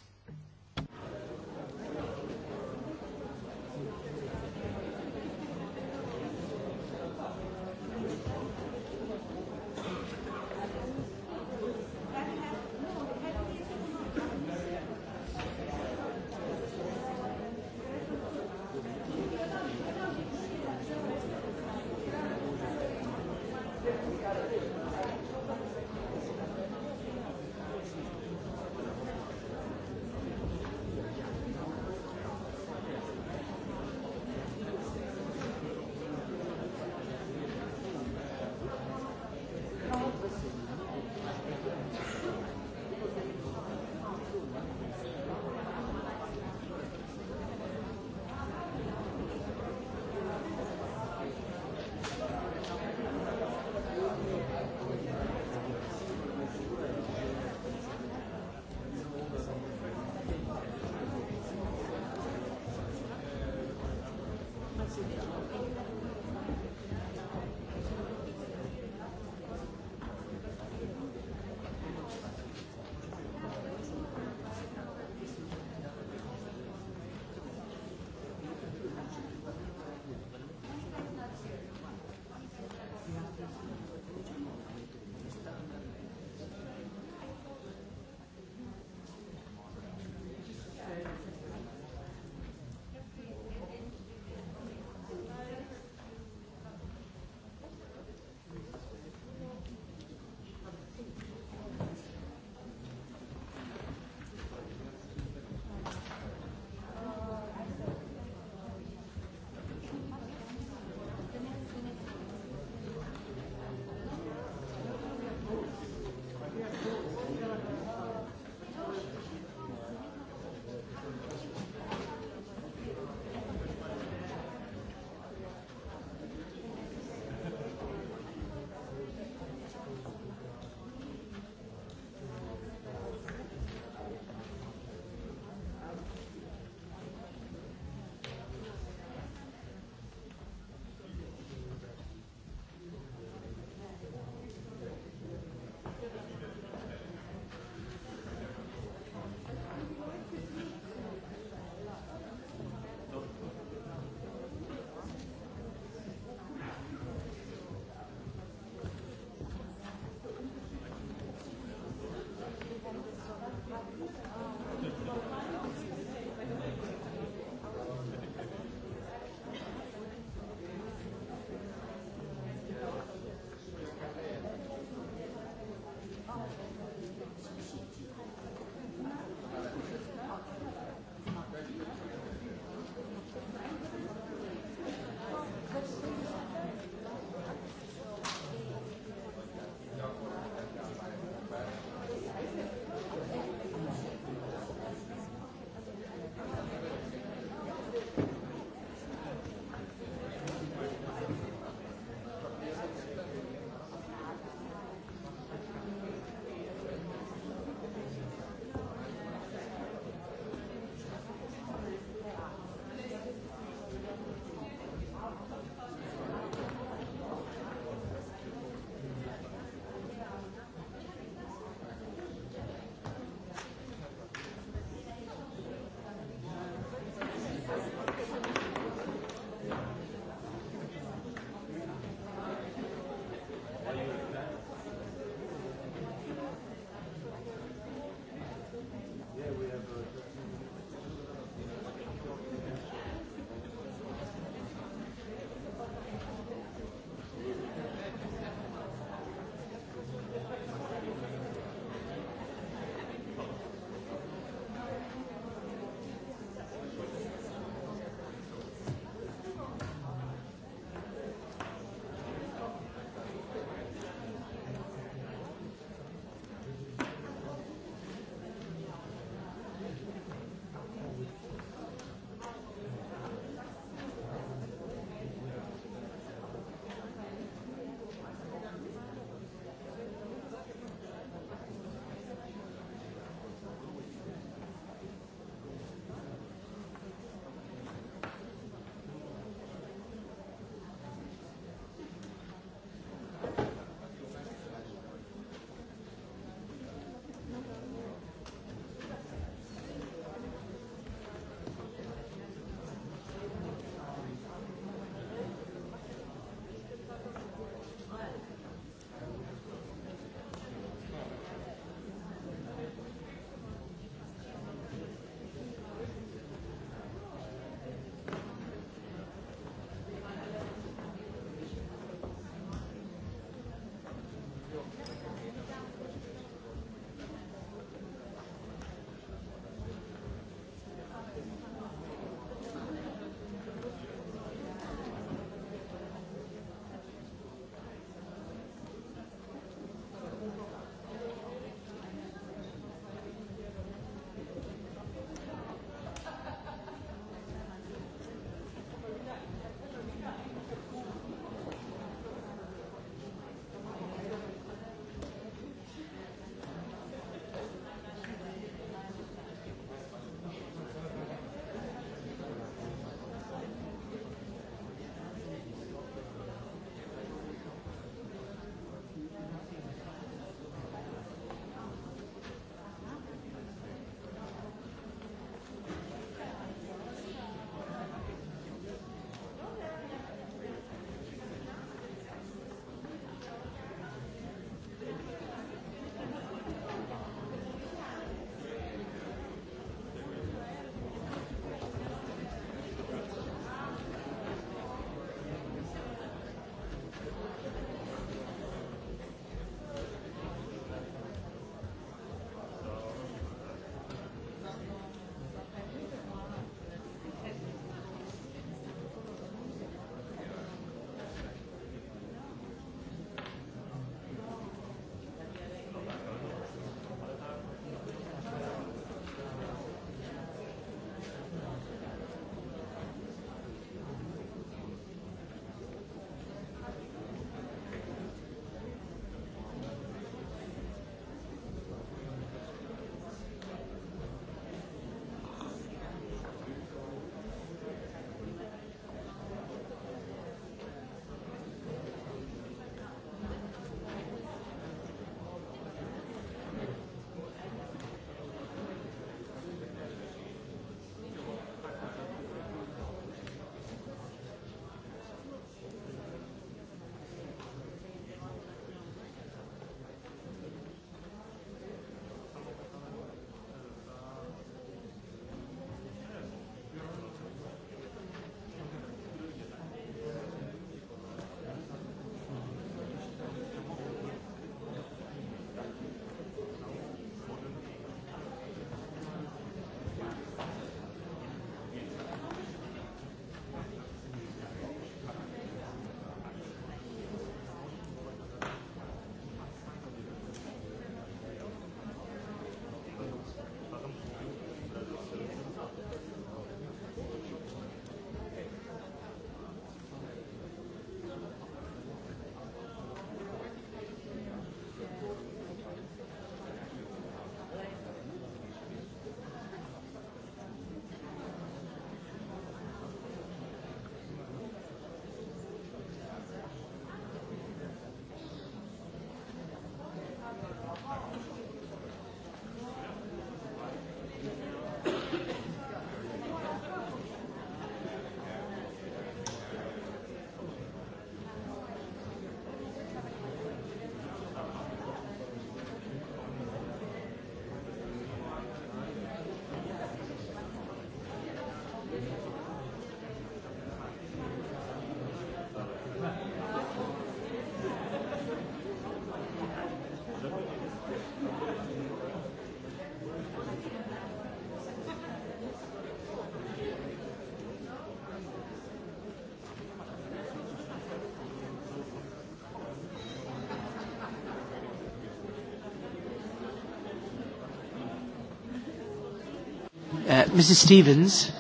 Mrs. Stevens.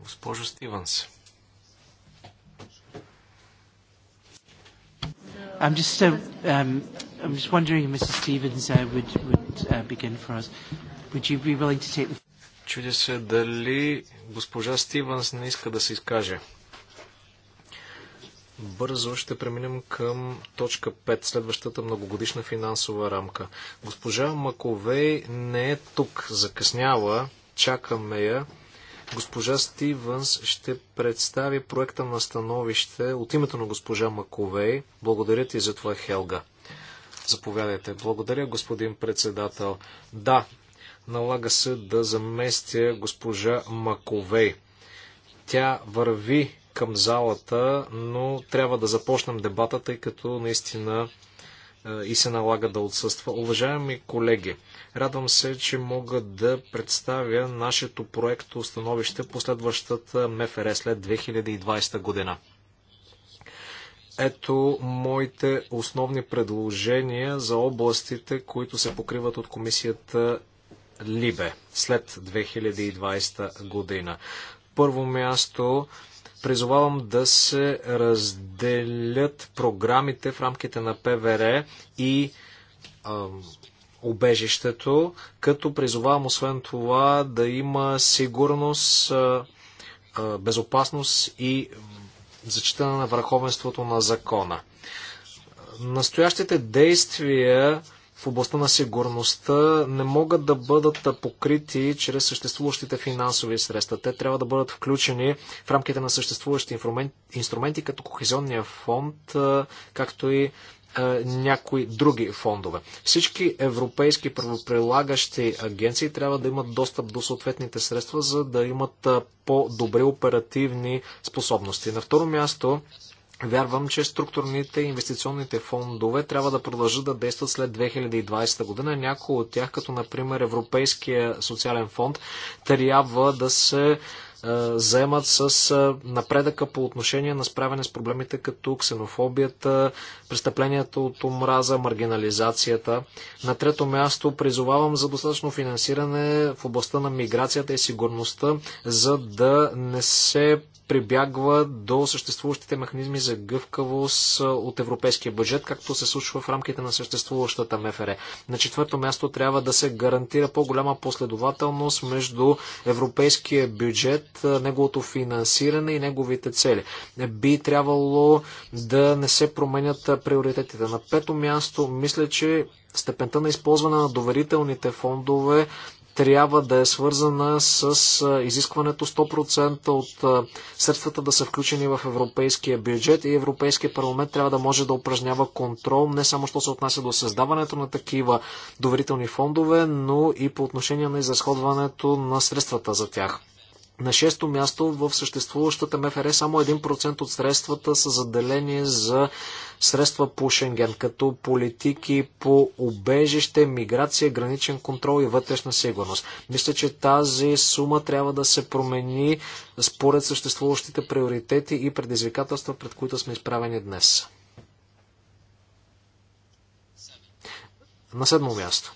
Госпожо Стивенс. I'm just, um, I'm just wondering if Mrs. Stevens uh, would, would uh, begin for us. Would you be willing to take Чудя се дали госпожа Стивенс не иска да се изкаже. Бързо ще преминем към точка 5, следващата многогодишна финансова рамка. Госпожа Маковей не е тук, закъснява чакаме я. Госпожа Стивънс ще представи проекта на становище от името на госпожа Маковей. Благодаря ти за това, Хелга. Заповядайте. Благодаря, господин председател. Да, налага се да заместя госпожа Маковей. Тя върви към залата, но трябва да започнем дебата, тъй като наистина е, и се налага да отсъства. Уважаеми колеги, радвам се, че мога да представя нашето проекто становище по следващата МФР след 2020 година. Ето моите основни предложения за областите, които се покриват от комисията Либе след 2020 година. Първо място Призовавам да се разделят програмите в рамките на ПВР и а, обежището, като призовавам освен това да има сигурност, а, а, безопасност и зачитане на върховенството на закона. Настоящите действия в областта на сигурността не могат да бъдат покрити чрез съществуващите финансови средства. Те трябва да бъдат включени в рамките на съществуващи инструменти, като Кохезионния фонд, както и някои други фондове. Всички европейски правоприлагащи агенции трябва да имат достъп до съответните средства, за да имат по-добри оперативни способности. На второ място, Вярвам, че структурните инвестиционните фондове трябва да продължат да действат след 2020 година. Някои от тях, като например Европейския социален фонд, трябва да се заемат с напредъка по отношение на справяне с проблемите като ксенофобията, престъпленията от омраза, маргинализацията. На трето място призовавам за достатъчно финансиране в областта на миграцията и сигурността, за да не се прибягва до съществуващите механизми за гъвкавост от европейския бюджет, както се случва в рамките на съществуващата МФР. На четвърто място трябва да се гарантира по-голяма последователност между европейския бюджет, неговото финансиране и неговите цели. Би трябвало да не се променят приоритетите. На пето място, мисля, че степента на използване на доверителните фондове трябва да е свързана с изискването 100% от средствата да са включени в европейския бюджет и Европейския парламент трябва да може да упражнява контрол не само що се отнася до създаването на такива доверителни фондове, но и по отношение на изразходването на средствата за тях. На шесто място в съществуващата МФР само 1% от средствата са заделени за средства по Шенген, като политики по убежище, миграция, граничен контрол и вътрешна сигурност. Мисля, че тази сума трябва да се промени според съществуващите приоритети и предизвикателства, пред които сме изправени днес. На седмо място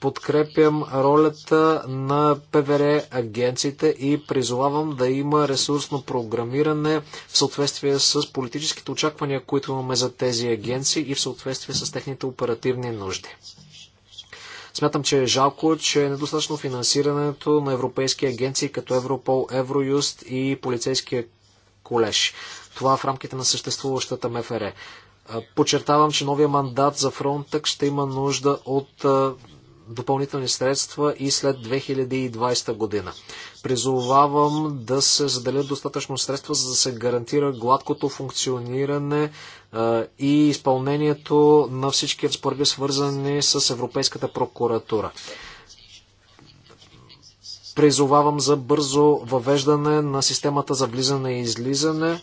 подкрепям ролята на ПВР агенциите и призовавам да има ресурсно програмиране в съответствие с политическите очаквания, които имаме за тези агенции и в съответствие с техните оперативни нужди. Смятам, че е жалко, че е недостатъчно финансирането на европейски агенции като Европол, Евроюст и полицейския колеж. Това в рамките на съществуващата МФР. Е, подчертавам, че новия мандат за Фронтък ще има нужда от допълнителни средства и след 2020 година. Призовавам да се заделят достатъчно средства, за да се гарантира гладкото функциониране и изпълнението на всички разпоредби, свързани с Европейската прокуратура. Призовавам за бързо въвеждане на системата за влизане и излизане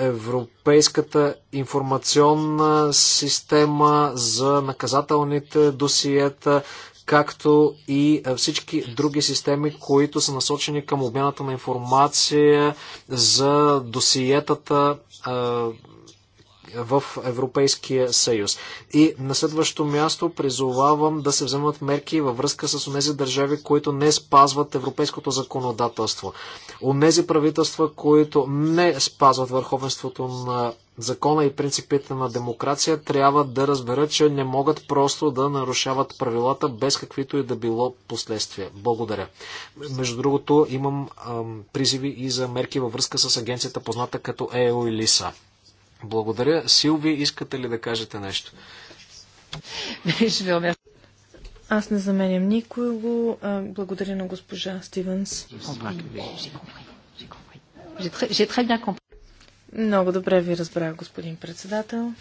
Европейската информационна система за наказателните досиета, както и всички други системи, които са насочени към обмяната на информация за досиетата в Европейския съюз. И на следващо място призовавам да се вземат мерки във връзка с тези държави, които не спазват европейското законодателство. Онези правителства, които не спазват върховенството на закона и принципите на демокрация, трябва да разберат, че не могат просто да нарушават правилата без каквито и да било последствия. Благодаря. Между другото, имам ам, призиви и за мерки във връзка с агенцията, позната като ЕО и ЛИСА. Благодаря. Силви, искате ли да кажете нещо? Аз не заменям никого. Благодаря на госпожа Стивенс. Много добре ви разбрах, господин председател.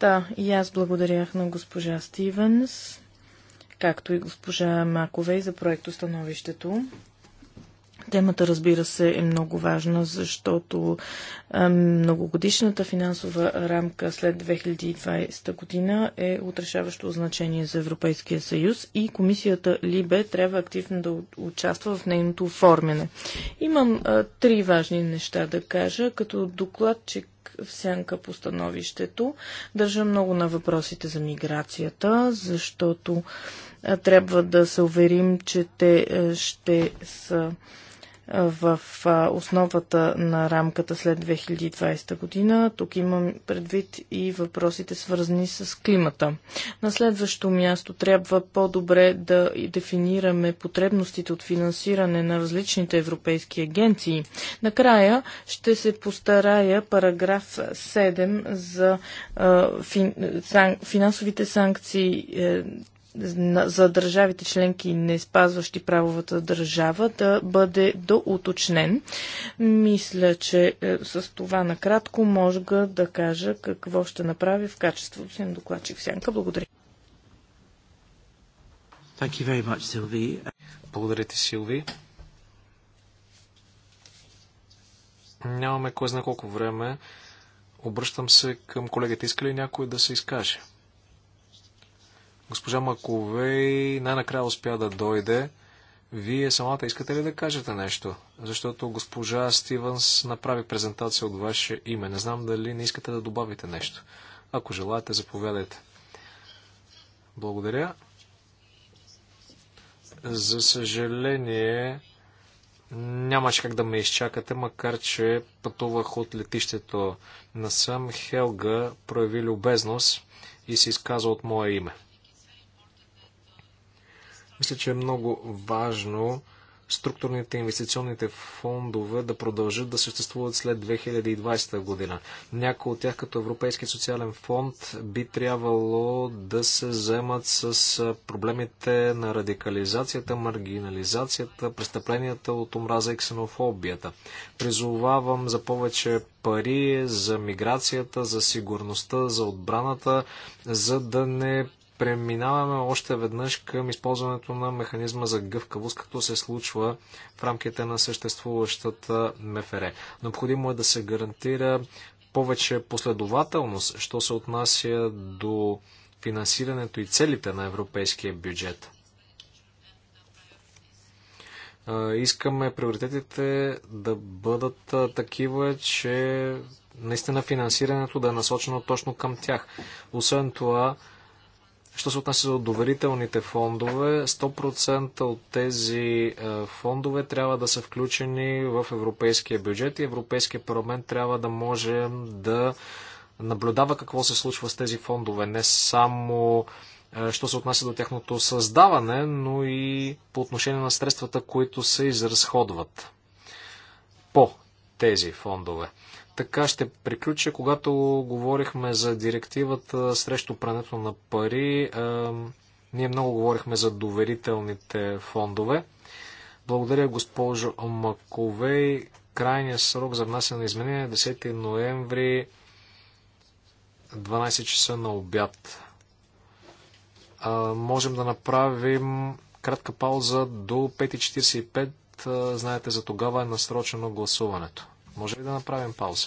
Да, и аз благодарях на госпожа Стивенс, както и госпожа Маковей за проекто становището. Темата, разбира се, е много важна, защото многогодишната финансова рамка след 2020 година е отрешаващо значение за Европейския съюз и комисията Либе трябва активно да участва в нейното оформяне. Имам три важни неща да кажа, като докладчик в сянка по становището. Държа много на въпросите за миграцията, защото трябва да се уверим, че те ще са в основата на рамката след 2020 година. Тук имам предвид и въпросите свързани с климата. На следващо място трябва по-добре да дефинираме потребностите от финансиране на различните европейски агенции. Накрая ще се постарая параграф 7 за финансовите санкции е, за държавите членки, не спазващи правовата държава, да бъде доуточнен. Мисля, че е, с това накратко може да кажа какво ще направя в качеството си на докладчик Сянка. Благодаря. Thank you very much, Благодаря ти, Силви. Нямаме кой знае колко време. Обръщам се към колегите. Иска ли някой да се изкаже? Госпожа Маковей най-накрая успя да дойде. Вие самата искате ли да кажете нещо? Защото госпожа Стивенс направи презентация от ваше име. Не знам дали не искате да добавите нещо. Ако желаете, заповядайте. Благодаря. За съжаление, нямаше как да ме изчакате, макар че пътувах от летището на Сам Хелга прояви любезност и се изказа от мое име. Мисля, че е много важно структурните инвестиционните фондове да продължат да съществуват след 2020 година. Някои от тях като Европейски социален фонд би трябвало да се вземат с проблемите на радикализацията, маргинализацията, престъпленията от омраза и ксенофобията. Призовавам за повече пари, за миграцията, за сигурността, за отбраната, за да не преминаваме още веднъж към използването на механизма за гъвкавост, като се случва в рамките на съществуващата МФР. Необходимо е да се гарантира повече последователност, що се отнася до финансирането и целите на европейския бюджет. Искаме приоритетите да бъдат такива, че наистина финансирането да е насочено точно към тях. Освен това, Що се отнася до доверителните фондове, 100% от тези е, фондове трябва да са включени в европейския бюджет и Европейския парламент трябва да може да наблюдава какво се случва с тези фондове. Не само е, що се отнася до тяхното създаване, но и по отношение на средствата, които се изразходват по тези фондове. Така ще приключа. Когато говорихме за директивата срещу прането на пари, ние много говорихме за доверителните фондове. Благодаря, госпожо Маковей. Крайният срок за внасяне на изменения е 10 ноември 12 часа на обяд. А, можем да направим кратка пауза до 5.45. Знаете, за тогава е насрочено гласуването. Може ли да направим пауза?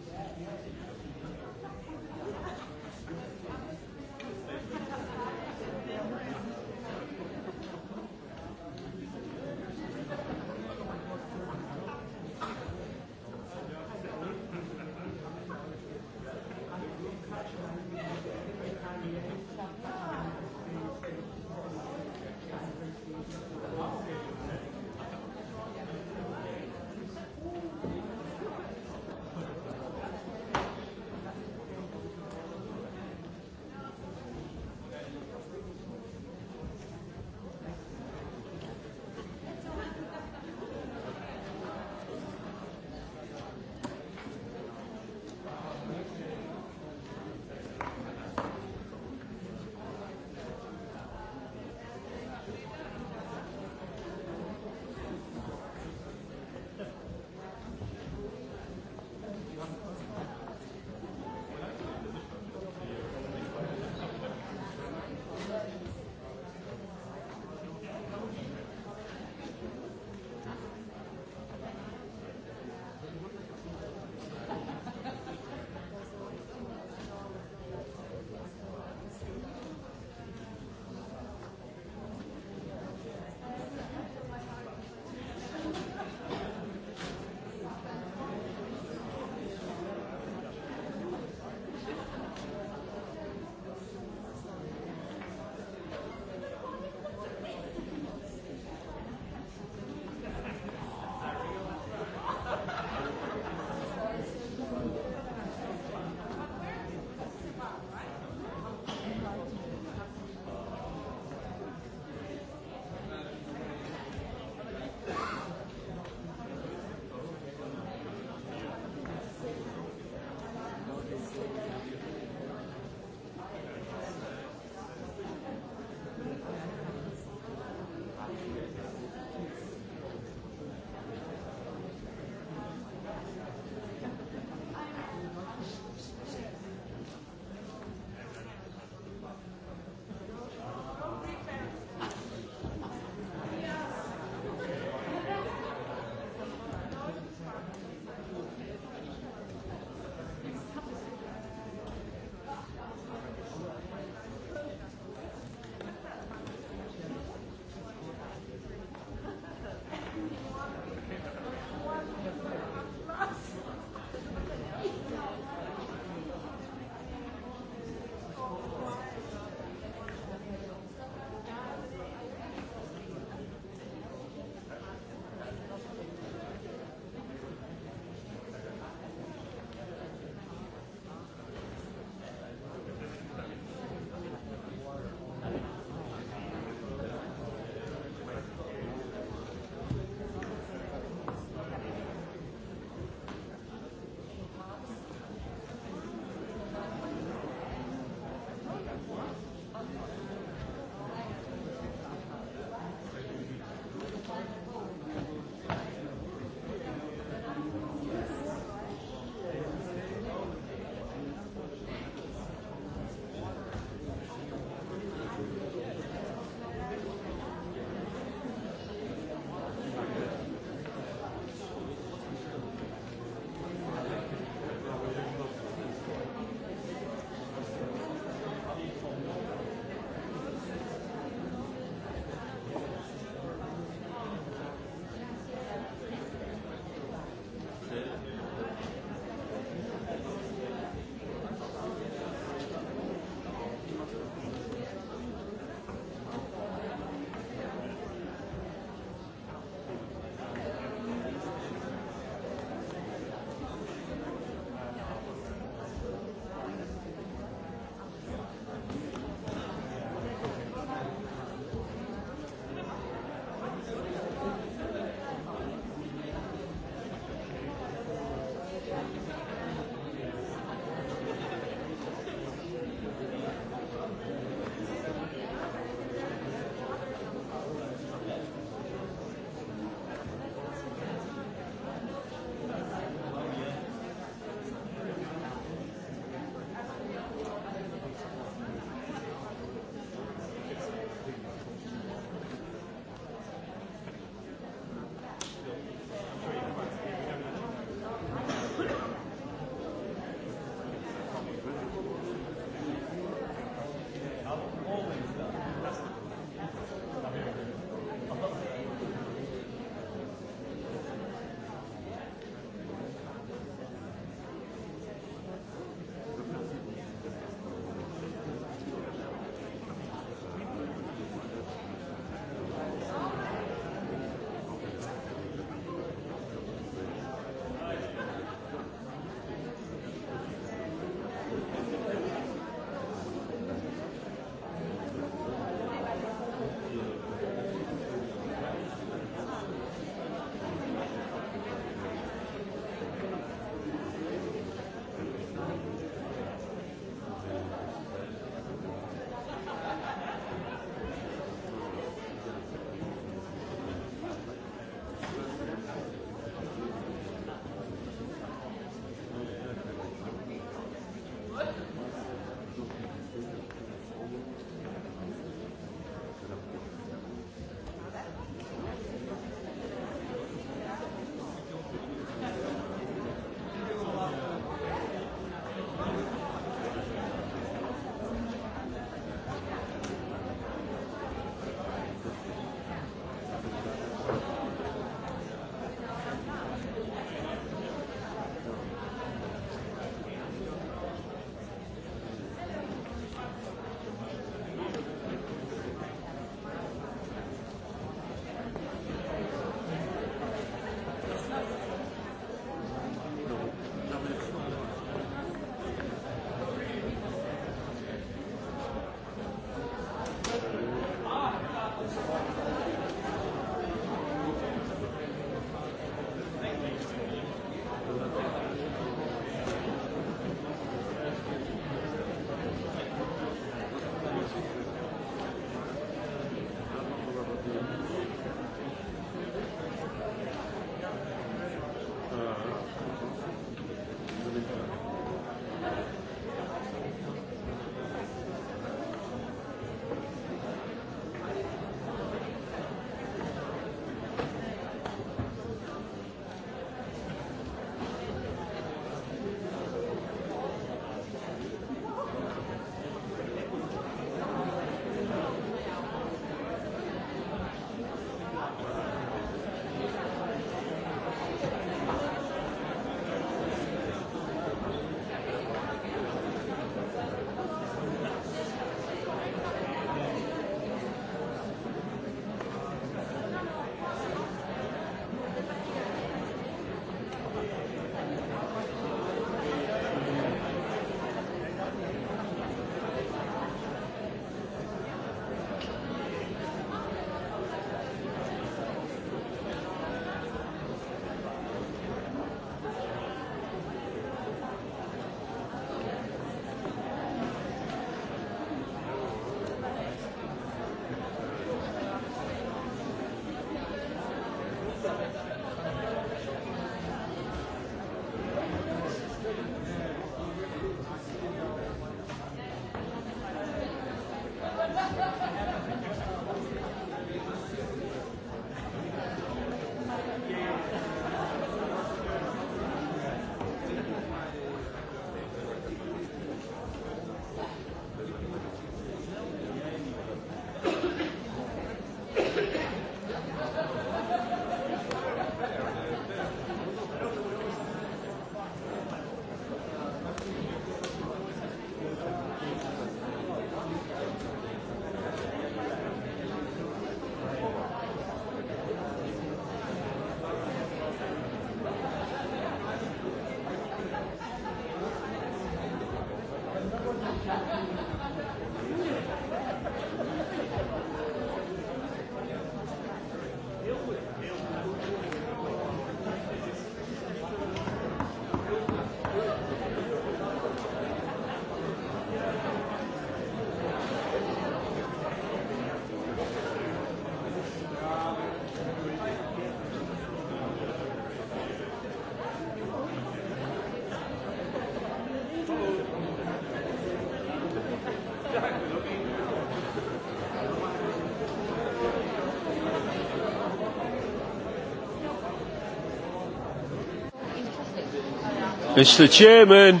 Mr. Chairman,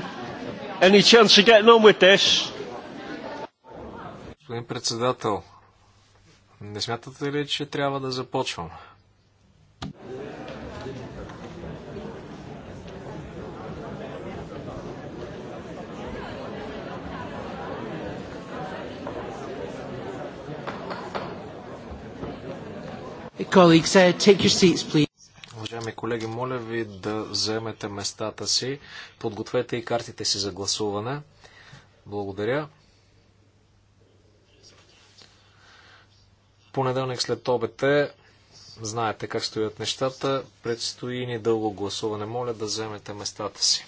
any chance of getting on with this? Господин председател, не смятате ли, че трябва да започвам? Uh, Уважаеми колеги, моля ви да заемете местата си. Подгответе и картите си за гласуване. Благодаря. Понеделник след обете, Знаете как стоят нещата. Предстои ни дълго гласуване. Моля да вземете местата си.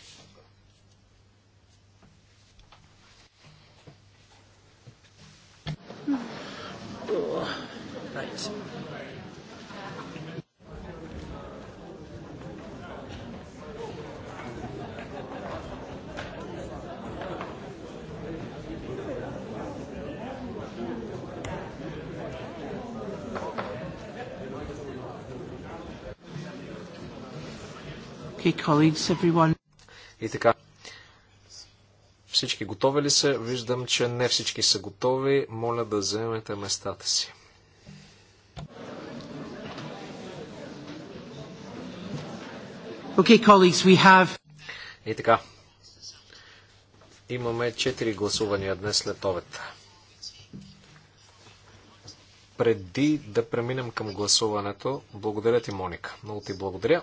Okay, colleagues, everyone. И така. Всички готови ли са? Виждам, че не всички са готови. Моля да вземете местата си. Okay, colleagues, we have... И така. Имаме 4 гласувания днес след обед. Преди да преминем към гласуването, благодаря ти, Моника. Много ти благодаря.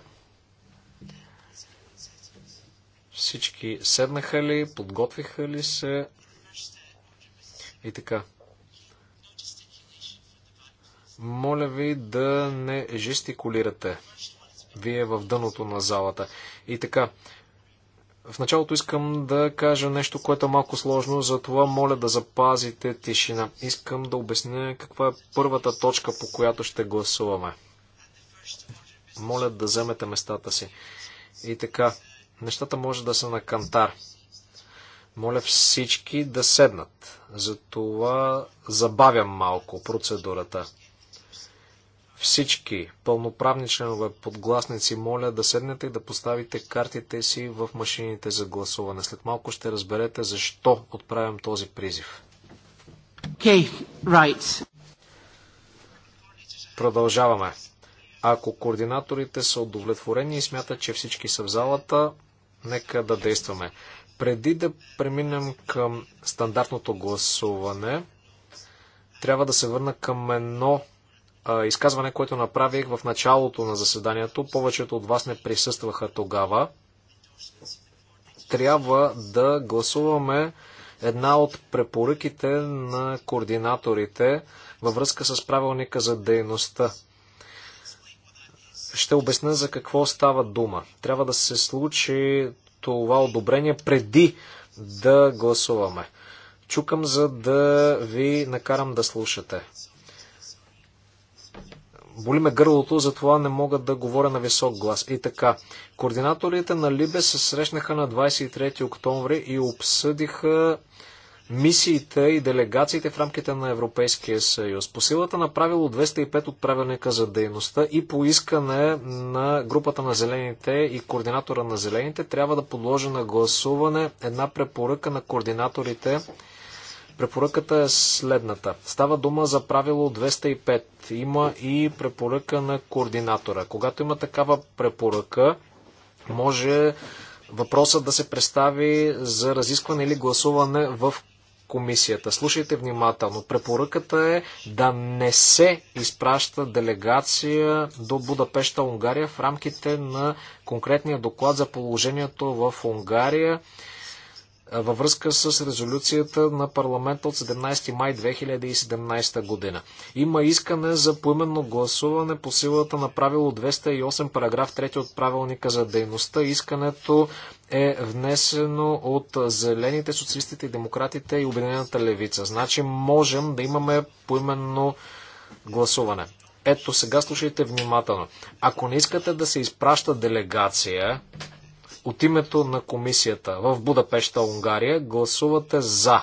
Всички седнаха ли, подготвиха ли се и така. Моля ви да не жестикулирате. Вие в дъното на залата. И така. В началото искам да кажа нещо, което е малко сложно, затова моля да запазите тишина. Искам да обясня каква е първата точка, по която ще гласуваме. Моля да вземете местата си. И така, нещата може да са на кантар. Моля всички да седнат. Затова забавям малко процедурата. Всички пълноправни членове подгласници моля да седнете и да поставите картите си в машините за гласуване. След малко ще разберете защо отправям този призив. Okay, right. Продължаваме. Ако координаторите са удовлетворени и смятат, че всички са в залата, Нека да действаме. Преди да преминем към стандартното гласуване, трябва да се върна към едно а, изказване, което направих в началото на заседанието. Повечето от вас не присъстваха тогава. Трябва да гласуваме една от препоръките на координаторите във връзка с правилника за дейността ще обясня за какво става дума. Трябва да се случи това одобрение преди да гласуваме. Чукам, за да ви накарам да слушате. Боли ме гърлото, затова не мога да говоря на висок глас. И така, координаторите на Либе се срещнаха на 23 октомври и обсъдиха мисиите и делегациите в рамките на Европейския съюз. По силата на правило 205 от правилника за дейността и по искане на групата на зелените и координатора на зелените трябва да подложи на гласуване една препоръка на координаторите. Препоръката е следната. Става дума за правило 205. Има и препоръка на координатора. Когато има такава препоръка, може въпросът да се представи за разискване или гласуване в комисията. Слушайте внимателно. Препоръката е да не се изпраща делегация до Будапешта, Унгария в рамките на конкретния доклад за положението в Унгария във връзка с резолюцията на парламента от 17 май 2017 година. Има искане за поименно гласуване по силата на правило 208 параграф 3 от правилника за дейността. Искането е внесено от Зелените, Социалистите и Демократите и Обединената левица. Значи можем да имаме поименно гласуване. Ето сега слушайте внимателно. Ако не искате да се изпраща делегация, от името на комисията в Будапешта, Унгария, гласувате за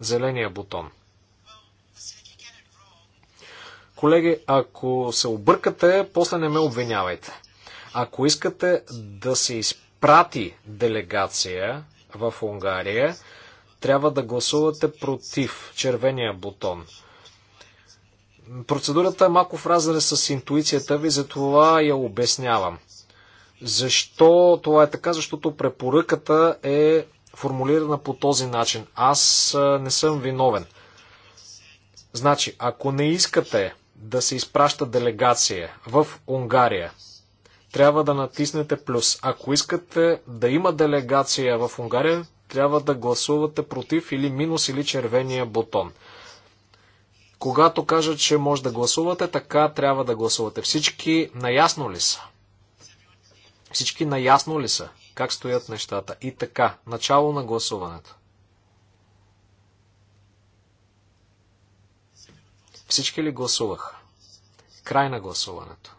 зеления бутон. Колеги, ако се объркате, после не ме обвинявайте. Ако искате да се изпрати делегация в Унгария, трябва да гласувате против червения бутон. Процедурата е малко в разрез с интуицията ви, затова я обяснявам. Защо това е така? Защото препоръката е формулирана по този начин. Аз не съм виновен. Значи, ако не искате да се изпраща делегация в Унгария, трябва да натиснете плюс. Ако искате да има делегация в Унгария, трябва да гласувате против или минус или червения бутон. Когато кажат, че може да гласувате, така трябва да гласувате. Всички наясно ли са? Всички наясно ли са? Как стоят нещата? И така, начало на гласуването. Всички ли гласуваха? Край на гласуването.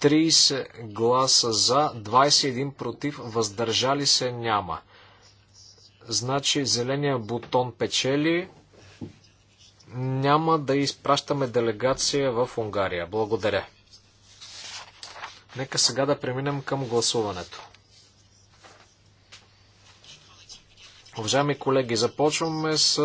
30 гласа за, 21 против, въздържали се няма. Значи зеления бутон печели, няма да изпращаме делегация в Унгария. Благодаря. Нека сега да преминем към гласуването. Уважаеми колеги, започваме с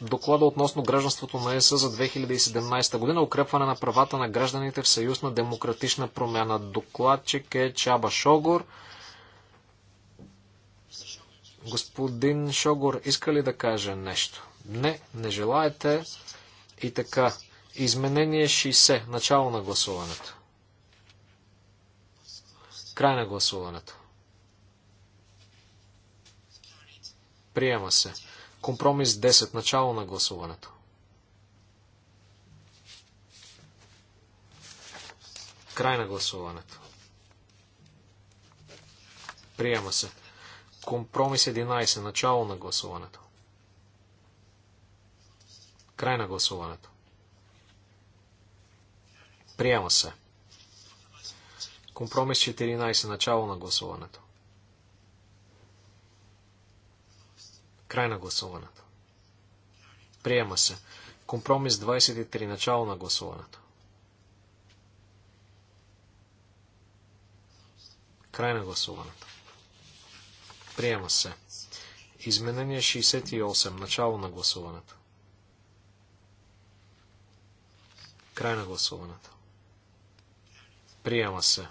доклада относно гражданството на ЕС за 2017 година, укрепване на правата на гражданите в съюз на демократична промяна. Докладчик е Чаба Шогор. Господин Шогор, иска ли да каже нещо? Не, не желаете. И така. Изменение 60. Начало на гласуването. Край на гласуването. Приема се. Компромис 10. Начало на гласуването. Край на гласуването. Приема се. Компромис 11. Начало на гласуването. Край на гласуването. Приема се. Компромис 14. Начало на гласуването. Край на гласуването. Приема се. Компромис 23. Начало на гласуването. Край на гласуването. Приема се. Изменение 68. Начало на гласуването. Край на гласуването. Приема се.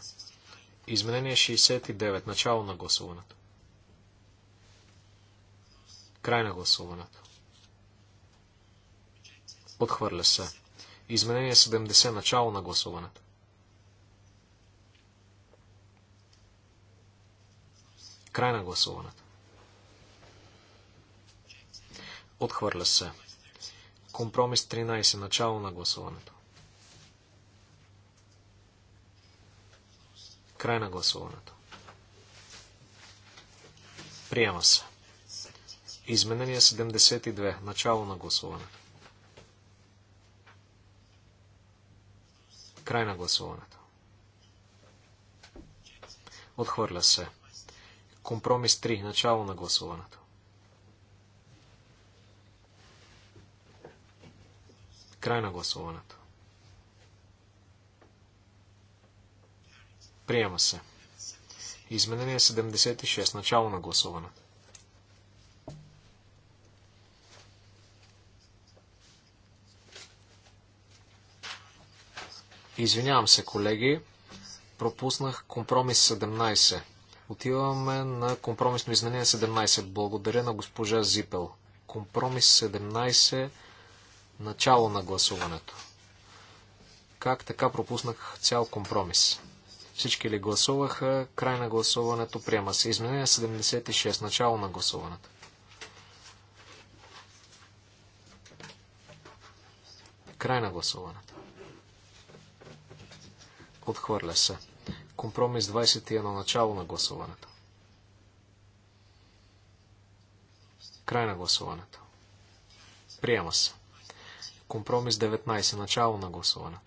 Изменение 69. Начало на гласуването. Край на гласуването. Отхвърля се. Изменение 70. Начало на гласуването. Край на гласуването. Отхвърля се. Компромис 13. Начало на гласуването. Край на гласуването. Приема се. Изменение 72. Начало на гласуването. Край на гласуването. Отхвърля се. Компромис 3. Начало на гласуването. Край на гласуването. Приема се. Изменение 76. Начало на гласуване. Извинявам се, колеги. Пропуснах компромис 17. Отиваме на компромисно изменение 17. Благодаря на госпожа Зипел. Компромис 17. Начало на гласуването. Как така пропуснах цял компромис? Всички ли гласуваха? Край на гласуването. Приема се. Изменение 76. Начало на гласуването. Край на гласуването. Отхвърля се. Компромис 21. Начало на гласуването. Край на гласуването. Приема се. Компромис 19. Начало на гласуването.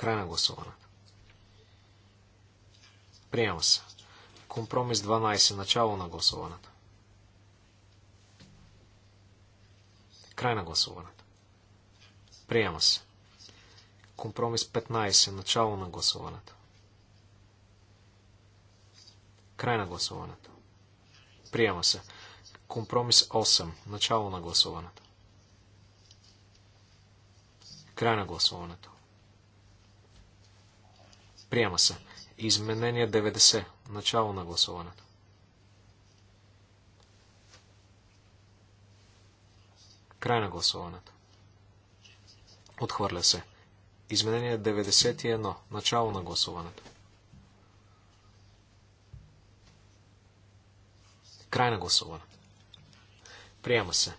Край на гласуването. Приема се. Компромис 12. Начало на гласуването. Край на гласуването. Приема се. Компромис 15. Начало на гласуването. Край на гласуването. Приема се. Компромис 8. Начало на гласуването. Край на гласуването. Приема се. Изменение 90. Начало на гласуването. Край на гласуването. Отхвърля се. Изменение 91. Начало на гласуването. Край на гласуването. Приема се.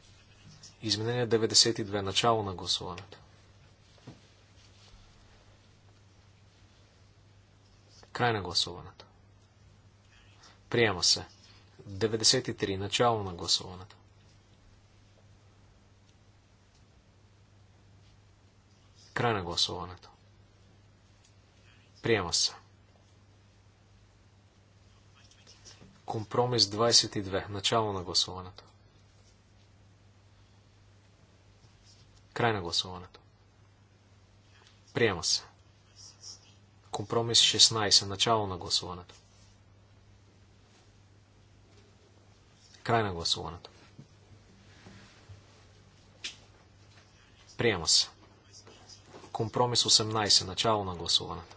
Изменение 92. Начало на гласуването. Край на гласуването. Приема се. 93. Начало на гласуването. Край на гласуването. Приема се. Компромис 22. Начало на гласуването. Край на гласуването. Приема се. Компромис 16. Начало на гласуването. Край на гласуването. Приема се. Компромис 18. Начало на гласуването.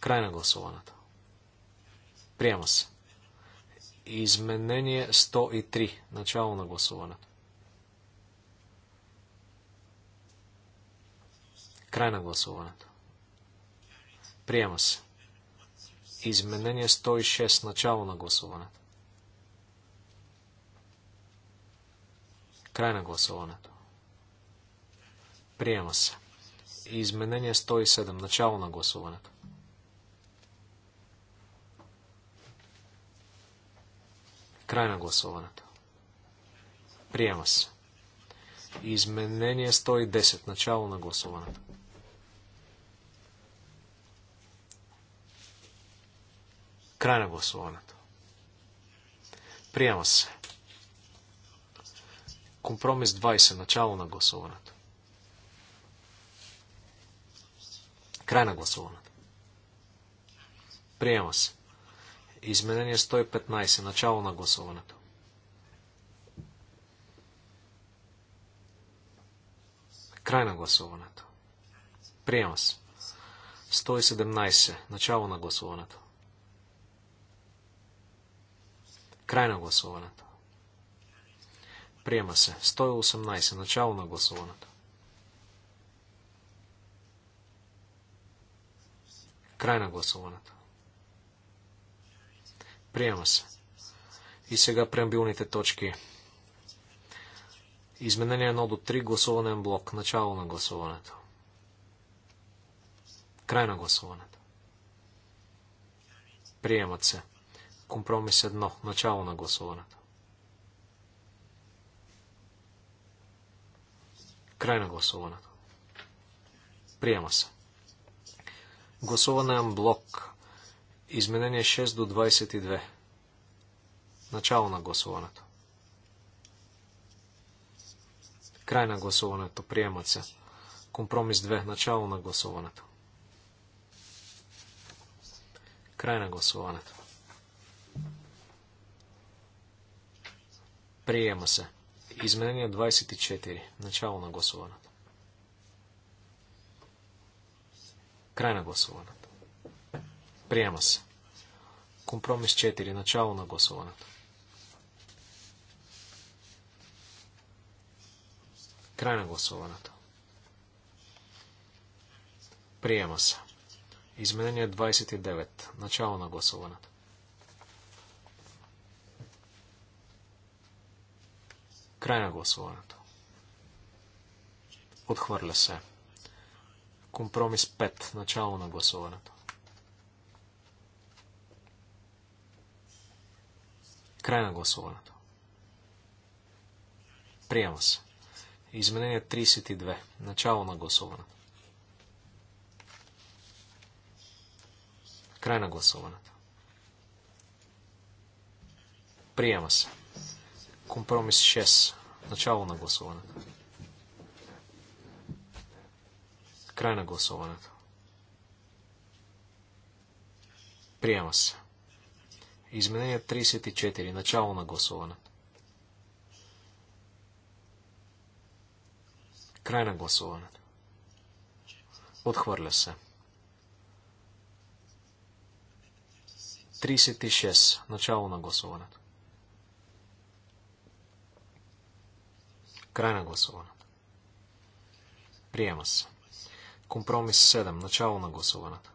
Край на гласуването. Приема се. Изменение 103. Начало на гласуването. Край на гласуването. Приема се. Изменение 106. Начало на гласуването. Край на гласуването. Приема се. Изменение 107. Начало на гласуването. Край на гласуването. Приема се. Изменение 110. Начало на гласуването. Край на гласуването. Приема се. Компромис 20. Начало на гласуването. Край на гласуването. Приема се. Изменение 115. Начало на гласуването. Край на гласуването. Приема се. 117. Начало на гласуването. Край на гласуването. Приема се. 118. Начало на гласуването. Край на гласуването. Приема се. И сега преамбилните точки. Изменение 1 до 3, гласуване блок. Начало на гласуването. Край на гласуването. Приемат се. Компромис 1. Начало на гласуването. Край на гласуването. Приема се. Гласуване на блок. Изменение 6 до 22. Начало на гласуването. Край на гласуването. Приемат се. Компромис 2. Начало на гласуването. Край на гласуването. Приема се. Изменение 24. Начало на гласуването. Край на гласуването. Приема се. Компромис 4. Начало на гласуването. Край на гласуването. Приема се. Изменение 29. Начало на гласуването. Край на гласуването. Отхвърля се. Компромис 5. Начало на гласуването. Край на гласуването. Приема се. Изменение 32. Начало на гласуването. Край на гласуването. Приема се. Компромис 6. Начало на гласуването. Край на гласуването. Приема се. Изменение 34. Начало на гласуването. Край на гласуването. Отхвърля се. 36. Начало на гласуването. Край на гласуването. Приема се. Компромис 7. Начало на гласуването.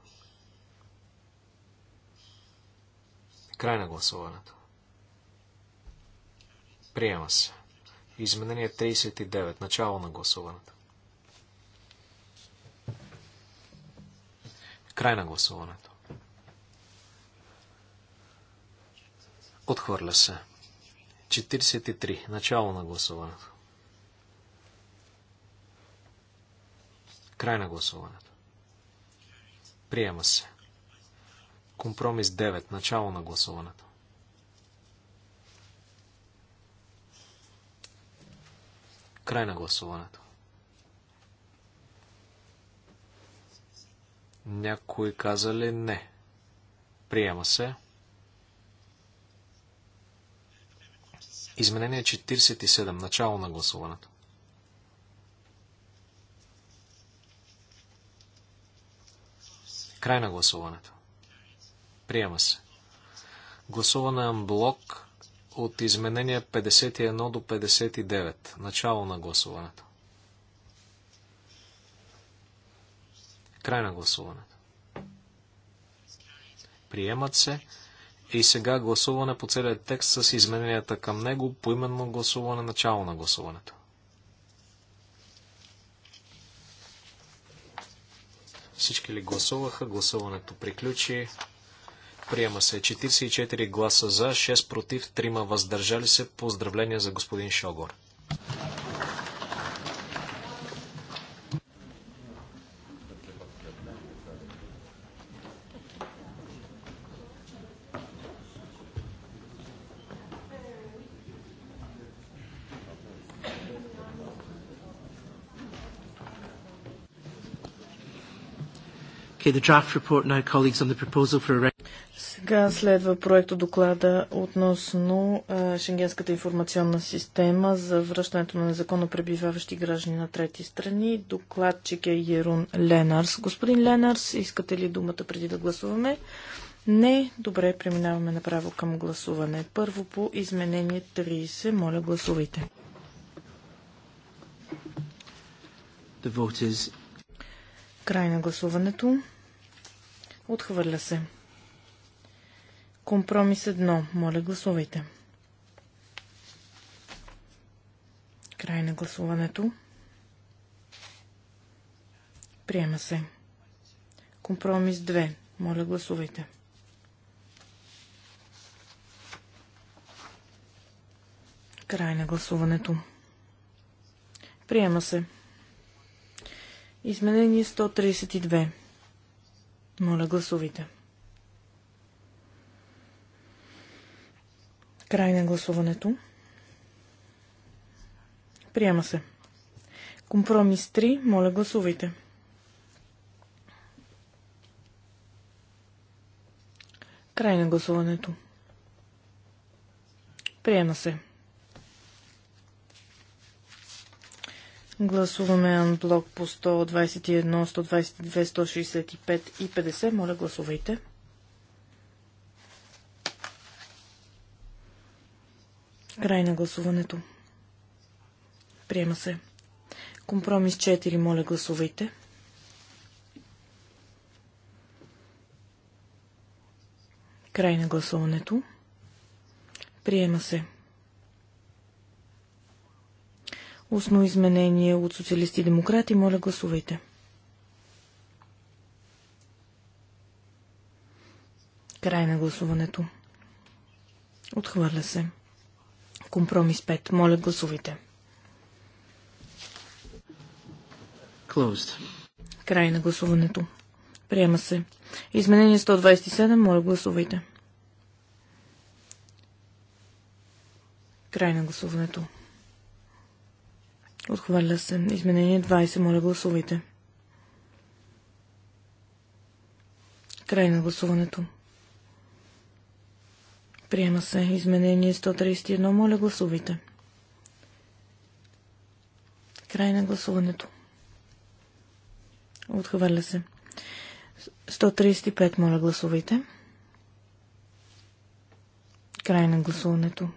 Край на гласуването. Приема се. Изменение 39. Начало на гласуването. Край на гласуването. Отхвърля се. 43. Начало на гласуването. Край на гласуването. Приема се. Компромис 9. Начало на гласуването. Край на гласуването. Някой каза ли не? Приема се. Изменение 47. Начало на гласуването. Край на гласуването. Приема се. Гласуване блок от изменения 51 до 59. Начало на гласуването. Край на гласуването. Приемат се. И сега гласуване по целият текст с измененията към него, поименно гласуване, начало на гласуването. Всички ли гласуваха? Гласуването приключи. Приема се 44 гласа за, 6 против, 3 въздържали се. Поздравления за господин Шогор. Сега следва проекто доклада относно Шенгенската информационна система за връщането на незаконно пребиваващи граждани на трети страни. Докладчик е Ерун Ленарс. Господин Ленарс, искате ли думата преди да гласуваме? Не. Добре, преминаваме направо към гласуване. Първо по изменение 30. Моля, гласувайте. The Край на гласуването. Отхвърля се. Компромис едно. Моля, гласувайте. Край на гласуването. Приема се. Компромис 2. Моля, гласувайте. Край на гласуването. Приема се. Изменение 132. Моля, гласувайте. Край на гласуването. Приема се. Компромис 3. Моля, гласувайте. Край на гласуването. Приема се. Гласуваме блок по 121, 122, 165 и 50. Моля, гласувайте. Край на гласуването. Приема се. Компромис 4. Моля, гласувайте. Край на гласуването. Приема се. Устно изменение от социалисти и демократи. Моля, гласувайте. Край на гласуването. Отхвърля се. Компромис 5. Моля, гласувайте. Closed. Край на гласуването. Приема се. Изменение 127. Моля, гласувайте. Край на гласуването. Отхвърля се. Изменение 20. Моля гласувайте. Край на гласуването. Приема се. Изменение 131. Моля гласувайте. Край на гласуването. Отхвърля се. 135. Моля гласувайте. Край на гласуването.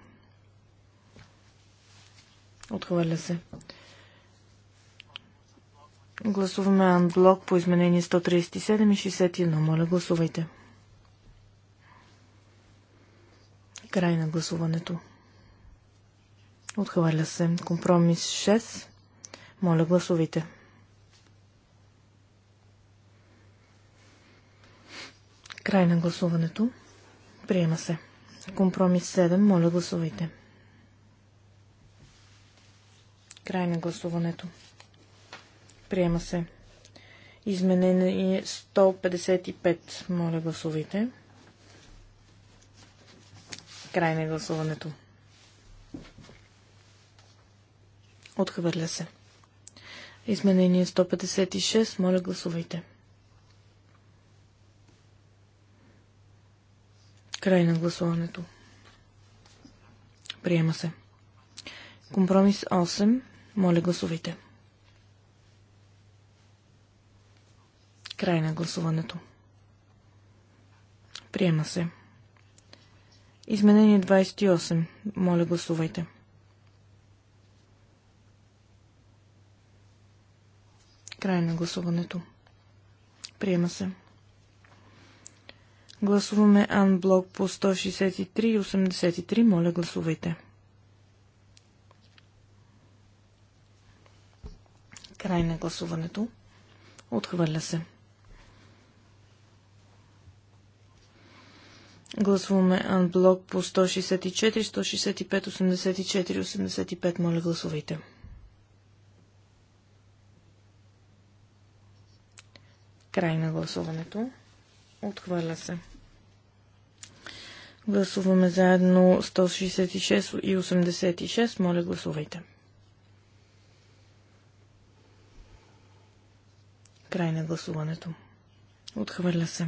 Отхвърля се. Гласуваме анблок по изменение 137 и 61. Моля, гласувайте. Край на гласуването. Отхвърля се. Компромис 6. Моля, гласувайте. Край на гласуването. Приема се. Компромис 7. Моля, гласувайте. Край на гласуването. Приема се. Изменение 155. Моля, гласувайте. Край на гласуването. Отхвърля се. Изменение 156. Моля, гласувайте. Край на гласуването. Приема се. Компромис 8. Моля, гласувайте. Край на гласуването. Приема се. Изменение 28. Моля, гласувайте. Край на гласуването. Приема се. Гласуваме анблок по 163 и 83. Моля, гласувайте. Край на гласуването. Отхвърля се. Гласуваме анблок по 164, 165, 84, 85. Моля, гласувайте. Край на гласуването. Отхвърля се. Гласуваме заедно 166 и 86. Моля, гласувайте. Край на гласуването. Отхвърля се.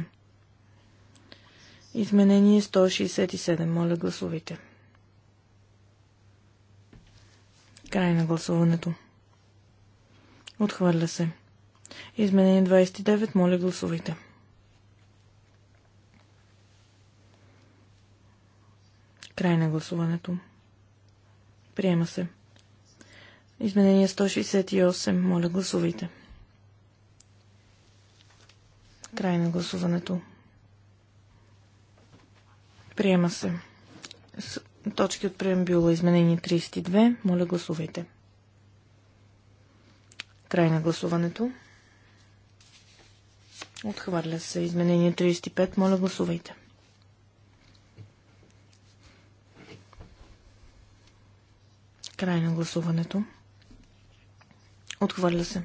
Изменение 167. Моля, гласувайте. Край на гласуването. Отхвърля се. Изменение 29. Моля, гласувайте. Край на гласуването. Приема се. Изменение 168. Моля, гласувайте. Край на гласуването. Приема се. Точки от преамбюла. Изменение 32. Моля гласувайте. Край на гласуването. Отхвърля се. Изменение 35. Моля гласувайте. Край на гласуването. Отхвърля се.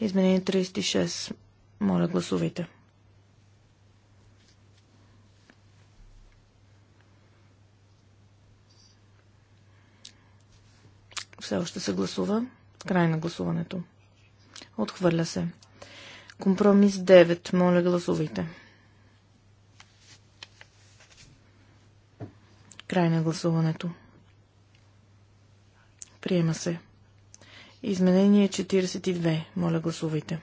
Изменение 36. Моля гласувайте. все още се гласува. Край на гласуването. Отхвърля се. Компромис 9. Моля, гласувайте. Край на гласуването. Приема се. Изменение 42. Моля, гласувайте.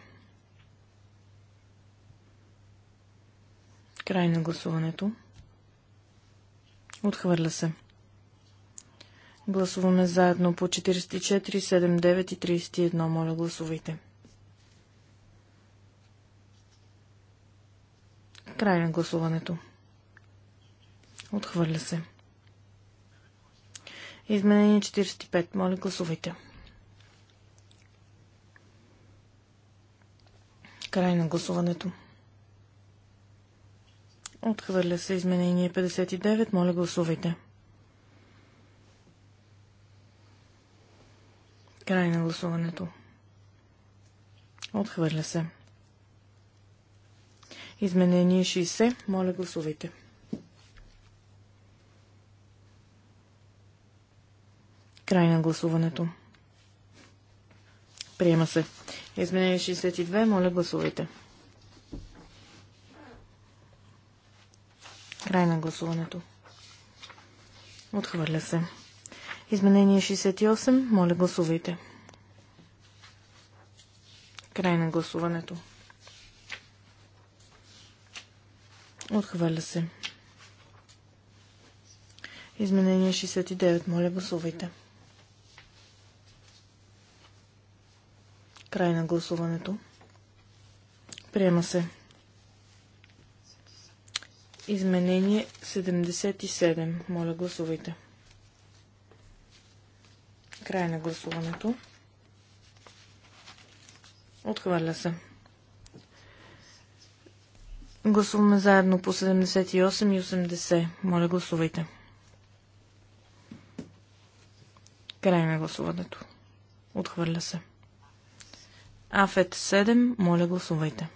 Край на гласуването. Отхвърля се. Гласуваме заедно по 44, 79 и 31. Моля, гласувайте. Край на гласуването. Отхвърля се. Изменение 45. Моля, гласувайте. Край на гласуването. Отхвърля се изменение 59. Моля, гласувайте. Край на гласуването. Отхвърля се. Изменение 60. Моля, гласувайте. Край на гласуването. Приема се. Изменение 62. Моля, гласувайте. Край на гласуването. Отхвърля се. Изменение 68. Моля, гласувайте. Край на гласуването. Отхвърля се. Изменение 69. Моля, гласувайте. Край на гласуването. Приема се. Изменение 77. Моля, гласувайте. Край на гласуването. Отхвърля се. Гласуваме заедно по 78 и 80. Моля, гласувайте. Край на гласуването. Отхвърля се. Афет 7. Моля, гласувайте.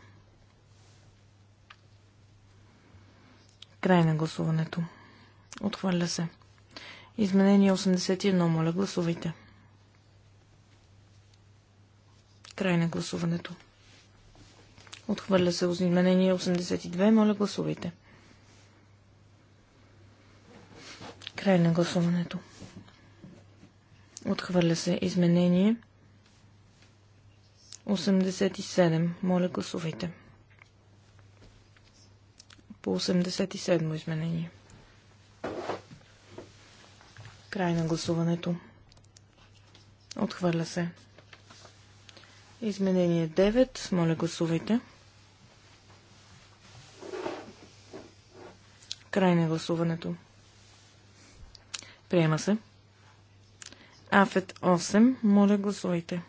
Край на гласуването. Отхвърля се. Изменение 81. Моля, гласувайте. Край на гласуването. Отхвърля се изменение 82. Моля, гласувайте. Край на гласуването. Отхвърля се изменение 87. Моля, гласувайте. По 87 изменение. Край на гласуването. Отхвърля се. Изменение 9. Моля, гласувайте. Край на гласуването. Приема се. Афет 8. Моля, гласувайте.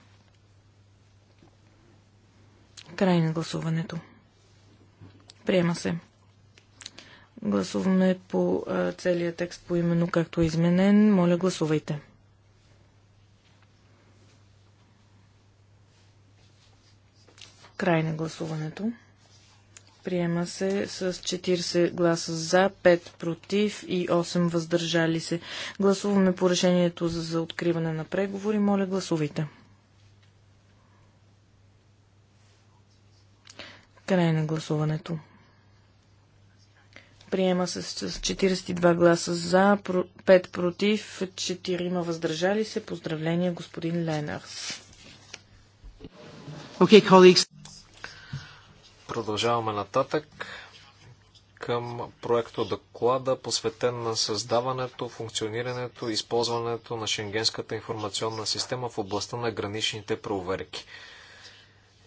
Край на гласуването. Приема се. Гласуваме по целия текст по именно както е изменен. Моля, гласувайте. Край на гласуването. Приема се с 40 гласа за, 5 против и 8 въздържали се. Гласуваме по решението за, за откриване на преговори. Моля, гласувайте. Край на гласуването. Приема се с 42 гласа за, 5 против, 4 въздържали се. Поздравление, господин Ленарс. Okay, colleagues. Продължаваме нататък към проекто доклада, посветен на създаването, функционирането и използването на Шенгенската информационна система в областта на граничните проверки.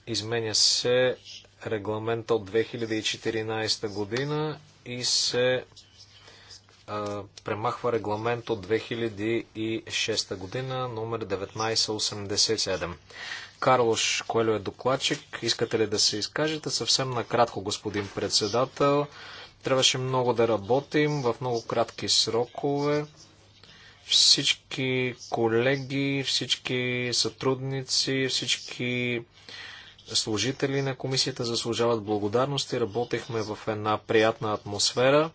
Изменя се Регламент от 2014 година и се а, премахва регламент от 2006 година, номер 1987. Карлош Коелю е докладчик. Искате ли да се изкажете? Съвсем накратко, господин председател. Трябваше много да работим в много кратки срокове. Всички колеги, всички сътрудници, всички служители на комисията заслужават благодарност и работехме в една приятна атмосфера.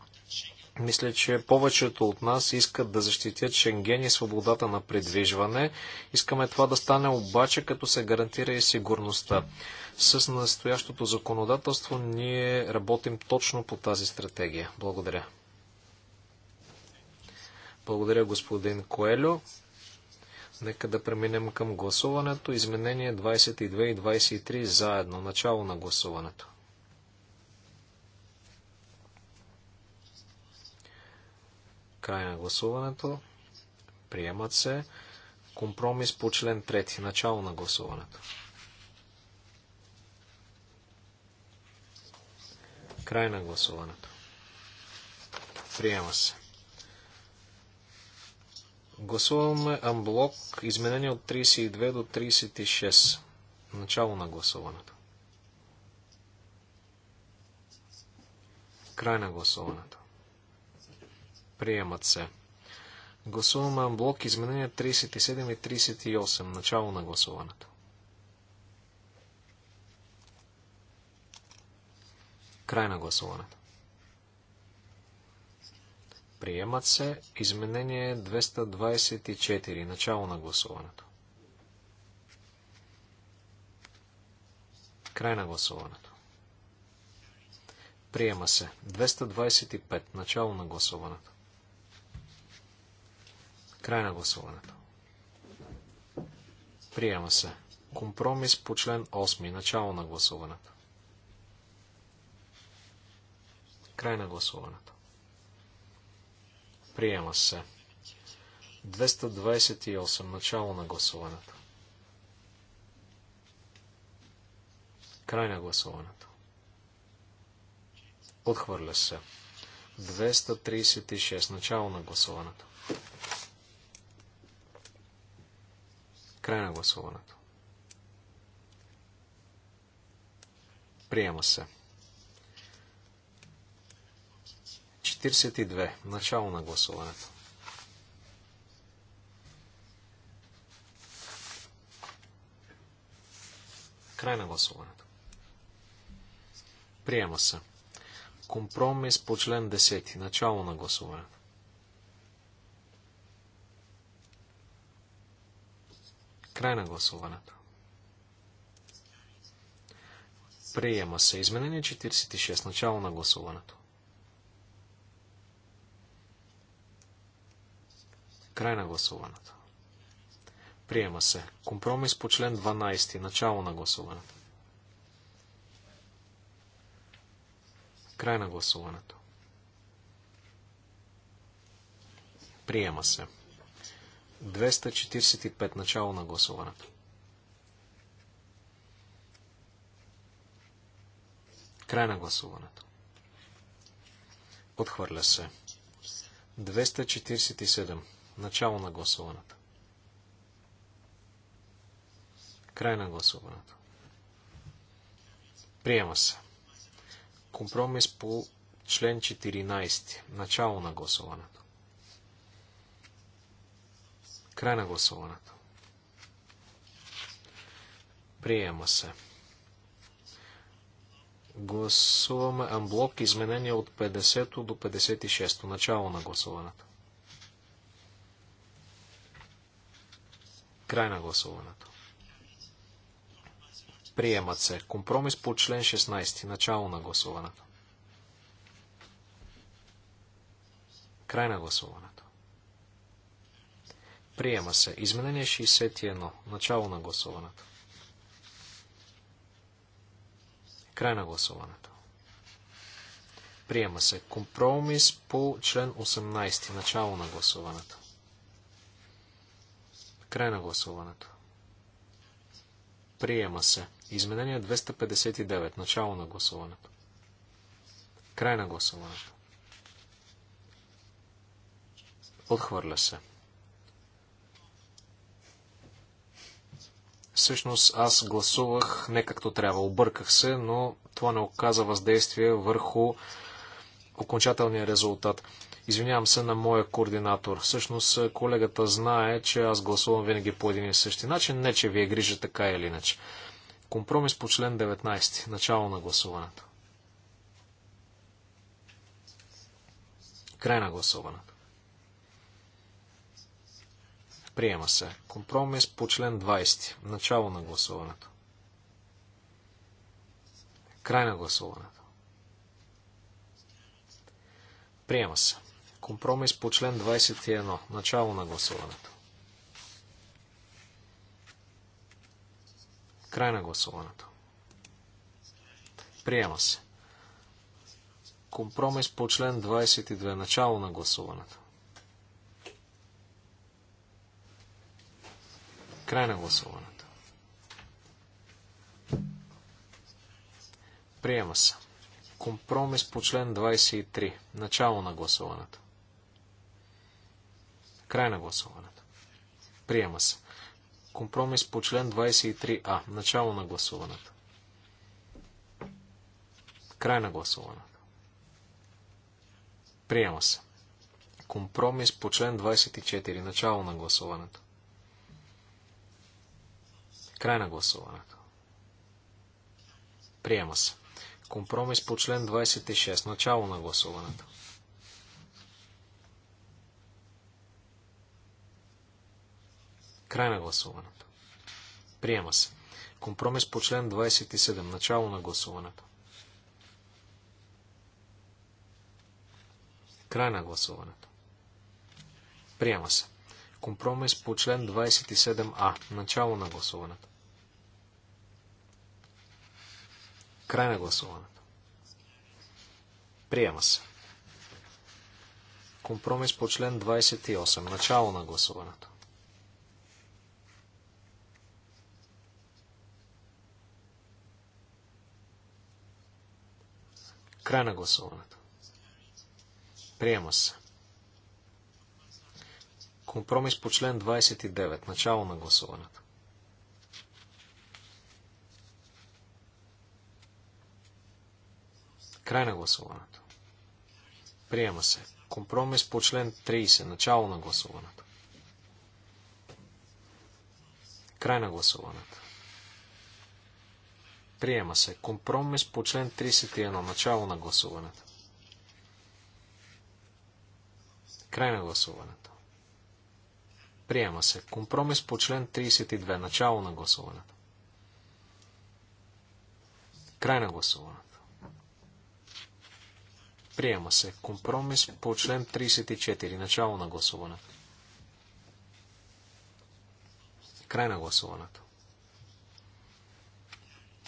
Мисля, че повечето от нас искат да защитят Шенген и свободата на придвижване. Искаме това да стане обаче, като се гарантира и сигурността. С настоящото законодателство ние работим точно по тази стратегия. Благодаря. Благодаря, господин Коелю. Нека да преминем към гласуването. Изменение 22 и 23 заедно. Начало на гласуването. Край на гласуването. Приемат се. Компромис по член 3. Начало на гласуването. Край на гласуването. Приема се. Гласуваме амблок изменение от 32 до 36. Начало на гласуването. Край на гласуването. Приемат се. Гласуваме амблок изменения 37 и 38. Начало на гласуването. Край на гласуването. Приемат се. Изменение 224. Начало на гласуването. Край на гласуването. Приема се. 225. Начало на гласуването. Край на гласуването. Приема се. Компромис по член 8. Начало на гласуването. Край на гласуването. Приема се. 228. Начало на гласуването. Край на гласуването. Отхвърля се. 236. Начало на гласуването. Край на гласуването. Приема се. 42. Начало на гласуването. Край на гласуването. Приема се. Компромис по член 10. Начало на гласуването. Край на гласуването. Приема се. Изменение 46. Начало на гласуването. Край на гласуването. Приема се. Компромис по член 12. Начало на гласуването. Край на гласуването. Приема се. 245. Начало на гласуването. Край на гласуването. Отхвърля се. 247. Начало на гласуването. Край на гласуването. Приема се. Компромис по член 14. Начало на гласуването. Край на гласуването. Приема се. Гласуваме амблок изменения от 50 до 56. Начало на гласуването. Край на гласуването. Приемат се. Компромис по член 16. Начало на гласуването. Край на гласуването. Приема се. Изменение 61. Начало на гласуването. Край на гласуването. Приема се. Компромис по член 18. Начало на гласуването. Край на гласуването. Приема се. Изменение 259. Начало на гласуването. Край на гласуването. Отхвърля се. Всъщност аз гласувах не както трябва. Обърках се, но това не оказа въздействие върху окончателния резултат. Извинявам се на моя координатор. Всъщност е, колегата знае, че аз гласувам винаги по един и същи начин, не че ви е грижа така или иначе. Компромис по член 19. Начало на гласуването. Край на гласуването. Приема се. Компромис по член 20. Начало на гласуването. Край на гласуването. Приема се. Компромис по член 21. Начало на гласуването. Край на гласуването. Приема се. Компромис по член 22. Начало на гласуването. Край на гласуването. Приема се. Компромис по член 23. Начало на гласуването. Край на гласуването. Приема се. Компромис по член 23а. Начало на гласуването. Край на гласуването. Приема се. Компромис по член 24. Начало на гласуването. Край на гласуването. Приема се. Компромис по член 26. Начало на гласуването. Край на гласуването. Приема се. Компромис по член 27. Начало на гласуването. Край на гласуването. Приема се. Компромис по член 27а. Начало на гласуването. Край на гласуването. Приема се. Компромис по член 28. Начало на гласуването. Край на гласуването. Приема се. Компромис по член 29. Начало на гласуването. Край на гласуването. Приема се. Компромис по член 30. Начало на гласуването. Край на гласуването. Приема се. Компромис по член 31. Начало на гласуването. Край на гласуването. Приема се. Компромис по член 32. Начало на гласуването. Край на гласуването. Приема се. Компромис по член 34. Начало на гласуването. Край на гласуването.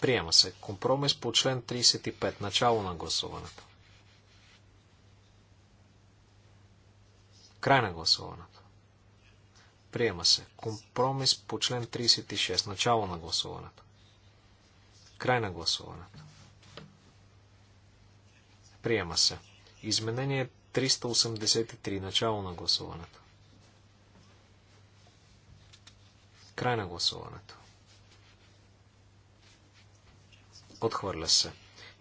Приема се. Компромис по член 35. Начало на гласуването. Край на гласуването. Приема се. Компромис по член 36. Начало на гласуването. Край на гласуването. Приема се. Изменение 383. Начало на гласуването. Край на гласуването. Отхвърля се.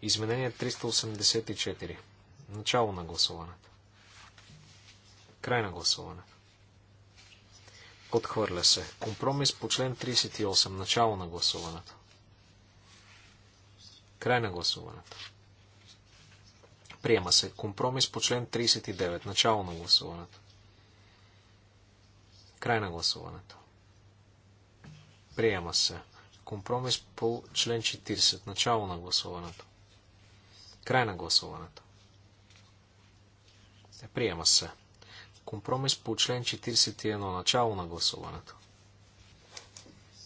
Изменение 384. Начало на гласуването. Край на гласуването. Отхвърля се. Компромис по член 38. Начало на гласуването. Край на гласуването. Приема се. Компромис по член 39. Начало на гласуването. Край на гласуването. Приема се. Компромис по член 40. Е, Начало на гласуването. Край на гласуването. Приема се. Компромис по член 41. Начало на гласуването.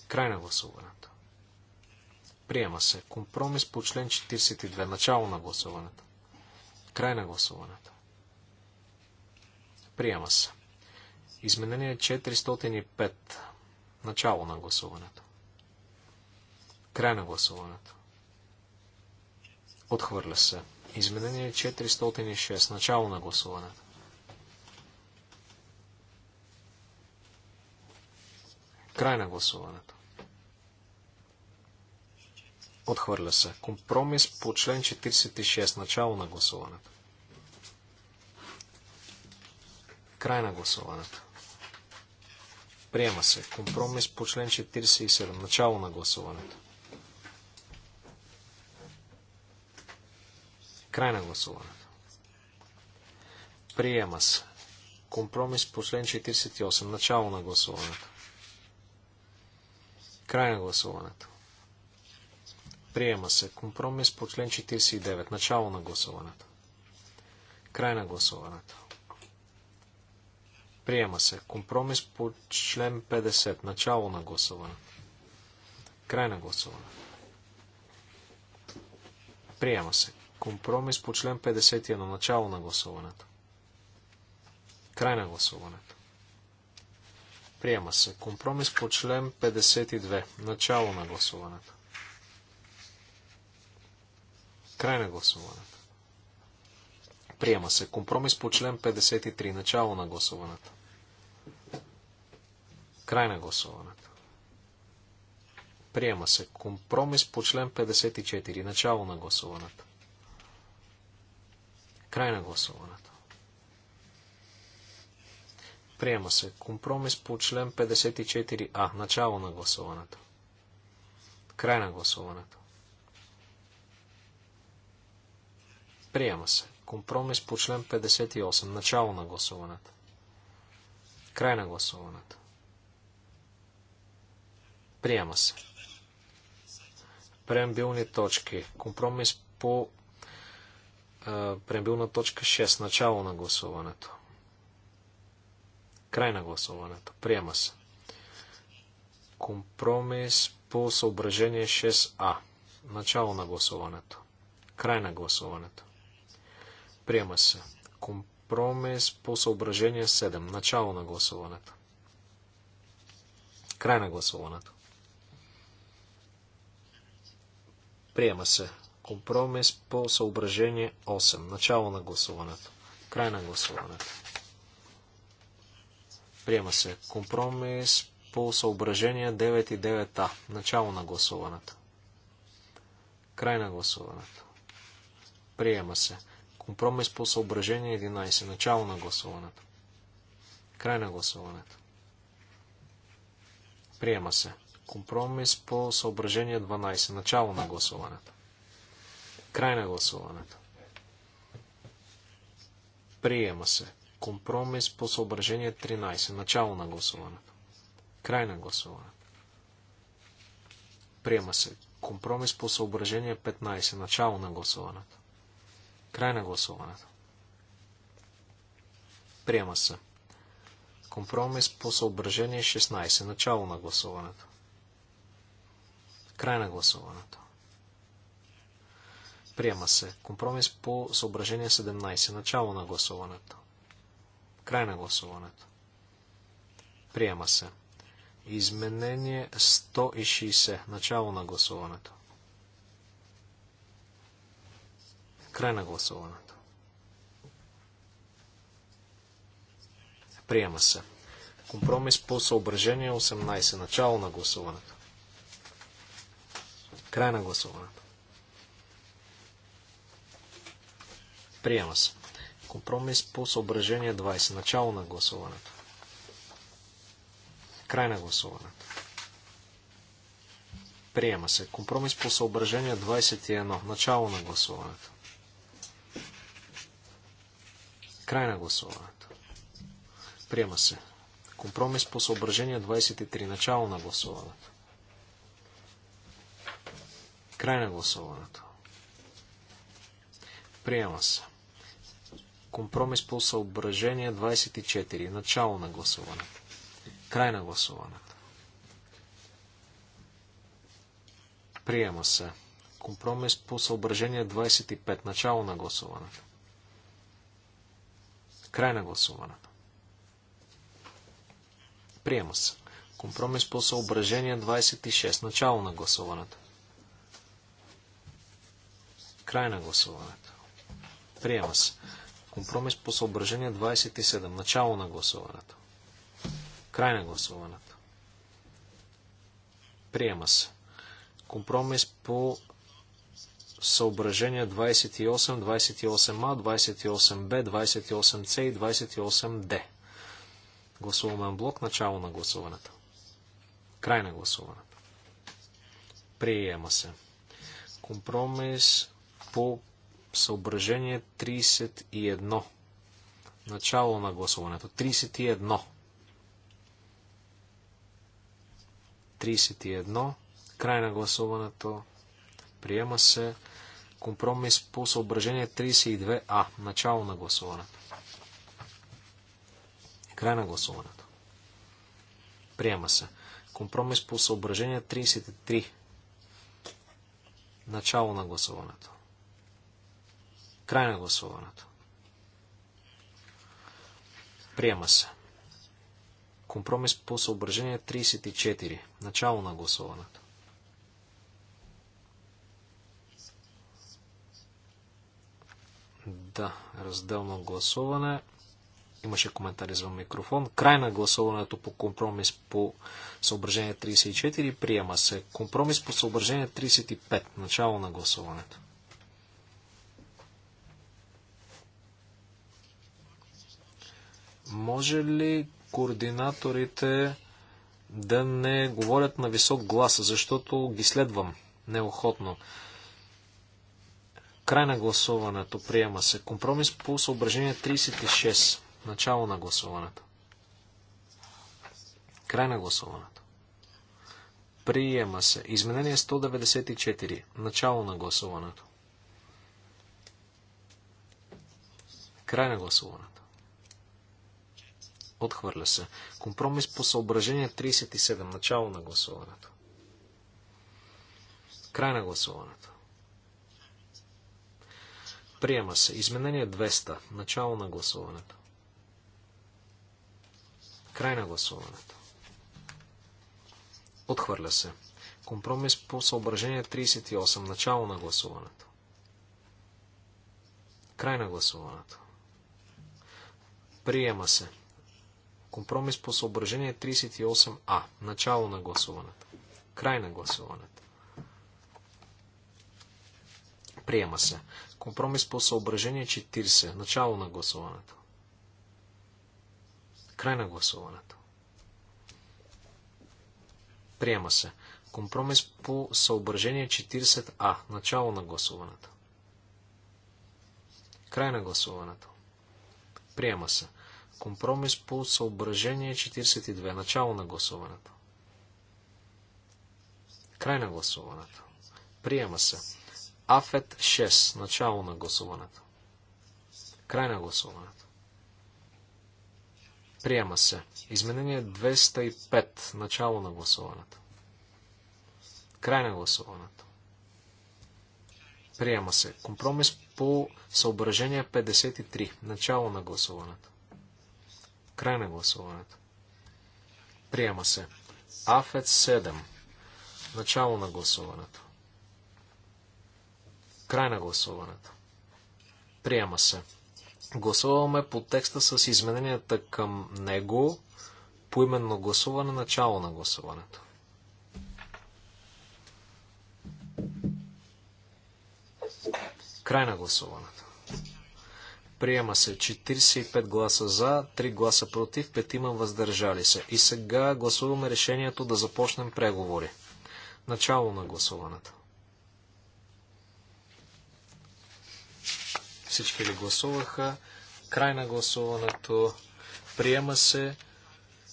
Край на гласуването. Приема се. Компромис по член 42. Начало на гласуването. Край на гласуването. Приема се. Изменение 405. Начало на гласуването. Край на гласуването. Отхвърля се. Изменение 406. Начало на гласуването. Край на гласуването. Отхвърля се. Компромис по член 46. Начало на гласуването. Край на гласуването. Приема се. Компромис по член 47. Начало на гласуването. Край на гласуването. Приема се. Компромис по член 48. Начало на гласуването. Край на гласуването. Приема се. Компромис по член 49. Начало на гласуването. Край на гласуването. Приема се. Компромис по член 50. Начало на гласуването. Край на гласуването. Приема се. Компромис по член 51. Начало на гласуването. Край на гласуването. Приема се. Компромис по член 52. Начало на гласуването. Край на гласуването. Приема се. Компромис по член 53. Начало на гласуването. Край на гласуването. Приема се. Компромис по член 54. Начало на гласуването. Край на гласуването. Приема се. Компромис по член 54А. Начало на гласуването. Край на гласуването. Приема се. Компромис по член 58. Начало на гласуването. Край на гласуването. Приема се. Преамбилни точки. Компромис по на точка 6. Начало на гласуването. Край на гласуването. Приема се. Компромис по съображение 6А. Начало на гласуването. Край на гласуването. Приема се. Компромис по съображение 7. Начало на гласуването. Край на гласуването. Приема се. Компромис по съображение 8. Начало на гласуването. Край на гласуването. Приема се. Компромис по съображение 9 и 9а. Начало на гласуването. Край на гласуването. Приема се. Компромис по съображение 11. Начало на гласуването. Край на гласуването. Приема се. Компромис по съображение 12. Начало на гласуването. Край на гласуването. Приема се. Компромис по съображение 13. Начало на гласуването. Край на гласуването. Приема се. Компромис по съображение 15. Начало на гласуването. Край на гласуването. Приема се. Компромис по съображение 16. Начало на гласуването. Край на гласуването. Приема се. Компромис по съображение 17. Начало на гласуването. Край на гласуването. Приема се. Изменение 160. Начало на гласуването. Край на гласуването. Приема се. Компромис по съображение 18. Начало на гласуването. Край на гласуването. Приема се. Компромис по съображение 20. Начало на гласуването. Край на гласуването. Приема се. Компромис по съображение 21. Начало на гласуването. Край на гласуването. Приема се. Компромис по съображение 23. Начало на гласуването. Край на гласуването. Приема се. Компромис по съображение 24. Начало на гласуването. Край на гласуването. Приема се. Компромис по съображение 25. Начало на гласуването. Край на гласуването. Приема се. Компромис по съображение 26. Начало на гласуването. Край на гласуването. Приема се. Компромис по съображение 27. Начало на гласуването. Край на гласуването. Приема се. Компромис по съображения 28, 28а, 28б, 28c и 28 Д. Гласуваме блок. Начало на гласуването. Край на гласуването. Приема се. Компромис по Съображение 31. Начало на гласуването. 31. 31. Край на гласуването. Приема се компромис по съображение 32А. Начало на гласуването. Край на гласуването. Приема се. Компромис по съображение 33. Начало на гласуването. Край на гласуването. Приема се. Компромис по съображение 34. Начало на гласуването. Да, разделно гласуване. Имаше коментари за микрофон. Край на гласуването по компромис по съображение 34. Приема се. Компромис по съображение 35. Начало на гласуването. Може ли координаторите да не говорят на висок глас, защото ги следвам неохотно? Край на гласуването приема се. Компромис по съображение 36. Начало на гласуването. Край на гласуването. Приема се. Изменение 194. Начало на гласуването. Край на гласуването. Отхвърля се. Компромис по съображение 37. Начало на гласуването. Край на гласуването. Приема се. Изменение 200. Начало на гласуването. Край на гласуването. Отхвърля се. Компромис по съображение 38. Начало на гласуването. Край на гласуването. Приема се. Компромис по съображение 38А. Начало на гласуването. Край на гласуването. Приема се. Компромис по съображение 40. Начало на гласуването. Край на гласуването. Приема се. Компромис по съображение 40А. Начало на гласуването. Край на гласуването. Приема се. Компромис по съображение 42. Начало на гласуването. Край на гласуването. Приема се. Афет 6. Начало на гласуването. Край на гласуването. Приема се. Изменение 205. Начало на гласуването. Край на гласуването. Приема се. Компромис по съображение 53. Начало на гласуването. Край на гласуването. Приема се. Афет 7. Начало на гласуването. Край на гласуването. Приема се. Гласуваме по текста с измененията към него. Поименно гласуване. Начало на гласуването. Край на гласуването. Приема се 45 гласа за, 3 гласа против, 5 има въздържали се. И сега гласуваме решението да започнем преговори. Начало на гласуването. Всички ли гласуваха? Край на гласуването. Приема се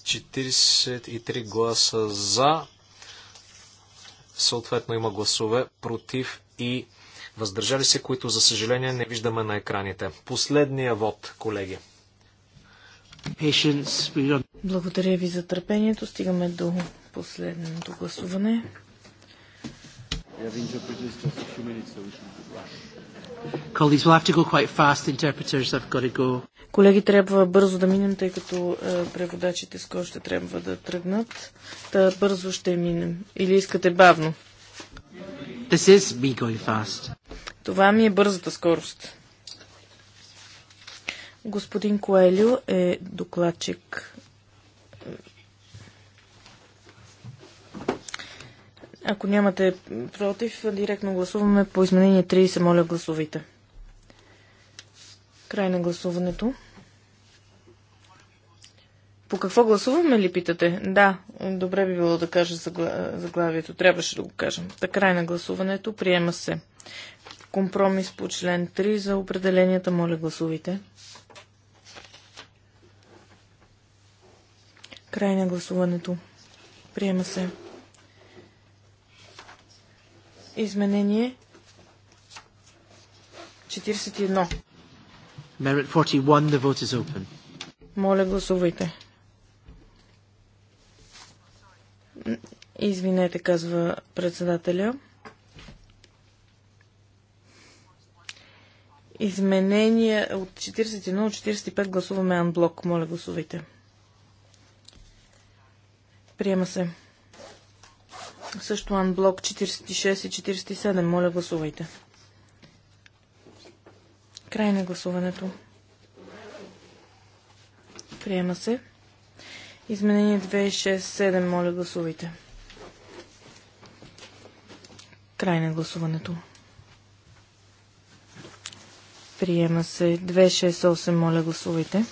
43 гласа за. Съответно има гласове против и въздържали се, които за съжаление не виждаме на екраните. Последния вод, колеги. Благодаря ви за търпението. Стигаме до последното гласуване. Колеги, трябва бързо да минем, тъй като е, преводачите скоро ще трябва да тръгнат. Та бързо ще минем. Или искате бавно? This is me going fast. Това ми е бързата скорост. Господин Коелю е докладчик. Ако нямате против, директно гласуваме по изменение 30. Моля, гласувайте. Край на гласуването. По какво гласуваме ли питате? Да, добре би било да кажа заглавието. Трябваше да го кажем. Та край на гласуването приема се. Компромис по член 3 за определенията. Моля, гласувайте. Край на гласуването. Приема се. Изменение 41. Merit 41, the vote is open. Моля, гласувайте. Извинете, казва председателя. Изменения от 41 от 45 гласуваме анблок. Моля, гласувайте. Приема се. Също анблок 46 и 47. Моля, гласувайте. Край на гласуването. Приема се. Изменение 267, моля гласувайте. Край на гласуването. Приема се 268, моля гласувайте.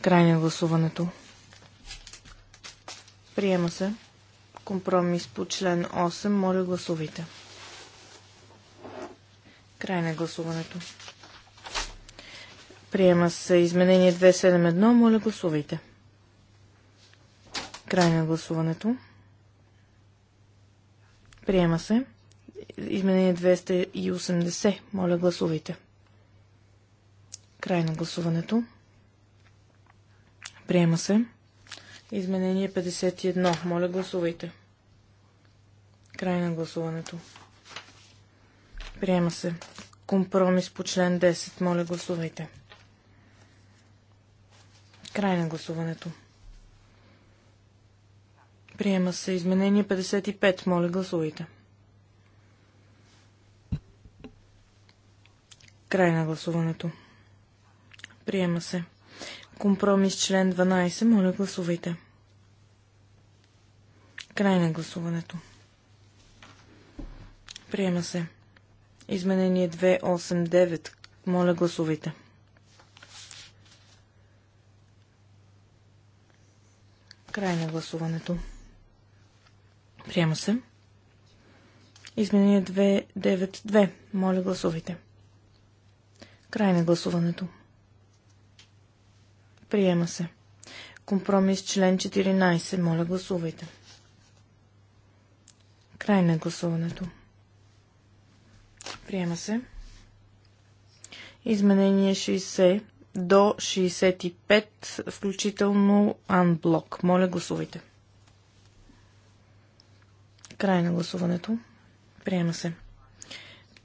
Край на гласуването. Приема се. Компромис по член 8, моля гласувайте. Край на гласуването. Приема се изменение 271. Моля гласувайте. Край на гласуването. Приема се. Изменение 280. Моля гласувайте. Край на гласуването. Приема се. Изменение 51. Моля гласувайте. Край на гласуването. Приема се. Компромис по член 10. Моля гласувайте. Край на гласуването. Приема се изменение 55. Моля, гласувайте. Край на гласуването. Приема се. Компромис член 12. Моля, гласувайте. Край на гласуването. Приема се. Изменение 289. Моля, гласувайте. Край на гласуването. Приема се. Изменение 292. Моля гласувайте. Край на гласуването. Приема се. Компромис член 14. Моля гласувайте. Край на гласуването. Приема се. Изменение 60 до 65, включително анблок. Моля, гласувайте. Край на гласуването. Приема се.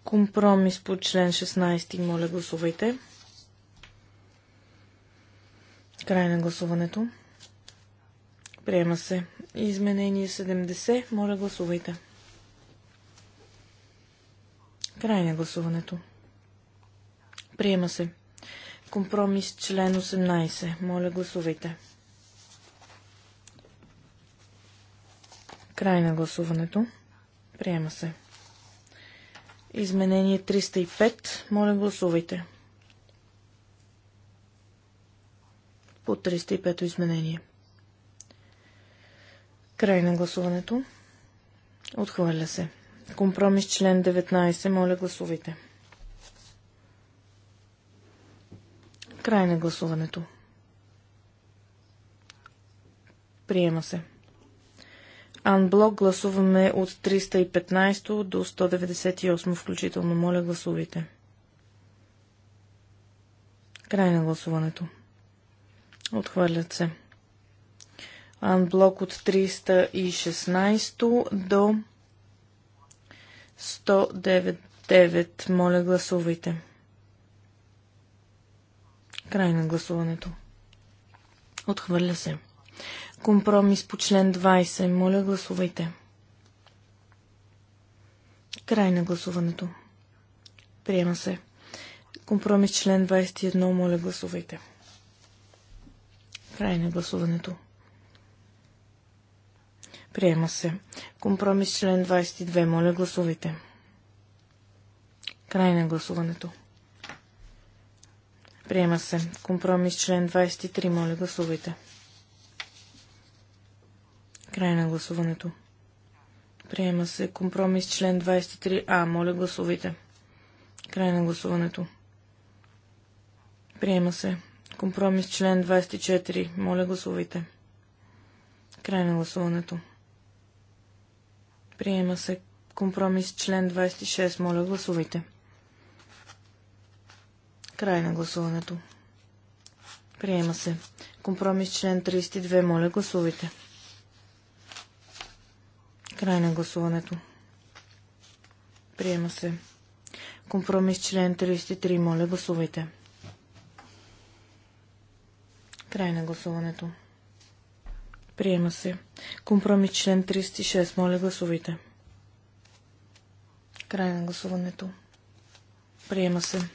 Компромис по член 16. Моля, гласувайте. Край на гласуването. Приема се. Изменение 70. Моля, гласувайте. Край на гласуването. Приема се. Компромис член 18. Моля, гласувайте. Край на гласуването. Приема се. Изменение 305. Моля, гласувайте. По 305 изменение. Край на гласуването. Отхвърля се. Компромис член 19. Моля, гласувайте. Край на гласуването. Приема се. Анблок гласуваме от 315 до 198 включително. Моля, гласувайте. Край на гласуването. Отхвърлят се. Анблок от 316 до 109 Моля, гласувайте. Край на гласуването. Отхвърля се. Компромис по член 20. Моля, гласувайте. Край на гласуването. Приема се. Компромис член 21. Моля, гласувайте. Край на гласуването. Приема се. Компромис член 22. Моля, гласувайте. Край на гласуването. Приема се. Компромис член 23. Моля, гласувайте. Край на гласуването. Приема се. Компромис член 23А. Моля, гласувайте. Край на гласуването. Приема се. Компромис член 24. Моля, гласувайте. Край на гласуването. Приема се. Компромис член 26. Моля, гласувайте. Край на гласуването. Приема се. Компромис член 32. Моля, гласувайте. Край на гласуването. Приема се. Компромис член 33. Моля, гласувайте. Край на гласуването. Приема се. Компромис член 36. Моля, гласувайте. Край на гласуването. Приема се.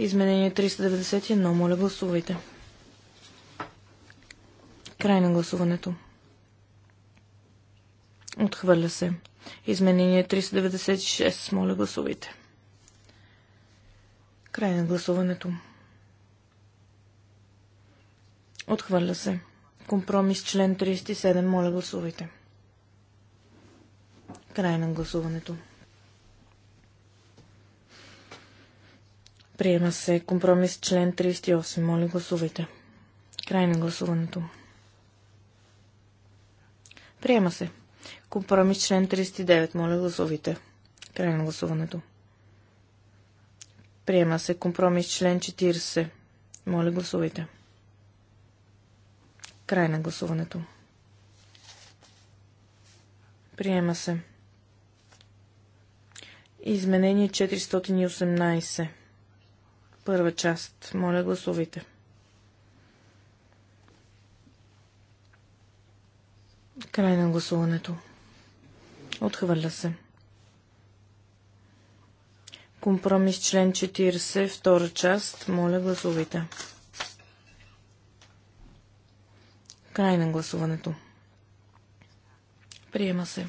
Изменение 391. Моля, гласувайте. Край на гласуването. Отхвърля се. Изменение 396. Моля, гласувайте. Край на гласуването. Отхвърля се. Компромис член 37. Моля, гласувайте. Край на гласуването. Приема се компромис член 38. Моля, гласувайте. Край на гласуването. Приема се. Компромис член 39. Моля, гласувайте. Край на гласуването. Приема се компромис член 40. Моля, гласувайте. Край на гласуването. Приема се. Изменение 418. Първа част. Моля, гласувайте. Край на гласуването. Отхвърля се. Компромис член 40, втора част. Моля, гласувайте. Край на гласуването. Приема се.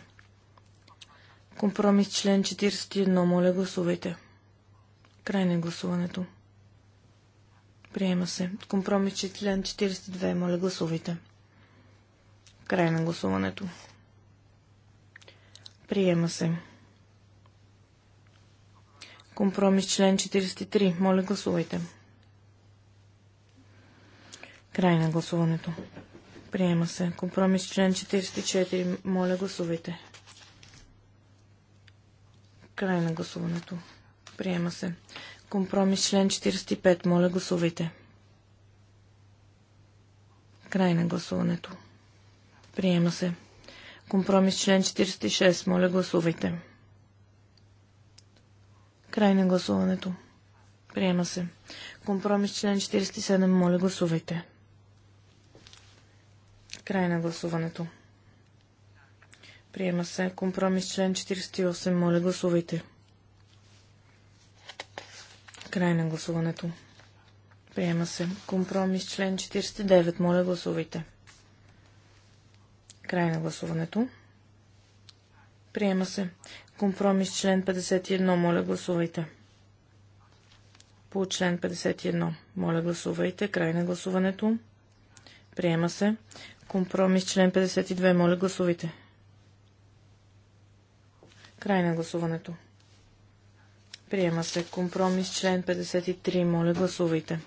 Компромис член 41. Моля, гласувайте. Край на гласуването. Приема се. Компромис член 42. Моля, гласувайте. Край на гласуването. Приема се. Компромис член 43. Моля, гласувайте. Край на гласуването. Приема се. Компромис член 44. Моля, гласувайте. Край на гласуването. Приема се. Компромис член 45. Моля, гласувайте. Край на гласуването. Приема се. Компромис член 46. Моля, гласувайте. Край на гласуването. Приема се. Компромис член 47. Моля, гласувайте. Край на гласуването. Приема се. Компромис член 48. Моля, гласувайте. Край на гласуването. Приема се. Компромис член 49. Моля гласувайте. Край на гласуването. Приема се. Компромис член 51. Моля гласувайте. По член 51. Моля гласувайте. Край на гласуването. Приема се. Компромис член 52. Моля гласувайте. Край на гласуването. Приема се компромис член 53. Моля, гласувайте.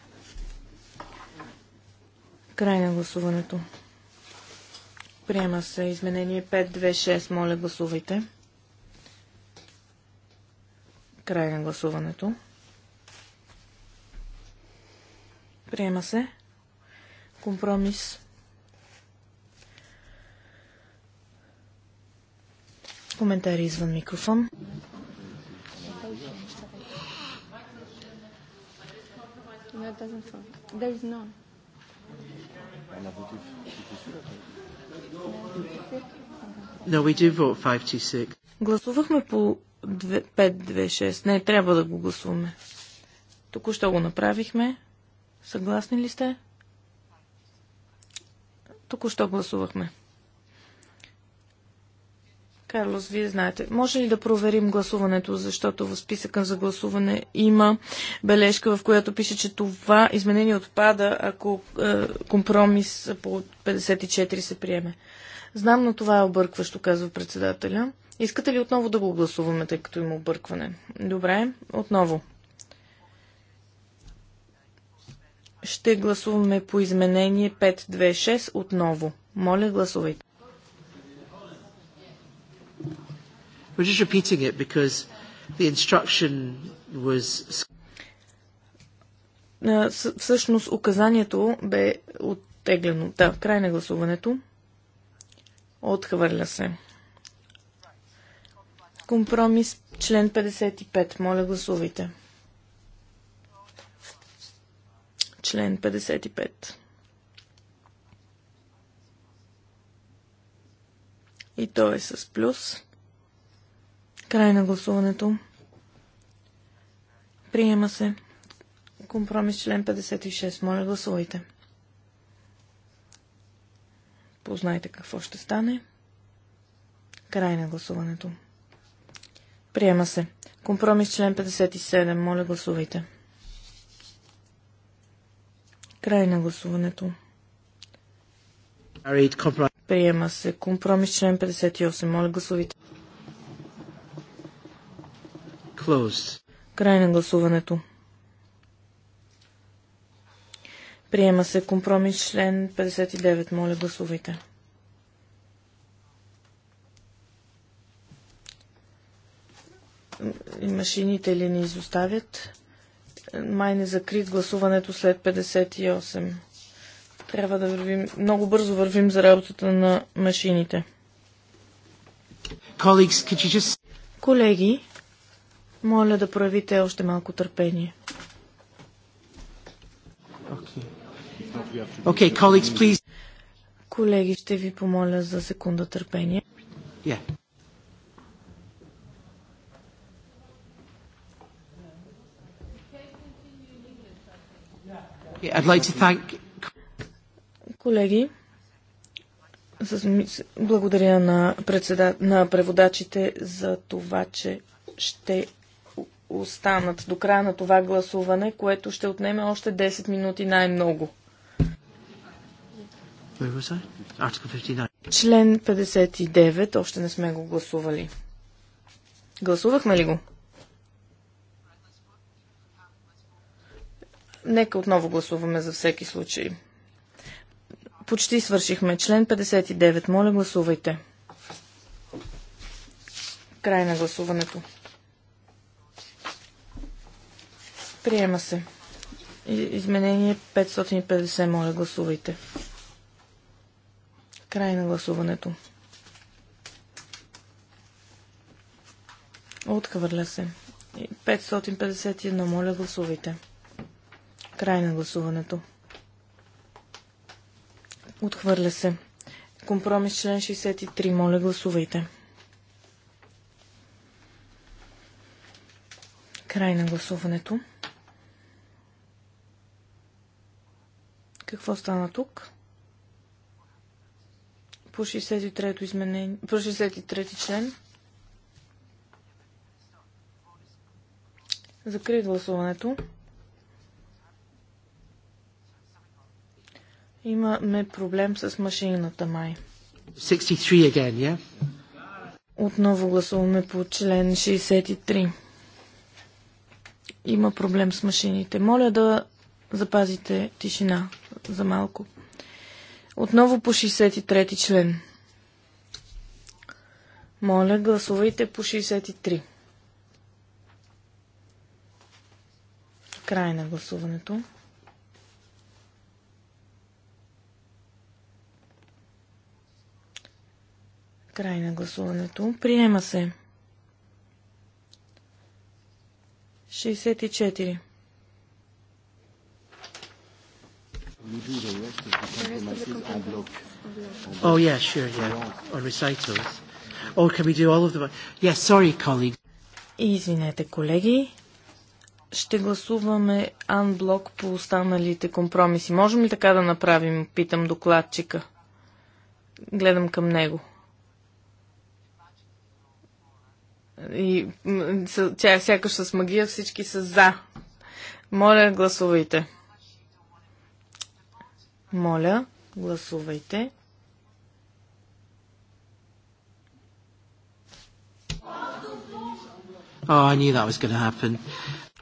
Край на гласуването. Приема се изменение 526. Моля, гласувайте. Край на гласуването. Приема се. Компромис. Коментари извън микрофон. No, it doesn't fall. There is none. No, we do vote Гласувахме по Не, трябва да го гласуваме. Току-що го направихме. Съгласни ли сте? Току-що гласувахме. Карлос, вие знаете. Може ли да проверим гласуването, защото в списъка за гласуване има бележка, в която пише, че това изменение отпада, ако е, компромис по 54 се приеме. Знам, но това е объркващо, казва председателя. Искате ли отново да го гласуваме, тъй като има объркване? Добре, отново. Ще гласуваме по изменение 526 отново. Моля, гласувайте. We're just repeating it because the instruction was... Всъщност указанието бе оттеглено. Да, край на гласуването. Отхвърля се. Компромис член 55. Моля гласувайте. Член 55. И то е с плюс. Край на гласуването. Приема се. Компромис член 56. Моля, гласувайте. Познайте какво ще стане. Край на гласуването. Приема се. Компромис член 57. Моля, гласувайте. Край на гласуването. Приема се. Компромис член 58. Моля, гласувайте. Край на гласуването. Приема се компромис член 59. Моля, гласувайте. Машините ли ни изоставят? Май не закрит гласуването след 58. Трябва да вървим, много бързо вървим за работата на машините. Колеги, моля да проявите още малко търпение. Okay. Okay, colleagues, please. Колеги, ще ви помоля за секунда търпение. Yeah. I'd like to thank... Колеги, с... благодаря на, председа... на преводачите за това, че ще останат до края на това гласуване, което ще отнеме още 10 минути най-много. Член 59, още не сме го гласували. Гласувахме ли го? Нека отново гласуваме за всеки случай. Почти свършихме. Член 59. Моля, гласувайте. Край на гласуването. Приема се. Изменение 550, моля гласувайте. Край на гласуването. Отхвърля се. 551, моля гласувайте. Край на гласуването. Отхвърля се. Компромис член 63, моля гласувайте. Край на гласуването. Какво стана тук? По 63-то изменение, по 63-ти член. Закри гласуването. Имаме проблем с машината май. 63 again, yeah? Отново гласуваме по член 63. Има проблем с машините. Моля да запазите тишина за малко. Отново по 63 член. Моля, гласувайте по 63. Край на гласуването. Край на гласуването. Приема се. 64. Oh, yeah, sure, yeah. Or recitals. Or can we do all of them? Yes, sorry, colleague. Извинете, колеги. Ще гласуваме анблок по останалите компромиси. Можем ли така да направим? Питам докладчика. Гледам към него. И тя сякаш с магия всички са за. Моля, гласувайте. Моля, гласувайте. Oh, I knew that was going to happen.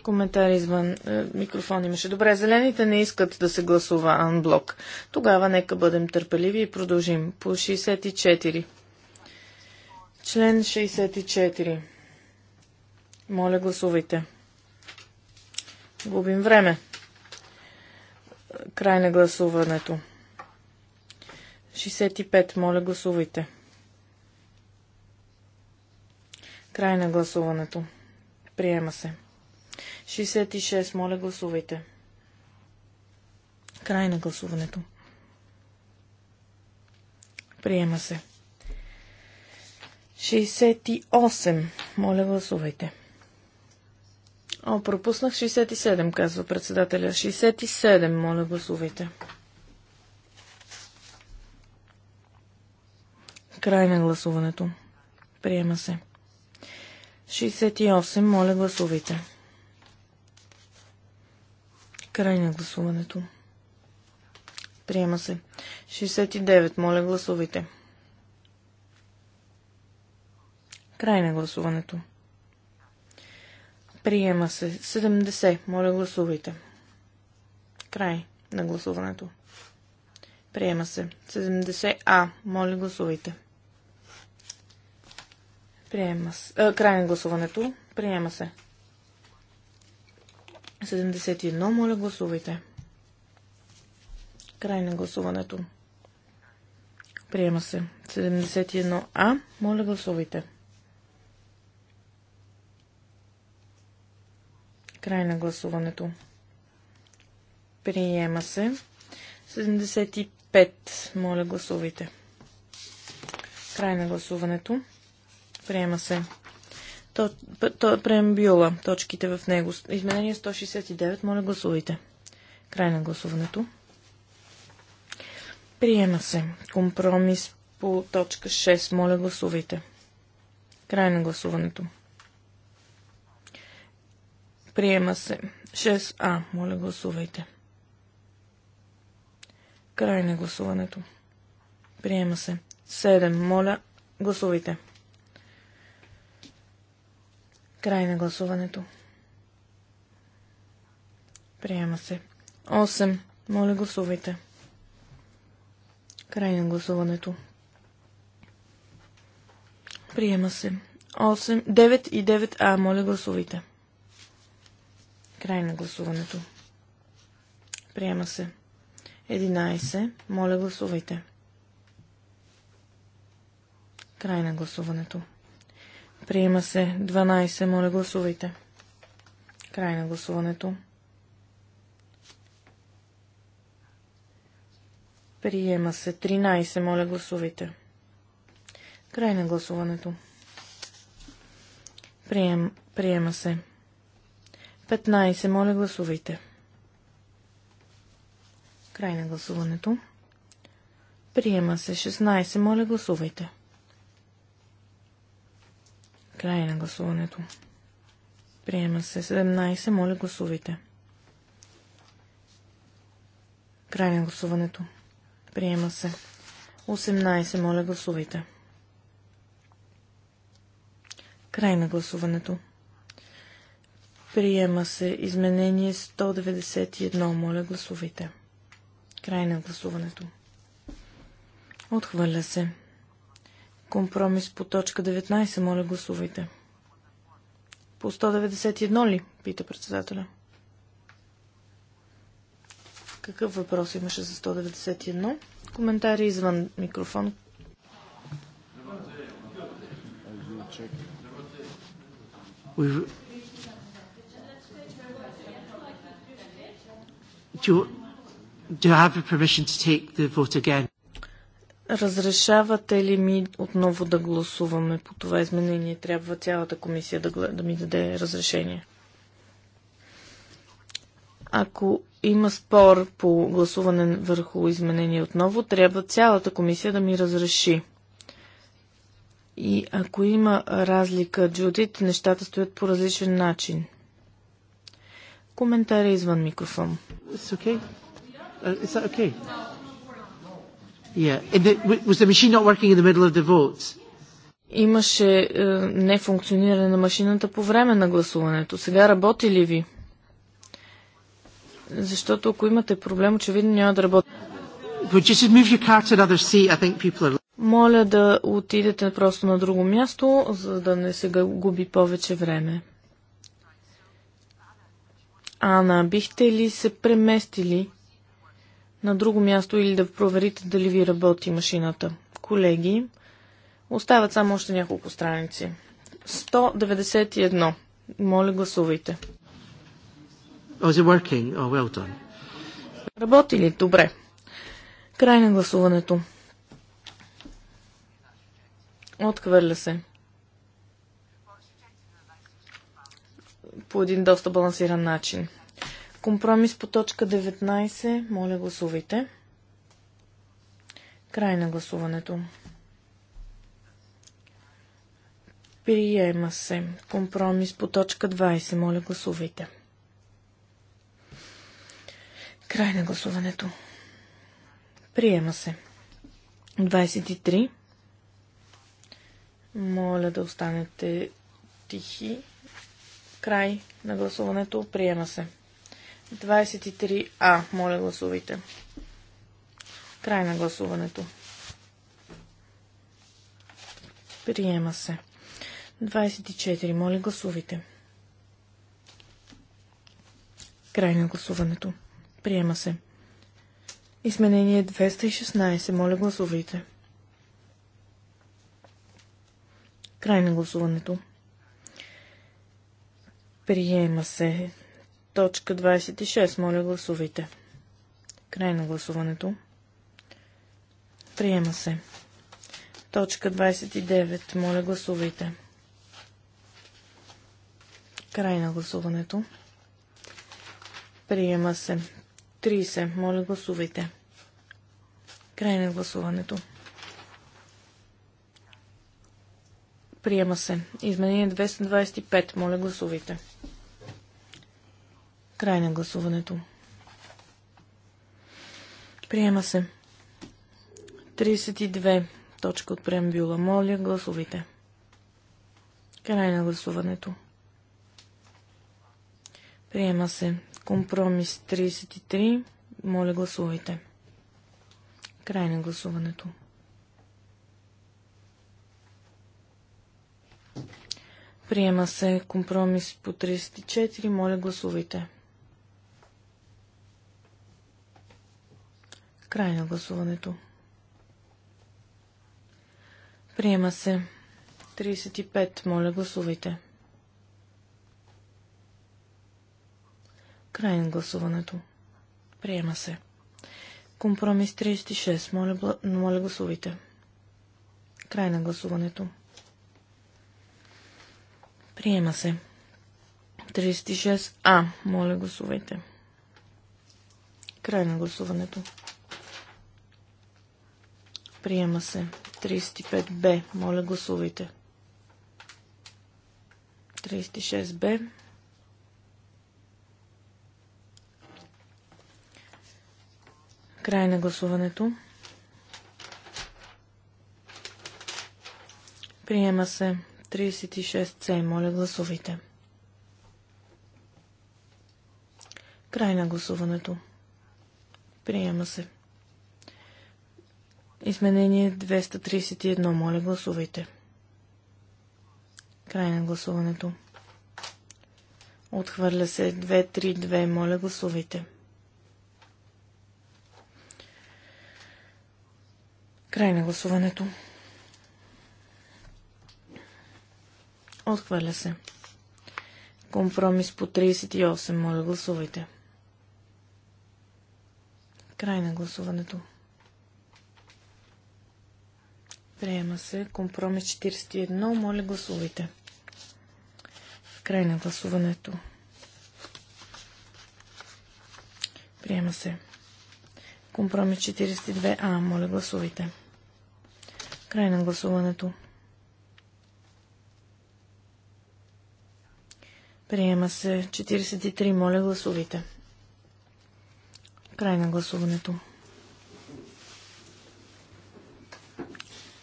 Коментар извън е, микрофон имаше. Добре, зелените не искат да се гласува анблок. Тогава нека бъдем търпеливи и продължим. По 64. Член 64. Моля, гласувайте. Губим време. Край на гласуването. 65. Моля, гласувайте. Край на гласуването. Приема се. 66. Моля, гласувайте. Край на гласуването. Приема се. 68. Моля, гласувайте. О, пропуснах 67, казва председателя. 67, моля гласувайте. Край на гласуването. Приема се. 68, моля гласувайте. Край на гласуването. Приема се. 69, моля гласувайте. Край на гласуването. Приема се. 70. Моля гласувайте. Край на гласуването. Приема се. 70А. Моля гласувайте. Приема се. А, край на гласуването. Приема се. 71. Моля гласувайте. Край на гласуването. Приема се. 71А. Моля гласувайте. Край на гласуването. Приема се. 75. Моля, гласувайте. Край на гласуването. Приема се. То, то, преамбюла. Точките в него. Изменение 169. Моля, гласувайте. Край на гласуването. Приема се. Компромис по точка 6. Моля, гласувайте. Край на гласуването. Приема се. 6А. Моля, гласувайте. Край на гласуването. Приема се. 7. Моля, гласувайте. Край на гласуването. Приема се. 8. Моля, гласувайте. Край на гласуването. Приема се. 8, 9 и 9А. Моля, гласувайте. Край на гласуването. Приема се. 11. Моля, гласувайте. Край на гласуването. Приема се. 12. Моля, гласувайте. Край на гласуването. Приема се. 13. Моля, гласувайте. Край на гласуването. Прием, приема се. 15. Моля, гласувайте. Край на гласуването. Приема се 16. Моля, гласувайте. Край на гласуването. Приема се 17. Моля, гласувайте. Край на гласуването. Приема се 18. Моля, гласувайте. Край на гласуването. Приема се изменение 191. Моля, гласувайте. Край на гласуването. Отхвърля се. Компромис по точка 19. Моля, гласувайте. По 191 ли? Пита председателя. Какъв въпрос имаше за 191? Коментари извън микрофон. We've do do I have permission to take the vote again? Разрешавате ли ми отново да гласуваме по това изменение? Трябва цялата комисия да, да ми даде разрешение. Ако има спор по гласуване върху изменение отново, трябва цялата комисия да ми разреши. И ако има разлика, Джудит, нещата стоят по различен начин. Коментар извън микрофон. Okay. Uh, is that okay? Yeah. The, was the machine not working in the middle of the votes? Имаше е, нефункциониране на машината по време на гласуването. Сега работи ли ви? Защото ако имате проблем, очевидно няма да работи. Моля да отидете просто на друго място, за да не се губи повече време. Ана, бихте ли се преместили на друго място или да проверите дали ви работи машината? Колеги, остават само още няколко страници. 191. Моля, гласувайте. Oh, oh, well Работи ли? Добре. Край на гласуването. Отхвърля се. по един доста балансиран начин. Компромис по точка 19. Моля, гласувайте. Край на гласуването. Приема се. Компромис по точка 20. Моля, гласувайте. Край на гласуването. Приема се. 23. Моля да останете тихи. Край на гласуването. Приема се. 23А. Моля гласувайте. Край на гласуването. Приема се. 24. Моля гласувайте. Край на гласуването. Приема се. Изменение 216. Моля гласувайте. Край на гласуването. Приема се. Точка 26. Моля, гласувайте. Край на гласуването. Приема се. Точка 29. Моля, гласувайте. Край на гласуването. Приема се. 30. Моля, гласувайте. Край на гласуването. Приема се. Изменение 225. Моля гласувайте. Край на гласуването. Приема се. 32. Точка от преамбюла. Моля гласувайте. Край на гласуването. Приема се. Компромис 33. Моля гласувайте. Край на гласуването. Приема се компромис по 34. Моля, гласувайте. Край на гласуването. Приема се. 35. Моля, гласувайте. Край на гласуването. Приема се. Компромис 36. Моля, моля гласувайте. Край на гласуването. Приема се. 36А. Моля, гласувайте. Край на гласуването. Приема се. 35Б. Моля, гласувайте. 36Б. Край на гласуването. Приема се. 36C. Моля, гласувайте. Край на гласуването. Приема се. Изменение 231. Моля, гласувайте. Край на гласуването. Отхвърля се 232. Моля, гласувайте. Край на гласуването. Отхвърля се. Компромис по 38. Моля, гласувайте. Край на гласуването. Приема се. Компромис 41. Моля, гласувайте. Край на гласуването. Приема се. Компромис 42А. Моля, гласувайте. Край на гласуването. Приема се 43. Моля, гласувайте. Край на гласуването.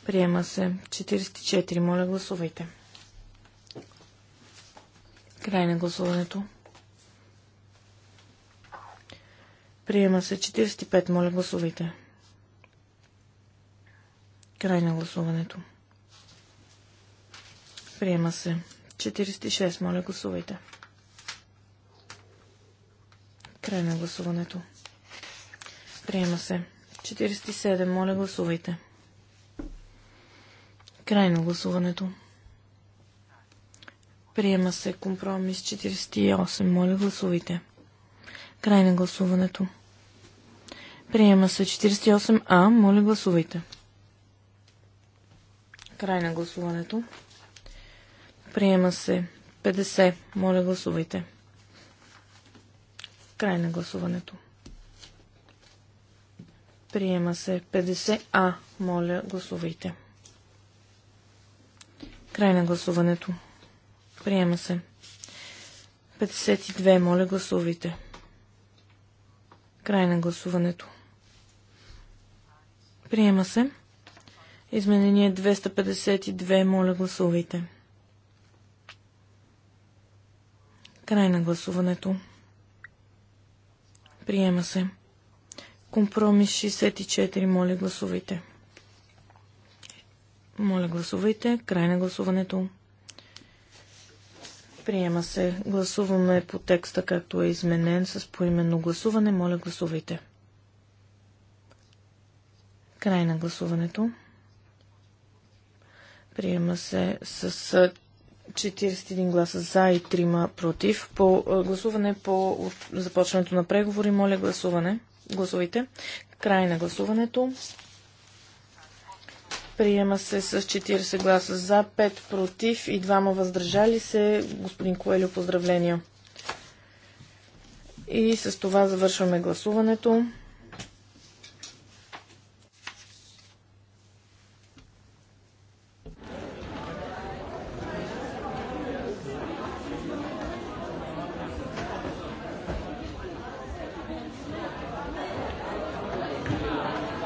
Приема се 44. Моля, гласувайте. Край на гласуването. Приема се 45. Моля, гласувайте. Край на гласуването. Приема се 46. Моля, гласувайте. Край на гласуването. Приема се. 47. Моля, гласувайте. Край на гласуването. Приема се компромис 48. Моля, гласувайте. Край на гласуването. Приема се 48А. Моля, гласувайте. Край на гласуването. Приема се 50. Моля, гласувайте. Край на гласуването. Приема се 50А. Моля, гласувайте. Край на гласуването. Приема се. 52. Моля, гласувайте. Край на гласуването. Приема се. Изменение 252. Моля, гласувайте. Край на гласуването. Приема се. Компромис 64. Моля, гласувайте. Моля, гласувайте. Край на гласуването. Приема се. Гласуваме по текста, както е изменен с поименно гласуване. Моля, гласувайте. Край на гласуването. Приема се с 41 гласа за и 3 против. По гласуване по започването на преговори, моля гласуване. Гласувайте. Край на гласуването. Приема се с 40 гласа за, 5 против и 2 въздържали се. Господин Коелю, поздравления. И с това завършваме гласуването.